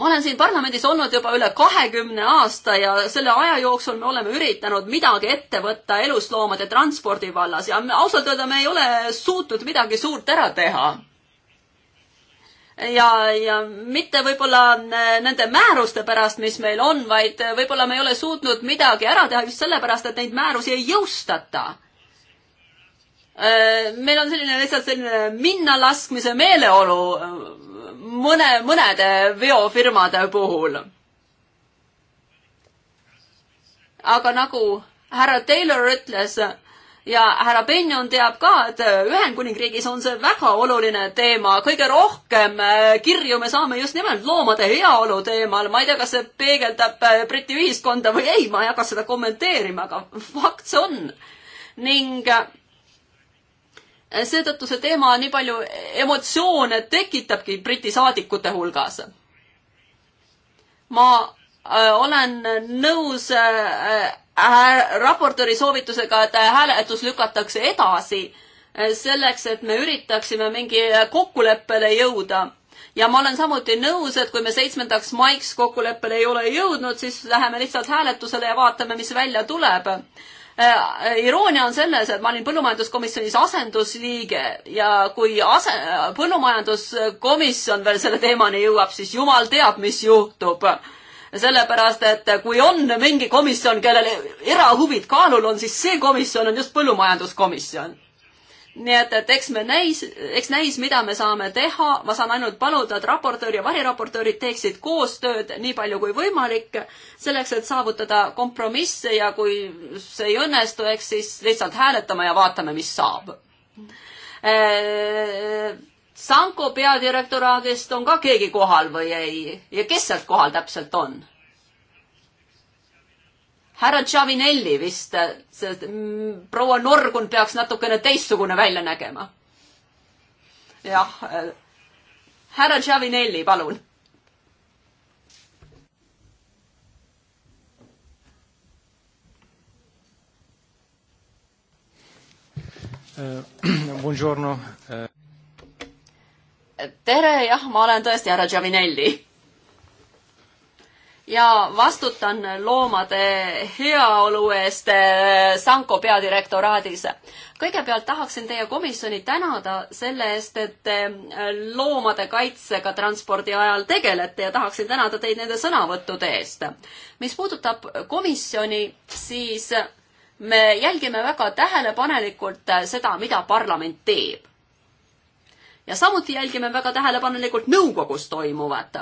ma olen siin parlamendis olnud juba üle kahekümne aasta ja selle aja jooksul me oleme üritanud midagi ette võtta elusloomade transpordi vallas ja ausalt öelda me ei ole suutnud midagi suurt ära teha. ja, ja mitte võib-olla äh, nende määruste pärast, mis meil on, vaid äh, võib-olla me ei ole suutnud midagi ära teha just sellepärast, et neid määrusi ei jõustata äh, meil on selline lihtsalt selline minnalaskmise meeleolu mõne, mõnede veofirmade puhul. aga nagu härra Taylor ütles ja härra Benjon teab ka, et Ühendkuningriigis on see väga oluline teema, kõige rohkem äh, kirju me saame just nimelt loomade heaolu teemal, ma ei tea, kas see peegeldab äh, Briti ühiskonda või ei, ma ei hakka seda kommenteerima, aga fakt see on. ning äh, seetõttu see teema nii palju emotsioone tekitabki Briti saadikute hulgas. ma äh, olen nõus äh, äh, raportööri soovitusega, et hääletus lükatakse edasi selleks, et me üritaksime mingi kokkuleppele jõuda. ja ma olen samuti nõus, et kui me seitsmendaks maiks kokkuleppele ei ole jõudnud, siis läheme lihtsalt hääletusele ja vaatame, mis välja tuleb Äh, äh, iroonia on selles, et ma olin põllumajanduskomisjonis asendusliige ja kui ase-, põllumajanduskomisjon veel selle teemani jõuab, siis jumal teab, mis juhtub sellepärast, et kui on mingi komisjon, kellel erahuvid kaalul on, siis see komisjon on just põllumajanduskomisjon nii et, et eks me näis, eks näis, mida me saame teha, ma saan ainult paluda, et raportöör ja variraportöörid teeksid koostööd nii palju kui võimalik, selleks, et saavutada kompromisse ja kui see ei õnnestu, eks siis lihtsalt hääletame ja vaatame, mis saab. Äh, Sanko peadirektoraadist on ka keegi kohal või ei ja kes sealt kohal täpselt on? härra Tšavinelli vist, äh, sest mm, proua Norgun peaks natukene teistsugune välja nägema. jah, äh, härra Tšavinelli, palun äh, [clears throat] Buongiorno. tere, jah, ma olen tõesti härra Giavinelli ja vastutan loomade heaolu eest eh, Sanko peadirektoraadis. kõigepealt tahaksin teie komisjoni tänada selle eest, et te eh, loomade kaitsega transpordi ajal tegelete ja tahaksin tänada teid nende sõnavõttude eest. mis puudutab komisjoni, siis me jälgime väga tähelepanelikult seda, mida parlament teeb. ja samuti jälgime väga tähelepanelikult nõukogus toimuvat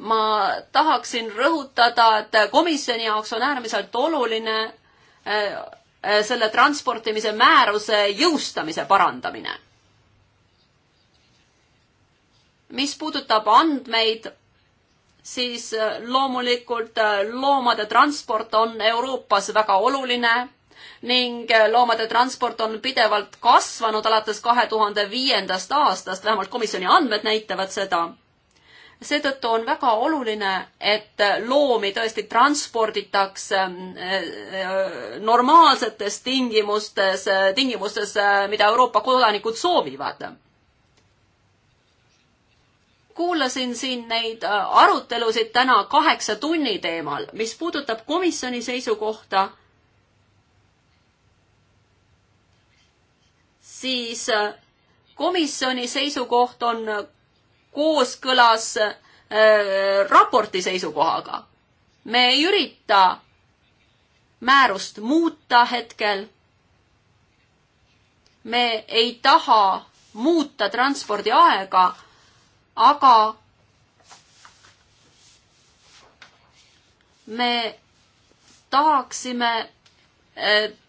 ma tahaksin rõhutada, et komisjoni jaoks on äärmiselt oluline äh, äh, selle transportimise määruse jõustamise parandamine. mis puudutab andmeid, siis äh, loomulikult loomade transport on Euroopas väga oluline ning loomade transport on pidevalt kasvanud alates kahe tuhande viiendast aastast, vähemalt komisjoni andmed näitavad seda seetõttu on väga oluline, et loomi tõesti transporditakse ähm, äh, normaalsetes tingimustes, äh, tingimustes, äh, mida Euroopa kodanikud soovivad kuulasin siin neid arutelusid täna kaheksa tunni teemal, mis puudutab komisjoni seisukohta, siis komisjoni seisukoht on kooskõlas äh, raporti seisukohaga. me ei ürita määrust muuta hetkel. me ei taha muuta transpordi aega, aga me tahaksime äh,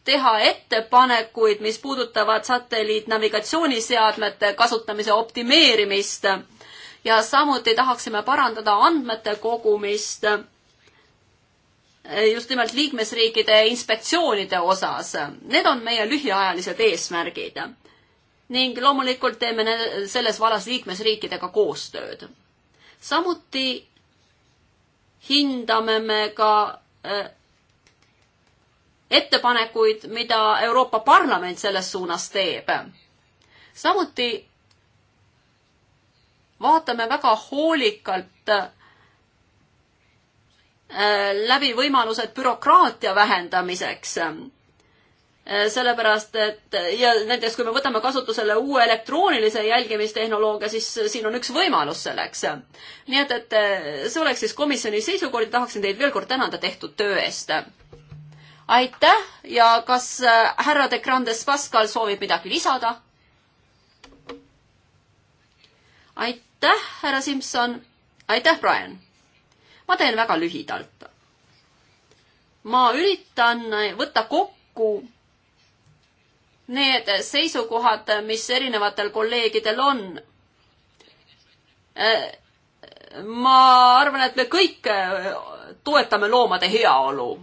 teha ettepanekuid, mis puudutavad satelliitnavigatsiooniseadmete kasutamise optimeerimist ja samuti tahaksime parandada andmete kogumist eh, just nimelt liikmesriikide inspektsioonide osas. Need on meie lühiajalised eesmärgid. ning loomulikult teeme selles vallas liikmesriikidega koostööd. samuti hindame me ka eh, ettepanekuid, mida Euroopa Parlament selles suunas teeb. samuti vaatame väga hoolikalt äh, läbi võimalused bürokraatia vähendamiseks äh, sellepärast, et ja näiteks kui me võtame kasutusele uue elektroonilise jälgimistehnoloogia, siis siin on üks võimalus selleks. nii et, et äh, see oleks siis komisjoni seisukord ja tahaksin teid veel kord tänada tehtud töö eest. aitäh ja kas härra de Grandes Pascal soovib midagi lisada? aitäh aitäh, härra Simson. aitäh, Brian. ma teen väga lühidalt. ma üritan võtta kokku need seisukohad, mis erinevatel kolleegidel on. Äh, ma arvan, et me kõik äh, toetame loomade heaolu.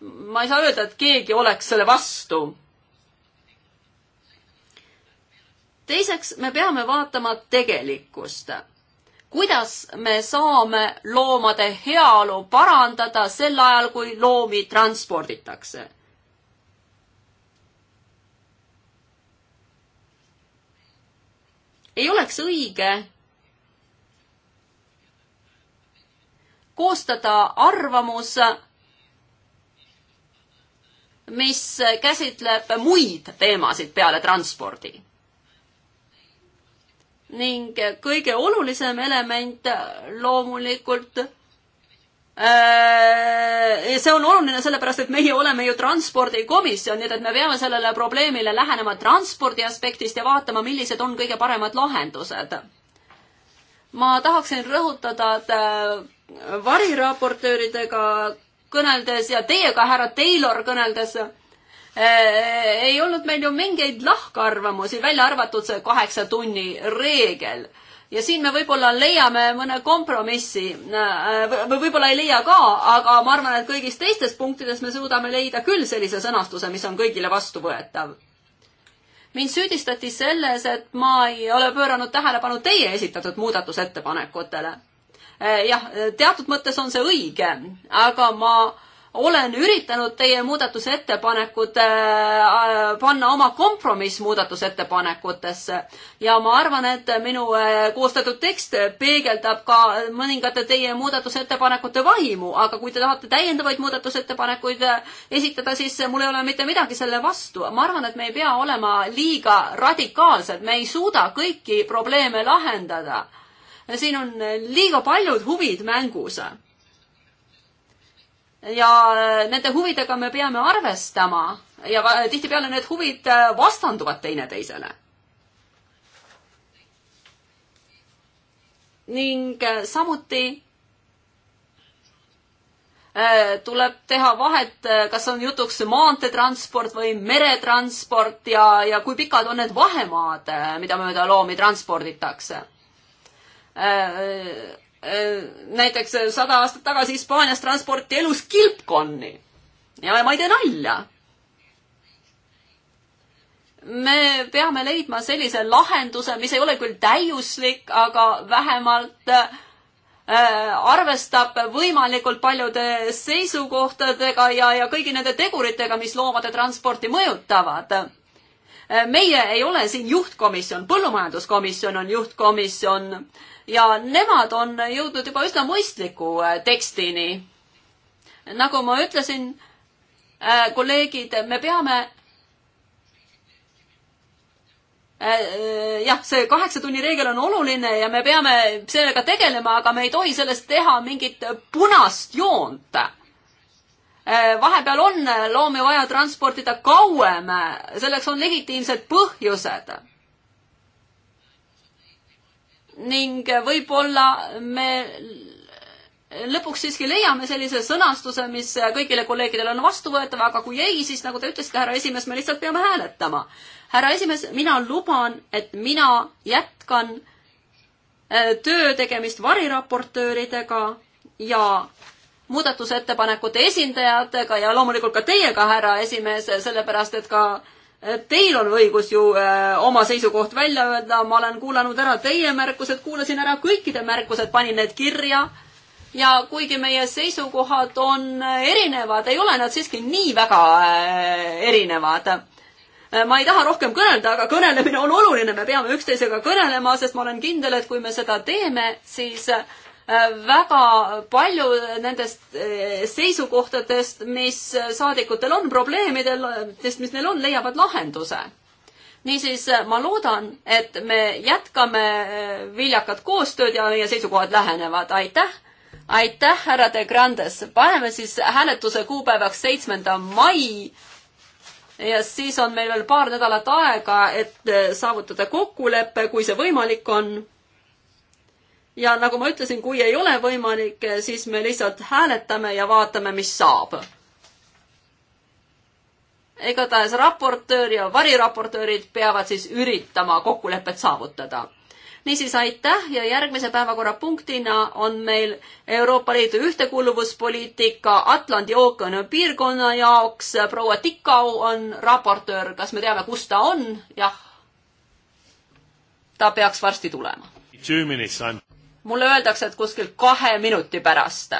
ma ei saa öelda, et keegi oleks selle vastu teiseks, me peame vaatama tegelikkust. kuidas me saame loomade heaolu parandada sel ajal, kui loomi transporditakse? ei oleks õige koostada arvamus, mis käsitleb muid teemasid peale transpordi ning kõige olulisem element loomulikult äh, ja see on oluline sellepärast, et meie oleme ju transpordikomisjon, nii et me peame sellele probleemile lähenema transpordi aspektist ja vaatama, millised on kõige paremad lahendused. ma tahaksin rõhutada, et äh, variraportööridega kõneldes ja teiega, härra Taylor, kõneldes Äh, ei olnud meil ju mingeid lahkarvamusi, välja arvatud see kaheksa tunni reegel. ja siin me võib-olla leiame mõne kompromissi äh, või võib-olla ei leia ka, aga ma arvan, et kõigis teistes punktides me suudame leida küll sellise sõnastuse, mis on kõigile vastuvõetav mind süüdistati selles, et ma ei ole pööranud tähelepanu teie esitatud muudatusettepanekutele. Äh, jah, teatud mõttes on see õige, aga ma äh, olen üritanud teie muudatusettepanekud äh, panna oma kompromissmuudatusettepanekutesse ja ma arvan, et minu äh, koostatud tekst peegeldab ka mõningate teie muudatusettepanekute vaimu, aga kui te tahate täiendavaid muudatusettepanekuid äh, esitada, siis mul ei ole mitte midagi selle vastu. ma arvan, et me ei pea olema liiga radikaalsed, me ei suuda kõiki probleeme lahendada. siin on liiga paljud huvid mängus ja äh, nende huvidega me peame arvestama ja äh, tihtipeale need huvid äh, vastanduvad teineteisele. ning samuti tuleb teha vahet, kas on jutuks maanteetransport või meretransport ja, ja kui pikad on need vahemaad, mida mööda loomi transporditakse Äh, näiteks äh, sada aastat tagasi Hispaanias transporti elus kilpkonni. ja ma ei tee nalja. me peame leidma sellise lahenduse, mis ei ole küll täiuslik, aga vähemalt äh, arvestab võimalikult paljude seisukohtadega ja, ja kõigi nende teguritega, mis loomade transporti mõjutavad äh, meie ei ole siin juhtkomisjon, põllumajanduskomisjon on juhtkomisjon ja nemad on jõudnud juba üsna mõistliku äh, tekstini. nagu ma ütlesin, äh, kolleegid, me peame äh, jah, see kaheksa tunni reegel on oluline ja me peame sellega tegelema, aga me ei tohi sellest teha mingit punast joont. vahepeal on loomi vaja transportida kauem, selleks on legitiimsed põhjused ning võib-olla me lõpuks siiski leiame sellise sõnastuse, mis kõigile kolleegidele on vastuvõetav, aga kui ei, siis nagu te ütlesite, härra esimees, me lihtsalt peame hääletama. härra esimees, mina luban, et mina jätkan äh, töö tegemist variraportööridega ja muudatusettepanekute esindajatega ja loomulikult ka teiega, härra esimees, sellepärast et ka äh, Teil on õigus ju öö, äh, oma seisukoht välja öelda, ma olen kuulanud ära teie märkused, kuulasin ära kõikide märkused, panin need kirja. ja kuigi meie seisukohad on äh, erinevad, ei ole nad siiski nii väga öö, äh, erinevad ma ei taha rohkem kõnelda, aga kõnelemine on oluline, me peame üksteisega kõnelema, sest ma olen kindel, et kui me seda teeme, siis väga palju nendest eh, seisukohtadest, mis saadikutel on, probleemidest, mis neil on, leiavad lahenduse niisiis ma loodan, et me jätkame eh, viljakat koostööd ja meie seisukohad lähenevad, aitäh! aitäh, härra De Grandes, paneme siis hääletuse kuupäevaks seitsmenda mai ja siis on meil veel paar nädalat aega, et eh, saavutada kokkulepe, kui see võimalik on ja nagu ma ütlesin, kui ei ole võimalik, siis me lihtsalt hääletame ja vaatame, mis saab. igatahes raportöör ja variraportöörid peavad siis üritama kokkulepet saavutada niisiis aitäh ja järgmise päevakorrapunktina on meil Euroopa Liidu ühtekuuluvuspoliitika Atlandi ookeani piirkonna jaoks. proua Tikau on raportöör, kas me teame, kus ta on? jah. ta peaks varsti tulema mulle öeldakse, et kuskil kahe minuti pärast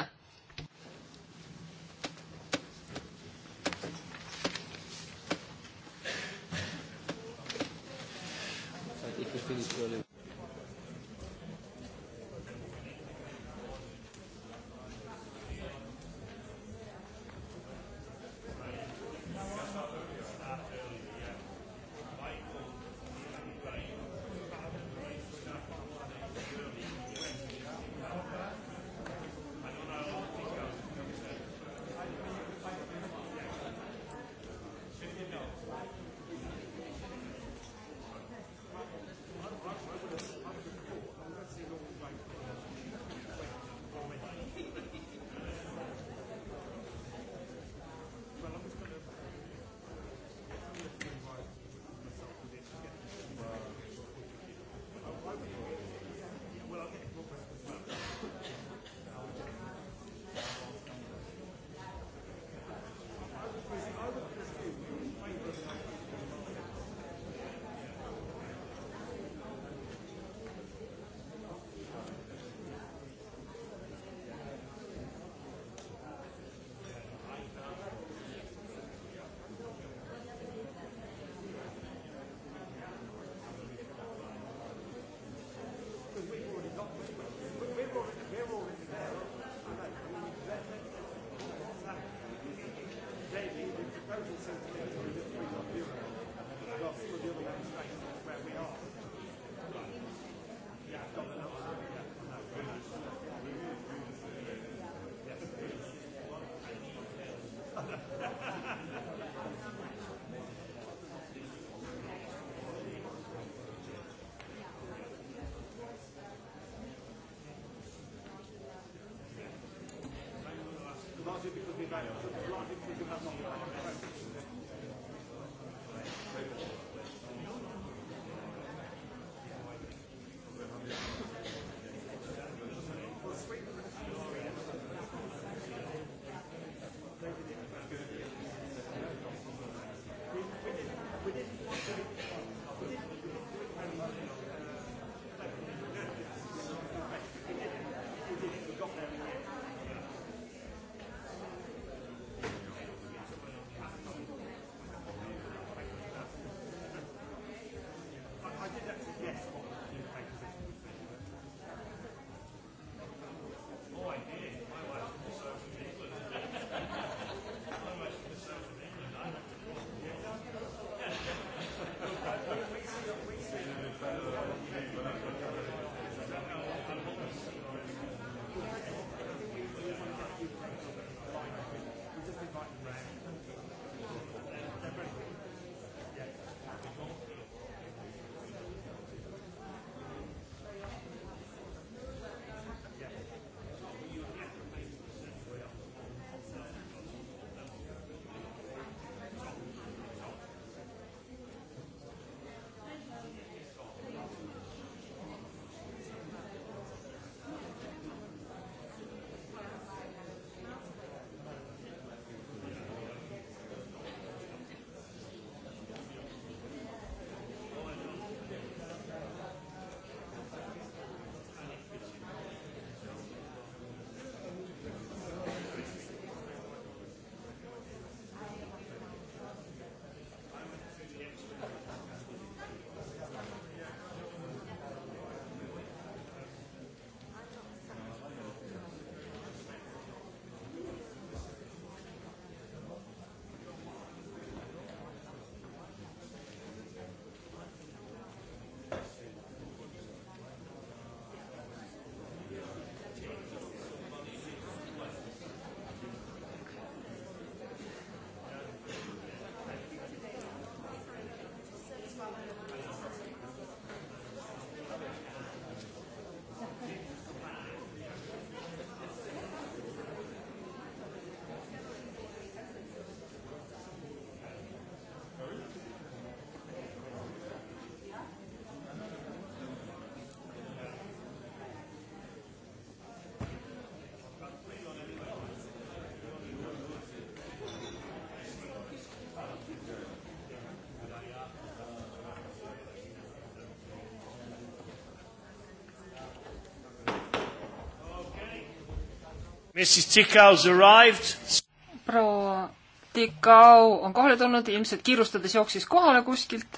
proua Tikau on kohale tulnud, ilmselt kiirustades jooksis kohale kuskilt.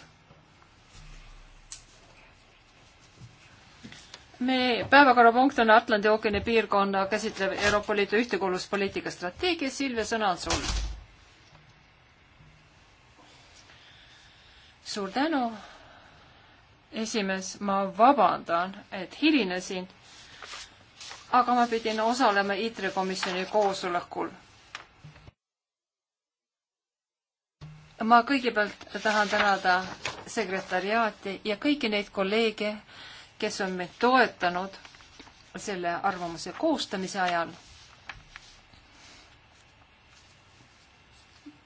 me päevakorrapunkt on Atlandi ookeani piirkonna käsitlev Euroopa Liidu ühtekuuluvuspoliitika strateegia. Silvia, sõna on sul. suur tänu, esimees, ma vabandan, et hilinesin aga ma pidin osalema ITRE komisjoni koosolekul. ma kõigepealt tahan tänada sekretariaati ja kõiki neid kolleege, kes on meid toetanud selle arvamuse koostamise ajal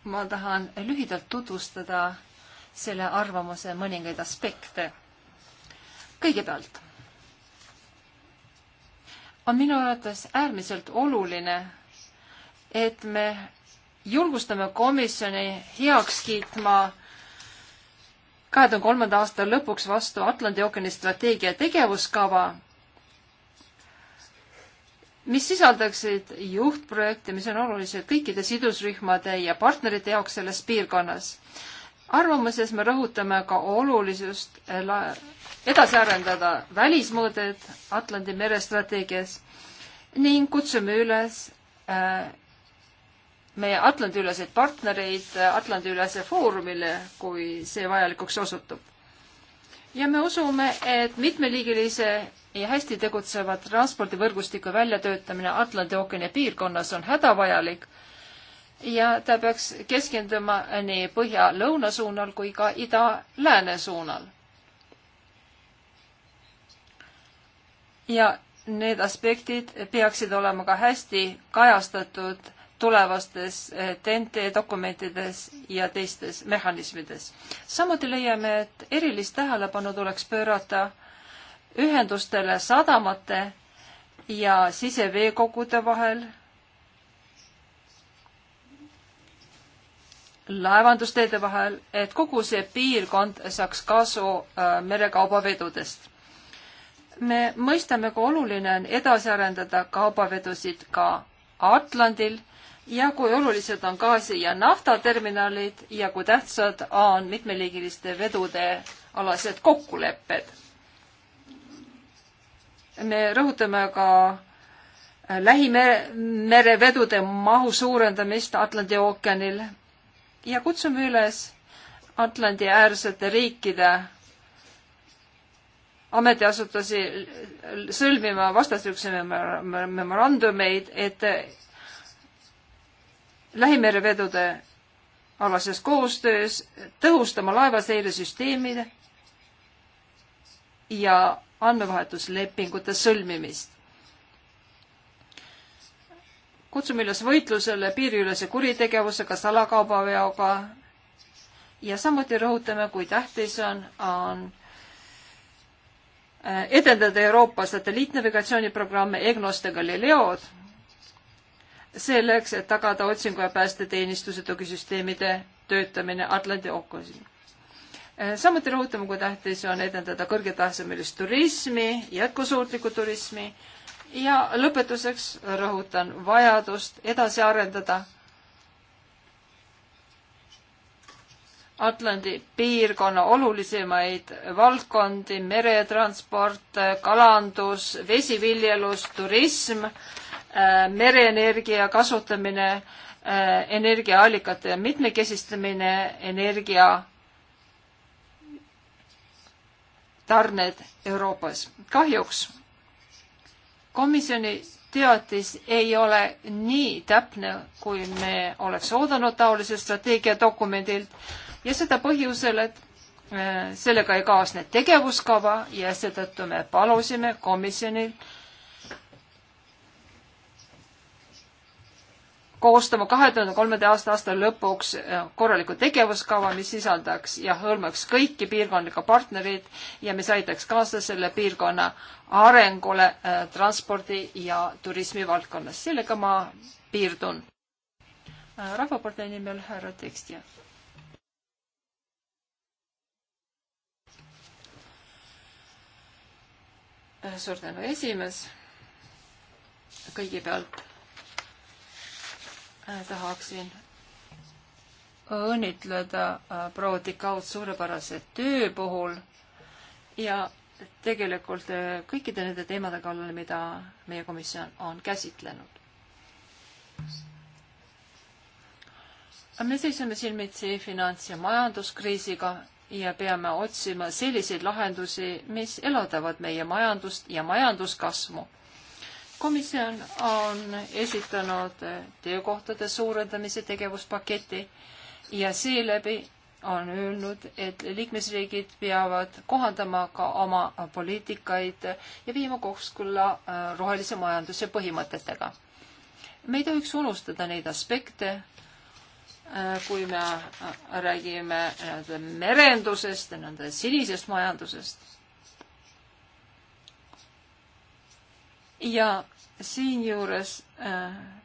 ma tahan lühidalt tutvustada selle arvamuse mõningaid aspekte. kõigepealt on minu arvates äärmiselt oluline, et me julgustame komisjoni heaks kiitma kahe tuhande kolmanda aasta lõpuks vastu Atlandi ookeani strateegia tegevuskava, mis sisaldaksid juhtprojekte, mis on olulised kõikide sidusrühmade ja partnerite jaoks selles piirkonnas. arvamuses me rõhutame ka olulisust edasi arendada välismõõded Atlandi merestrateegias ning kutsume üles äh, meie Atlandi-üleseid partnereid äh, Atlandi-ülese foorumile, kui see vajalikuks osutub. ja me usume, et mitmeliigilise ja hästi tegutseva transpordivõrgustiku väljatöötamine Atlandi ookeani piirkonnas on hädavajalik ja ta peaks keskenduma nii põhja-lõuna suunal kui ka ida-lääne suunal. ja need aspektid peaksid olema ka hästi kajastatud tulevastes TNT eh, dokumentides ja teistes mehhanismides. samuti leiame, et erilist tähelepanu tuleks pöörata ühendustele sadamate ja siseveekogude vahel, laevandusteede vahel, et kogu see piirkond saaks kasu eh, merekaubavedudest me mõistame, kui oluline on edasi arendada kaubavedusid ka Atlandil ja kui olulised on gaasi- ja naftaterminalid ja kui tähtsad on mitmeliigiliste vedude alased kokkulepped. me rõhutame ka äh, lähimerevedude mahu suurendamist Atlandi ookeanil ja kutsume üles Atlandi äärsete riikide ametiasutusi sõlmima vastastikuse memorandumeid, et lähimerevedude alases koostöös tõhustama laevaseiresüsteemide ja andmevahetuslepingute sõlmimist. kutsume üles võitlusele piiriülese kuritegevusega, salakaubaveoga ja samuti rõhutame, kui tähtis on, on Äh, edendada Euroopa satelliitnavigatsiooniprogramme EGNOS ja Galileod selleks, et tagada otsingu- ja päästeteenistuse tugisüsteemide töötamine Atlandi ookeanil. Äh, samuti rõhutame, kui tähtis on edendada kõrgetasemelist turismi, jätkusuutlikku turismi ja lõpetuseks rõhutan vajadust edasi arendada Atlandi piirkonna olulisemaid valdkondi, meretransport, kalandus, vesiviljelus, turism, äh, mereenergia kasutamine, äh, energiaallikate mitmekesistamine, energia tarned Euroopas. kahjuks komisjoni teatis ei ole nii täpne, kui me oleks oodanud taoliselt strateegiadokumendilt ja seda põhjusel, et äh, sellega ei kaasne tegevuskava ja seetõttu me palusime komisjonil koostama kahe tuhande kolmanda aasta aasta lõpuks äh, korraliku tegevuskava, mis sisaldaks ja hõlmaks kõiki piirkondlikke partnereid ja mis aitaks kaasa selle piirkonna arengule äh, transpordi ja turismi valdkonnas. sellega ma piirdun. rahvapartei nimel härra Tekstja suur tänu, esimees. kõigepealt äh, tahaksin õnnitleda äh, proua Tikaud suurepärase töö puhul ja tegelikult äh, kõikide nende teemade kallal, mida meie komisjon on käsitlenud. me seisame silmitsi finants- ja majanduskriisiga ja peame otsima selliseid lahendusi, mis elavdavad meie majandust ja majanduskasvu. komisjon on esitanud töökohtade suurendamise tegevuspaketi ja seeläbi on öelnud, et liikmesriigid peavad kohandama ka oma poliitikaid ja viima kooskõlla äh, rohelise majanduse põhimõtetega. me ei tohiks unustada neid aspekte, Äh, kui me äh, räägime äh, nii-öelda merendusest ja nii-öelda sinisest majandusest. ja siinjuures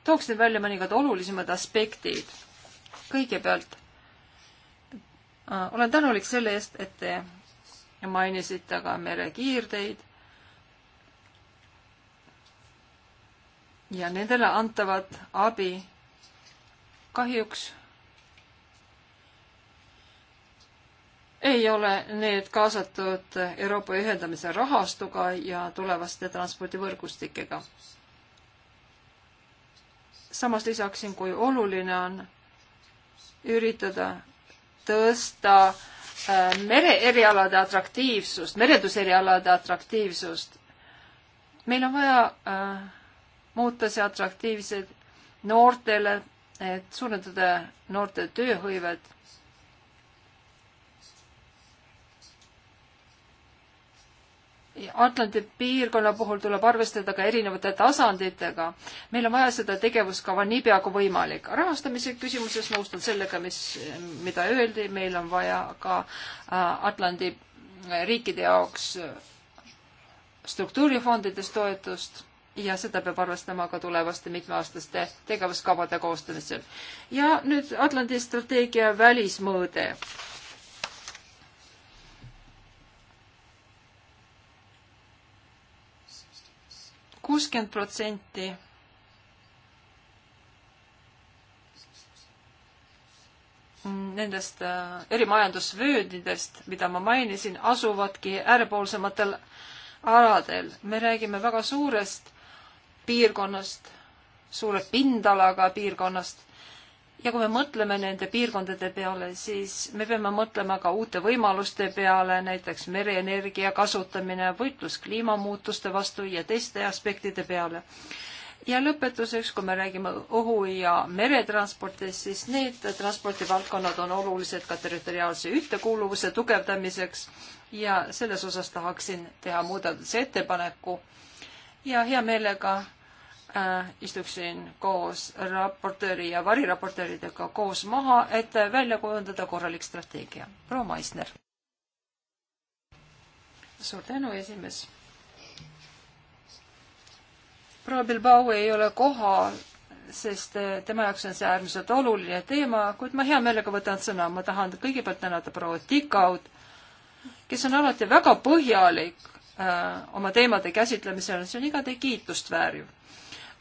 tooksin välja mõningad olulisemad aspektid. kõigepealt olen tänulik selle eest, et te mainisite ka merekiirteid ja nendele antavat abi kahjuks ei ole need kaasatud Euroopa ühendamise rahastuga ja tulevaste transpordivõrgustikega. samas lisaksin, kui oluline on üritada tõsta äh, mereerialade atraktiivsust, merenduserialade atraktiivsust. meil on vaja äh, muuta see atraktiivsed noortele, et suurendada noorte tööhõivet Atlandi piirkonna puhul tuleb arvestada ka erinevate tasanditega. meil on vaja seda tegevuskava niipea kui võimalik. rahastamise küsimuses nõustun sellega, mis, mida öeldi, meil on vaja ka äh, Atlandi riikide jaoks struktuurifondidest toetust ja seda peab arvestama ka tulevaste mitmeaastaste tegevuskavade koostamisel. ja nüüd Atlandi strateegia välismõõde kuuskümmend protsenti nendest äh, erimajandusvööndidest, mida ma mainisin, asuvadki äärepoolsematel aladel. me räägime väga suurest piirkonnast, suure pindalaga piirkonnast ja kui me mõtleme nende piirkondade peale, siis me peame mõtlema ka uute võimaluste peale, näiteks mereenergia kasutamine, võitlus kliimamuutuste vastu ja teiste aspektide peale. ja lõpetuseks, kui me räägime õhu- ja meretranspordist, siis need transpordivaldkonnad on olulised ka territoriaalse ühtekuuluvuse tugevdamiseks ja selles osas tahaksin teha muudatusettepaneku ja hea meelega Äh, istuksin koos raportööri ja variraportööridega koos maha, et välja kujundada korralik strateegia. proua Maisner. suur tänu, esimees. proua Bilbao ei ole kohal, sest äh, tema jaoks on see äärmiselt oluline teema, kuid ma hea meelega võtan sõna. ma tahan kõigepealt tänada proua Tikaud, kes on alati väga põhjalik äh, oma teemade käsitlemisel, see on igati kiitust vääriv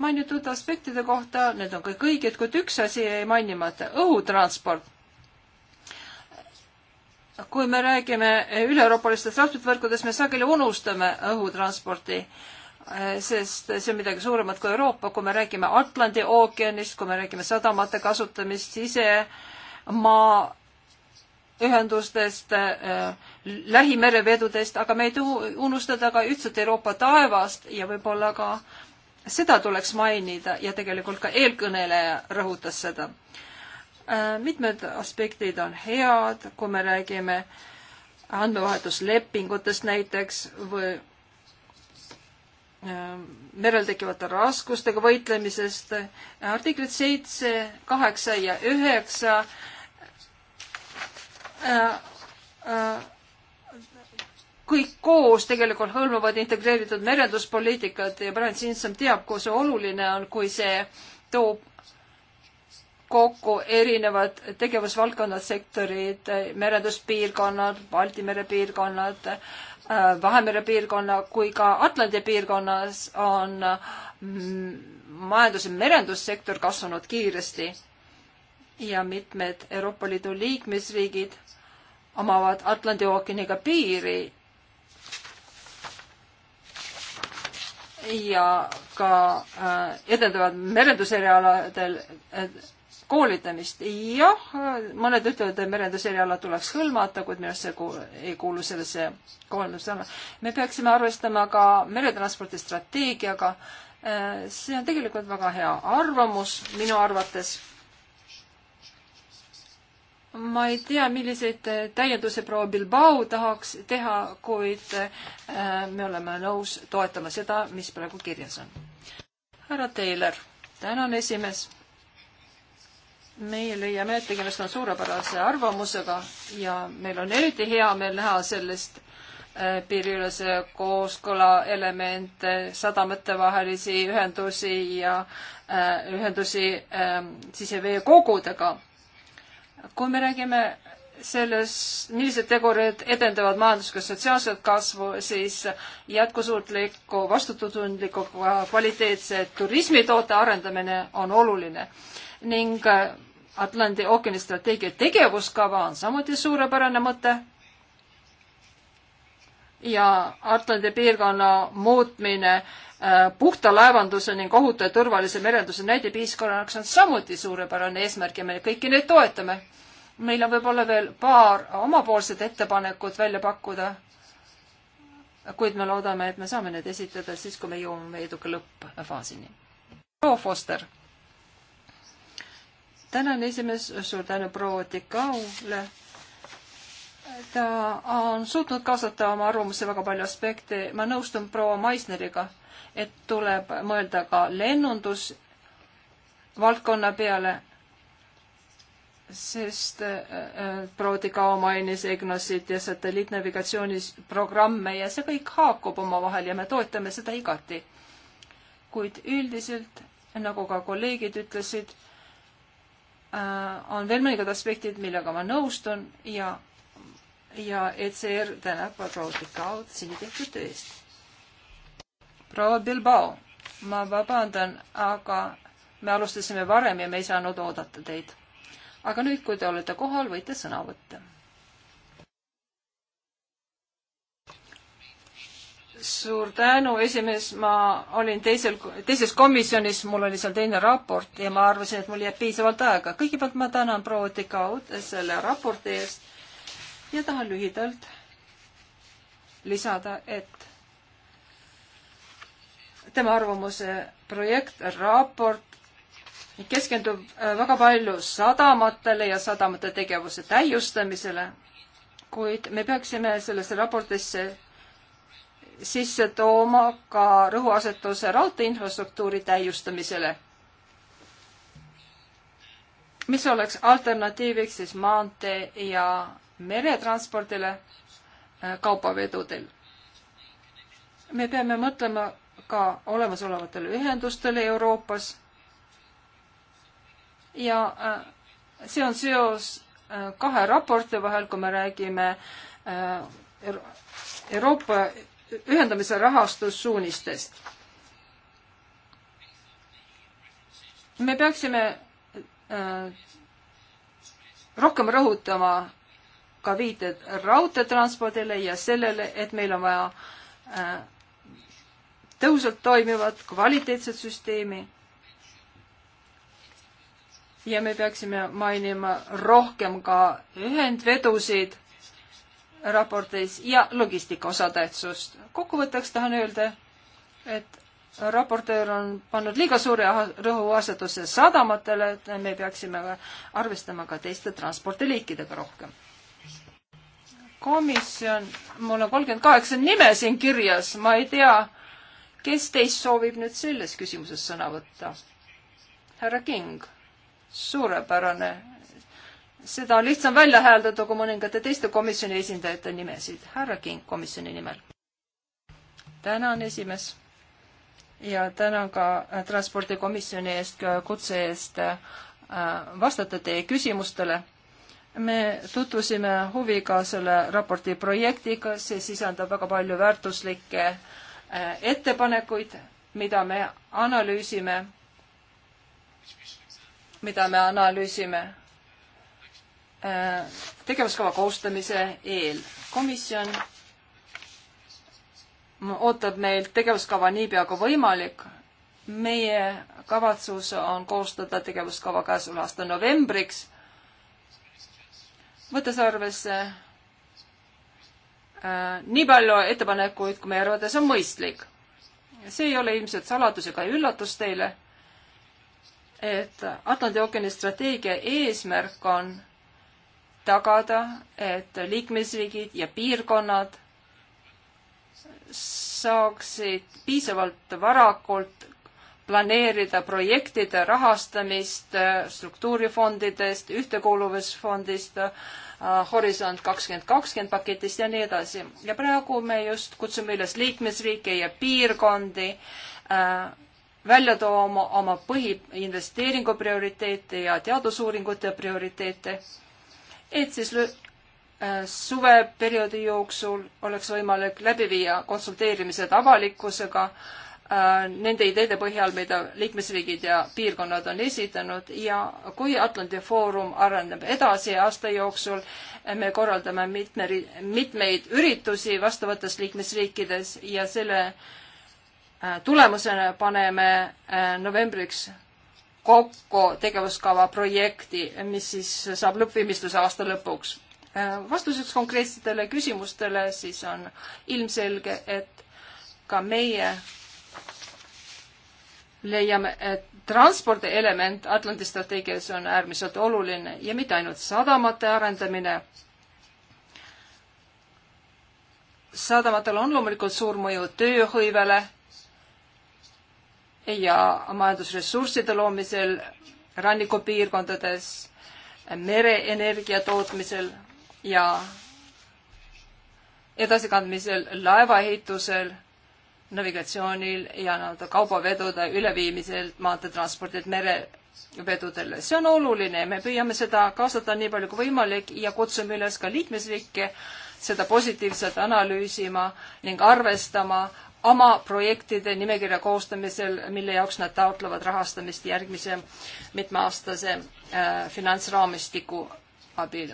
mainitud aspektide kohta, need on kõik õiged, kuid üks asi jäi mainimata, õhutransport. kui me räägime üle-euroopalistest transpordivõrkudest, me sageli unustame õhutransporti, sest see on midagi suuremat kui Euroopa, kui me räägime Atlandi ookeanist, kui me räägime sadamate kasutamist, sisemaa ühendustest äh,, lähimerevedudest, aga me ei tohi unustada ka ühtset Euroopa taevast ja võib-olla ka äh, seda tuleks mainida ja tegelikult ka eelkõneleja rõhutas seda. Äh, mitmed aspektid on head, kui me räägime andmevahetuslepingutest näiteks või äh, merel tekivate raskustega võitlemisest. artiklid seitse, kaheksa ja üheksa äh, kõik koos tegelikult hõlmavad integreeritud merenduspoliitikat ja Brian Simson teab, kui see oluline on, kui see toob kokku erinevad tegevusvaldkonnad, sektorid, merenduspiirkonnad, Balti mere piirkonnad, äh, Vahemere piirkonna kui ka Atlandi piirkonnas on mm, majandus- ja merendussektor kasvanud kiiresti ja mitmed Euroopa Liidu liikmesriigid omavad Atlandi ookeaniga piiri ja ka äh, edendavad merenduserialadel äh, koolitamist. jah, mõned ütlevad, et merenduseriala tuleks hõlmata, kuid minu arust see kuul, ei kuulu sellesse koolindusala. me peaksime arvestama ka meretranspordi strateegiaga. Äh, see on tegelikult väga hea arvamus minu arvates ma ei tea, milliseid äh, täiendusi proua Bilbao tahaks teha, kuid äh, me oleme nõus toetama seda, mis praegu kirjas on. härra Taylor, tänan, esimees. meie leiame, et tegemist on suurepärase arvamusega ja meil on eriti hea meel näha sellest äh, piiriülese kooskõla elemente, sadamate vahelisi ühendusi ja ühendusi ähm, siseveekogudega kui me räägime selles, millised tegurid edendavad majanduslikku sotsiaalset kasvu, siis jätkusuutliku, vastutustundliku, kvaliteetse turismitoote arendamine on oluline. ning äh, Atlandi ookeani strateegia tegevuskava on samuti suurepärane mõte ja Atlandi piirkonna muutmine äh, puhta laevanduse ning ohutu ja turvalise merenduse näidepiiskonnaks on samuti suurepärane eesmärk ja me kõiki neid toetame. meil on võib-olla veel paar omapoolset ettepanekut välja pakkuda, kuid me loodame, et me saame need esitada siis, kui me jõuame meie eduka lõppfaasini. proua Foster. tänan esimees, suur tänu proua Tikaule ta äh, on suutnud kaasata oma arvamusse väga palju aspekte. ma nõustun proua Maisneriga, et tuleb mõelda ka lennundusvaldkonna peale, sest äh, äh Prodikao mainis EGNOS-it ja satelliitnavigatsioonis programme ja see kõik haakub omavahel ja me toetame seda igati. kuid üldiselt, nagu ka kolleegid ütlesid äh,, on veel mõningad aspektid, millega ma nõustun ja ja ECR tänab proua Tikaud siin tehtud töö eest. proua Bilbao, ma vabandan, aga me alustasime varem ja me ei saanud oodata teid. aga nüüd, kui te olete kohal, võite sõna võtta. suur tänu, esimees, ma olin teisel, teises komisjonis, mul oli seal teine raport ja ma arvasin, et mul jääb piisavalt aega. kõigepealt ma tänan proua Tikaud selle raporti eest ja tahan lühidalt lisada, et tema arvamuse projekt, raport keskendub äh, väga palju sadamatele ja sadamate tegevuse täiustamisele, kuid me peaksime sellesse raportisse sisse tooma ka rõhuasetuse raudteeinfrastruktuuri täiustamisele, mis oleks alternatiiviks siis maantee ja meretranspordile äh, kaubavedudel. me peame mõtlema ka olemasolevatele ühendustele Euroopas ja äh, see on seos äh, kahe raporti vahel, kui me räägime Euroopa ühendamise rahastussuunistest. me peaksime rohkem rõhutama ka viited raudteetranspordile ja sellele, et meil on vaja äh, tõhusalt toimivat kvaliteetset süsteemi. ja me peaksime mainima rohkem ka ühendvedusid raportis ja logistika osatähtsust. kokkuvõtteks tahan öelda, et raportöör on pannud liiga suure rõhuasetuse sadamatele, et me peaksime arvestama ka teiste transpordiliikidega rohkem komisjon, mul on kolmkümmend kaheksa nime siin kirjas, ma ei tea, kes teist soovib nüüd selles küsimuses sõna võtta? härra King, suurepärane. seda on lihtsam välja hääldada kui mõningate teiste komisjoni esindajate nimesid. härra King komisjoni nimel. tänan, esimees. ja tänan ka transpordikomisjoni eest, kutse eest äh, vastata teie küsimustele me tutvusime huviga selle raporti projektiga, see sisaldab väga palju väärtuslikke äh, ettepanekuid, mida me analüüsime, mida me analüüsime äh, tegevuskava koostamise eel. komisjon ootab meilt tegevuskava niipea kui võimalik. meie kavatsus on koostada tegevuskava käesoleva aasta novembriks võttes arvesse äh, nii palju ettepanekuid, kui meie arvates on mõistlik. see ei ole ilmselt saladus ega üllatus teile, et Atlandi ookeani strateegia eesmärk on tagada, et liikmesriigid ja piirkonnad saaksid piisavalt varakult planeerida projektide rahastamist äh, struktuurifondidest, ühtekuuluvusfondist, äh, Horisont kakskümmend kakskümmend paketist ja nii edasi. ja praegu me just kutsume üles liikmesriike ja piirkondi äh, välja tooma oma põhiinvesteeringu prioriteete ja teadusuuringute prioriteete, et siis suveperioodi jooksul oleks võimalik läbi viia konsulteerimised avalikkusega äh, Äh, nende ideede põhjal, mida liikmesriigid ja piirkonnad on esitanud ja kui Atlandi Foorum areneb edasi aasta jooksul, äh, me korraldame mitme, mitmeid üritusi vastavates liikmesriikides ja selle äh, tulemusena paneme novembriks kokku tegevuskava projekti, mis siis saab lõppviimistluse aasta lõpuks. vastuseks konkreetsetele küsimustele siis on ilmselge, et ka meie leiame, et transpordielement Atlandi strateegias on äärmiselt oluline ja mitte ainult sadamate arendamine. sadamatel on loomulikult suur mõju tööhõivele ja majandusressursside loomisel rannikupiirkondades, mereenergia tootmisel ja edasikandmisel laevaehitusel navigatsioonil ja nii-öelda kaubavedude üleviimisel maanteetranspordilt merevedudele. see on oluline, me püüame seda kaasata nii palju kui võimalik ja kutsume üles ka liikmesriike seda positiivselt analüüsima ning arvestama oma projektide nimekirja koostamisel, mille jaoks nad taotlevad rahastamist järgmise mitmeaastase äh, finantsraamistiku abil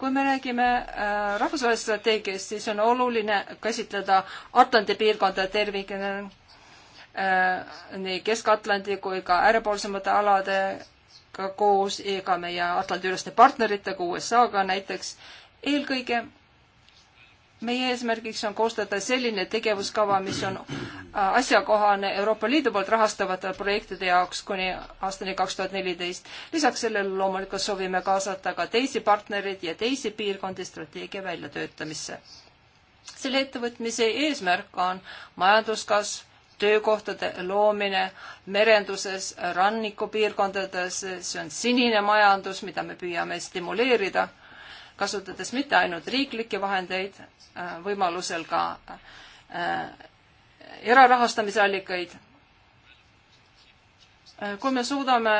kui me räägime äh, rahvusvahelisest strateegiast, siis on oluline käsitleda Atlandi piirkonda tervikuna äh, nii Kesk-Atlandi kui ka äärepoolsemate aladega koos ja ka meie Atlandi-üleste partneritega, USA-ga näiteks. eelkõige meie eesmärgiks on koostada selline tegevuskava, mis on äh, asjakohane Euroopa Liidu poolt rahastavate projektide jaoks kuni aastani kaks tuhat neliteist. lisaks sellele loomulikult soovime kaasata ka teisi partnereid ja teisi piirkondi strateegia väljatöötamisse. selle ettevõtmise eesmärk on majanduskasv, töökohtade loomine merenduses, rannikupiirkondades, see on sinine majandus, mida me püüame stimuleerida kasutades mitte ainult riiklikke vahendeid, äh, võimalusel ka äh, erarahastamise allikaid. Äh, kui me suudame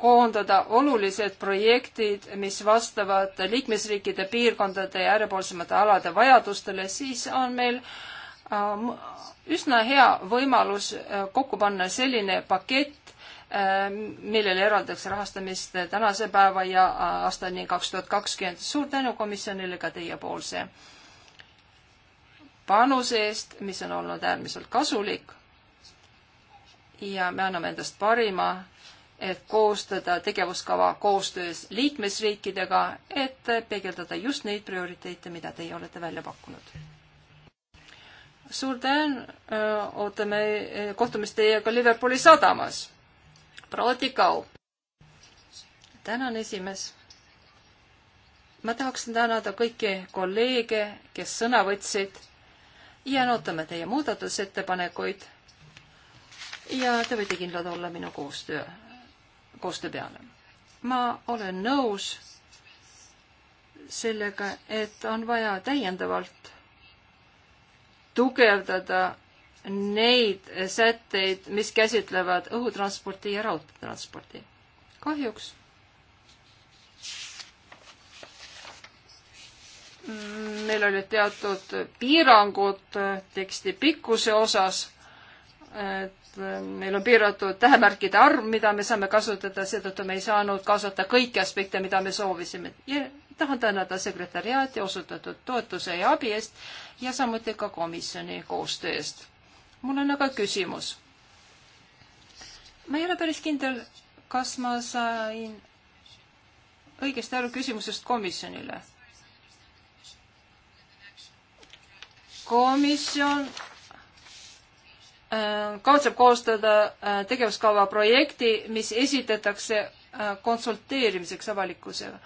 koondada olulised projektid, mis vastavad liikmesriikide piirkondade ja äärepoolsemate alade vajadustele, siis on meil üsna hea võimalus kokku panna selline pakett, Äh, millele eraldatakse rahastamist tänase päeva ja aastani kaks tuhat kakskümmend. suur tänu komisjonile ka teiepoolse panuse eest, mis on olnud äärmiselt kasulik. ja me anname endast parima, et koostada tegevuskava koostöös liikmesriikidega, et peegeldada just neid prioriteete, mida teie olete välja pakkunud suur tänu, ootame kohtumist teiega Liverpooli sadamas proua Tikau. tänan, esimees. ma tahaksin tänada kõiki kolleege, kes sõna võtsid. jään ootama teie muudatusettepanekuid. ja te võite kindlad olla minu koostöö, koostöö peale. ma olen nõus sellega, et on vaja täiendavalt tugevdada neid sätteid, mis käsitlevad õhutransporti ja raudtransporti. kahjuks meil olid teatud piirangud teksti pikkuse osas, et meil on piiratud tähemärkide arv, mida me saame kasutada, seetõttu me ei saanud kaasata kõiki aspekte, mida me soovisime. ja tahan tänada sekretäriaati osutatud toetuse ja abi eest ja samuti ka komisjoni koostöö eest mul on aga küsimus. ma ei ole päris kindel, kas ma sain õigesti aru küsimusest komisjonile. komisjon äh, kavatseb koostada äh, tegevuskava projekti, mis esitatakse äh, konsulteerimiseks avalikkusega.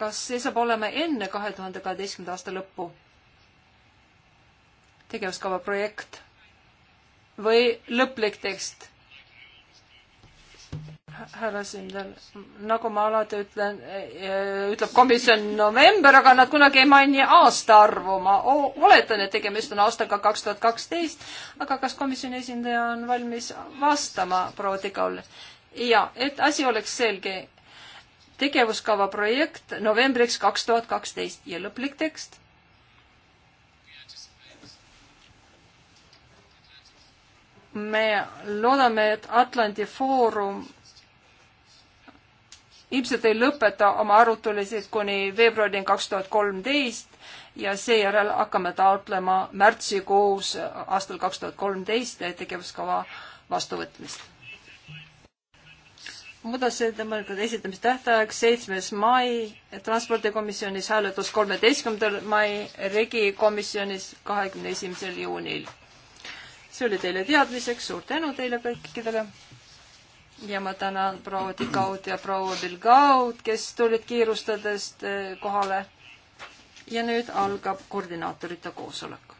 kas see saab olema enne kahe tuhande kaheteistkümnenda aasta lõppu? tegevuskava projekt või lõplik tekst? härra Sindel, nagu ma alati ütlen, e, ütleb komisjon november, aga nad kunagi ei maini aastaarvu. ma oletan, et tegemist on aastaga kaks tuhat kaksteist, aga kas komisjoni esindaja on valmis vastama proua Tigaule? ja et asi oleks selge, tegevuskava projekt novembriks kaks tuhat kaksteist ja lõplik tekst me loodame, et Atlandi Foorum ilmselt ei lõpeta oma arutelusid kuni veebruarini kaks tuhat kolmteist ja seejärel hakkame taotlema märtsikuus aastal kaks tuhat kolmteist tegevuskava vastuvõtmist. muudatusettepanekute esitamise tähtaeg seitsmes mai, transpordikomisjonis hääletus kolmeteistkümnendal mai, regikomisjonis kahekümne esimesel juunil see oli teile teadmiseks, suur tänu teile kõikidele. ja ma tänan proua Tikaud ja proua Vilgaud, kes tulid kiirustades eh, kohale. ja nüüd algab koordinaatorite koosolek.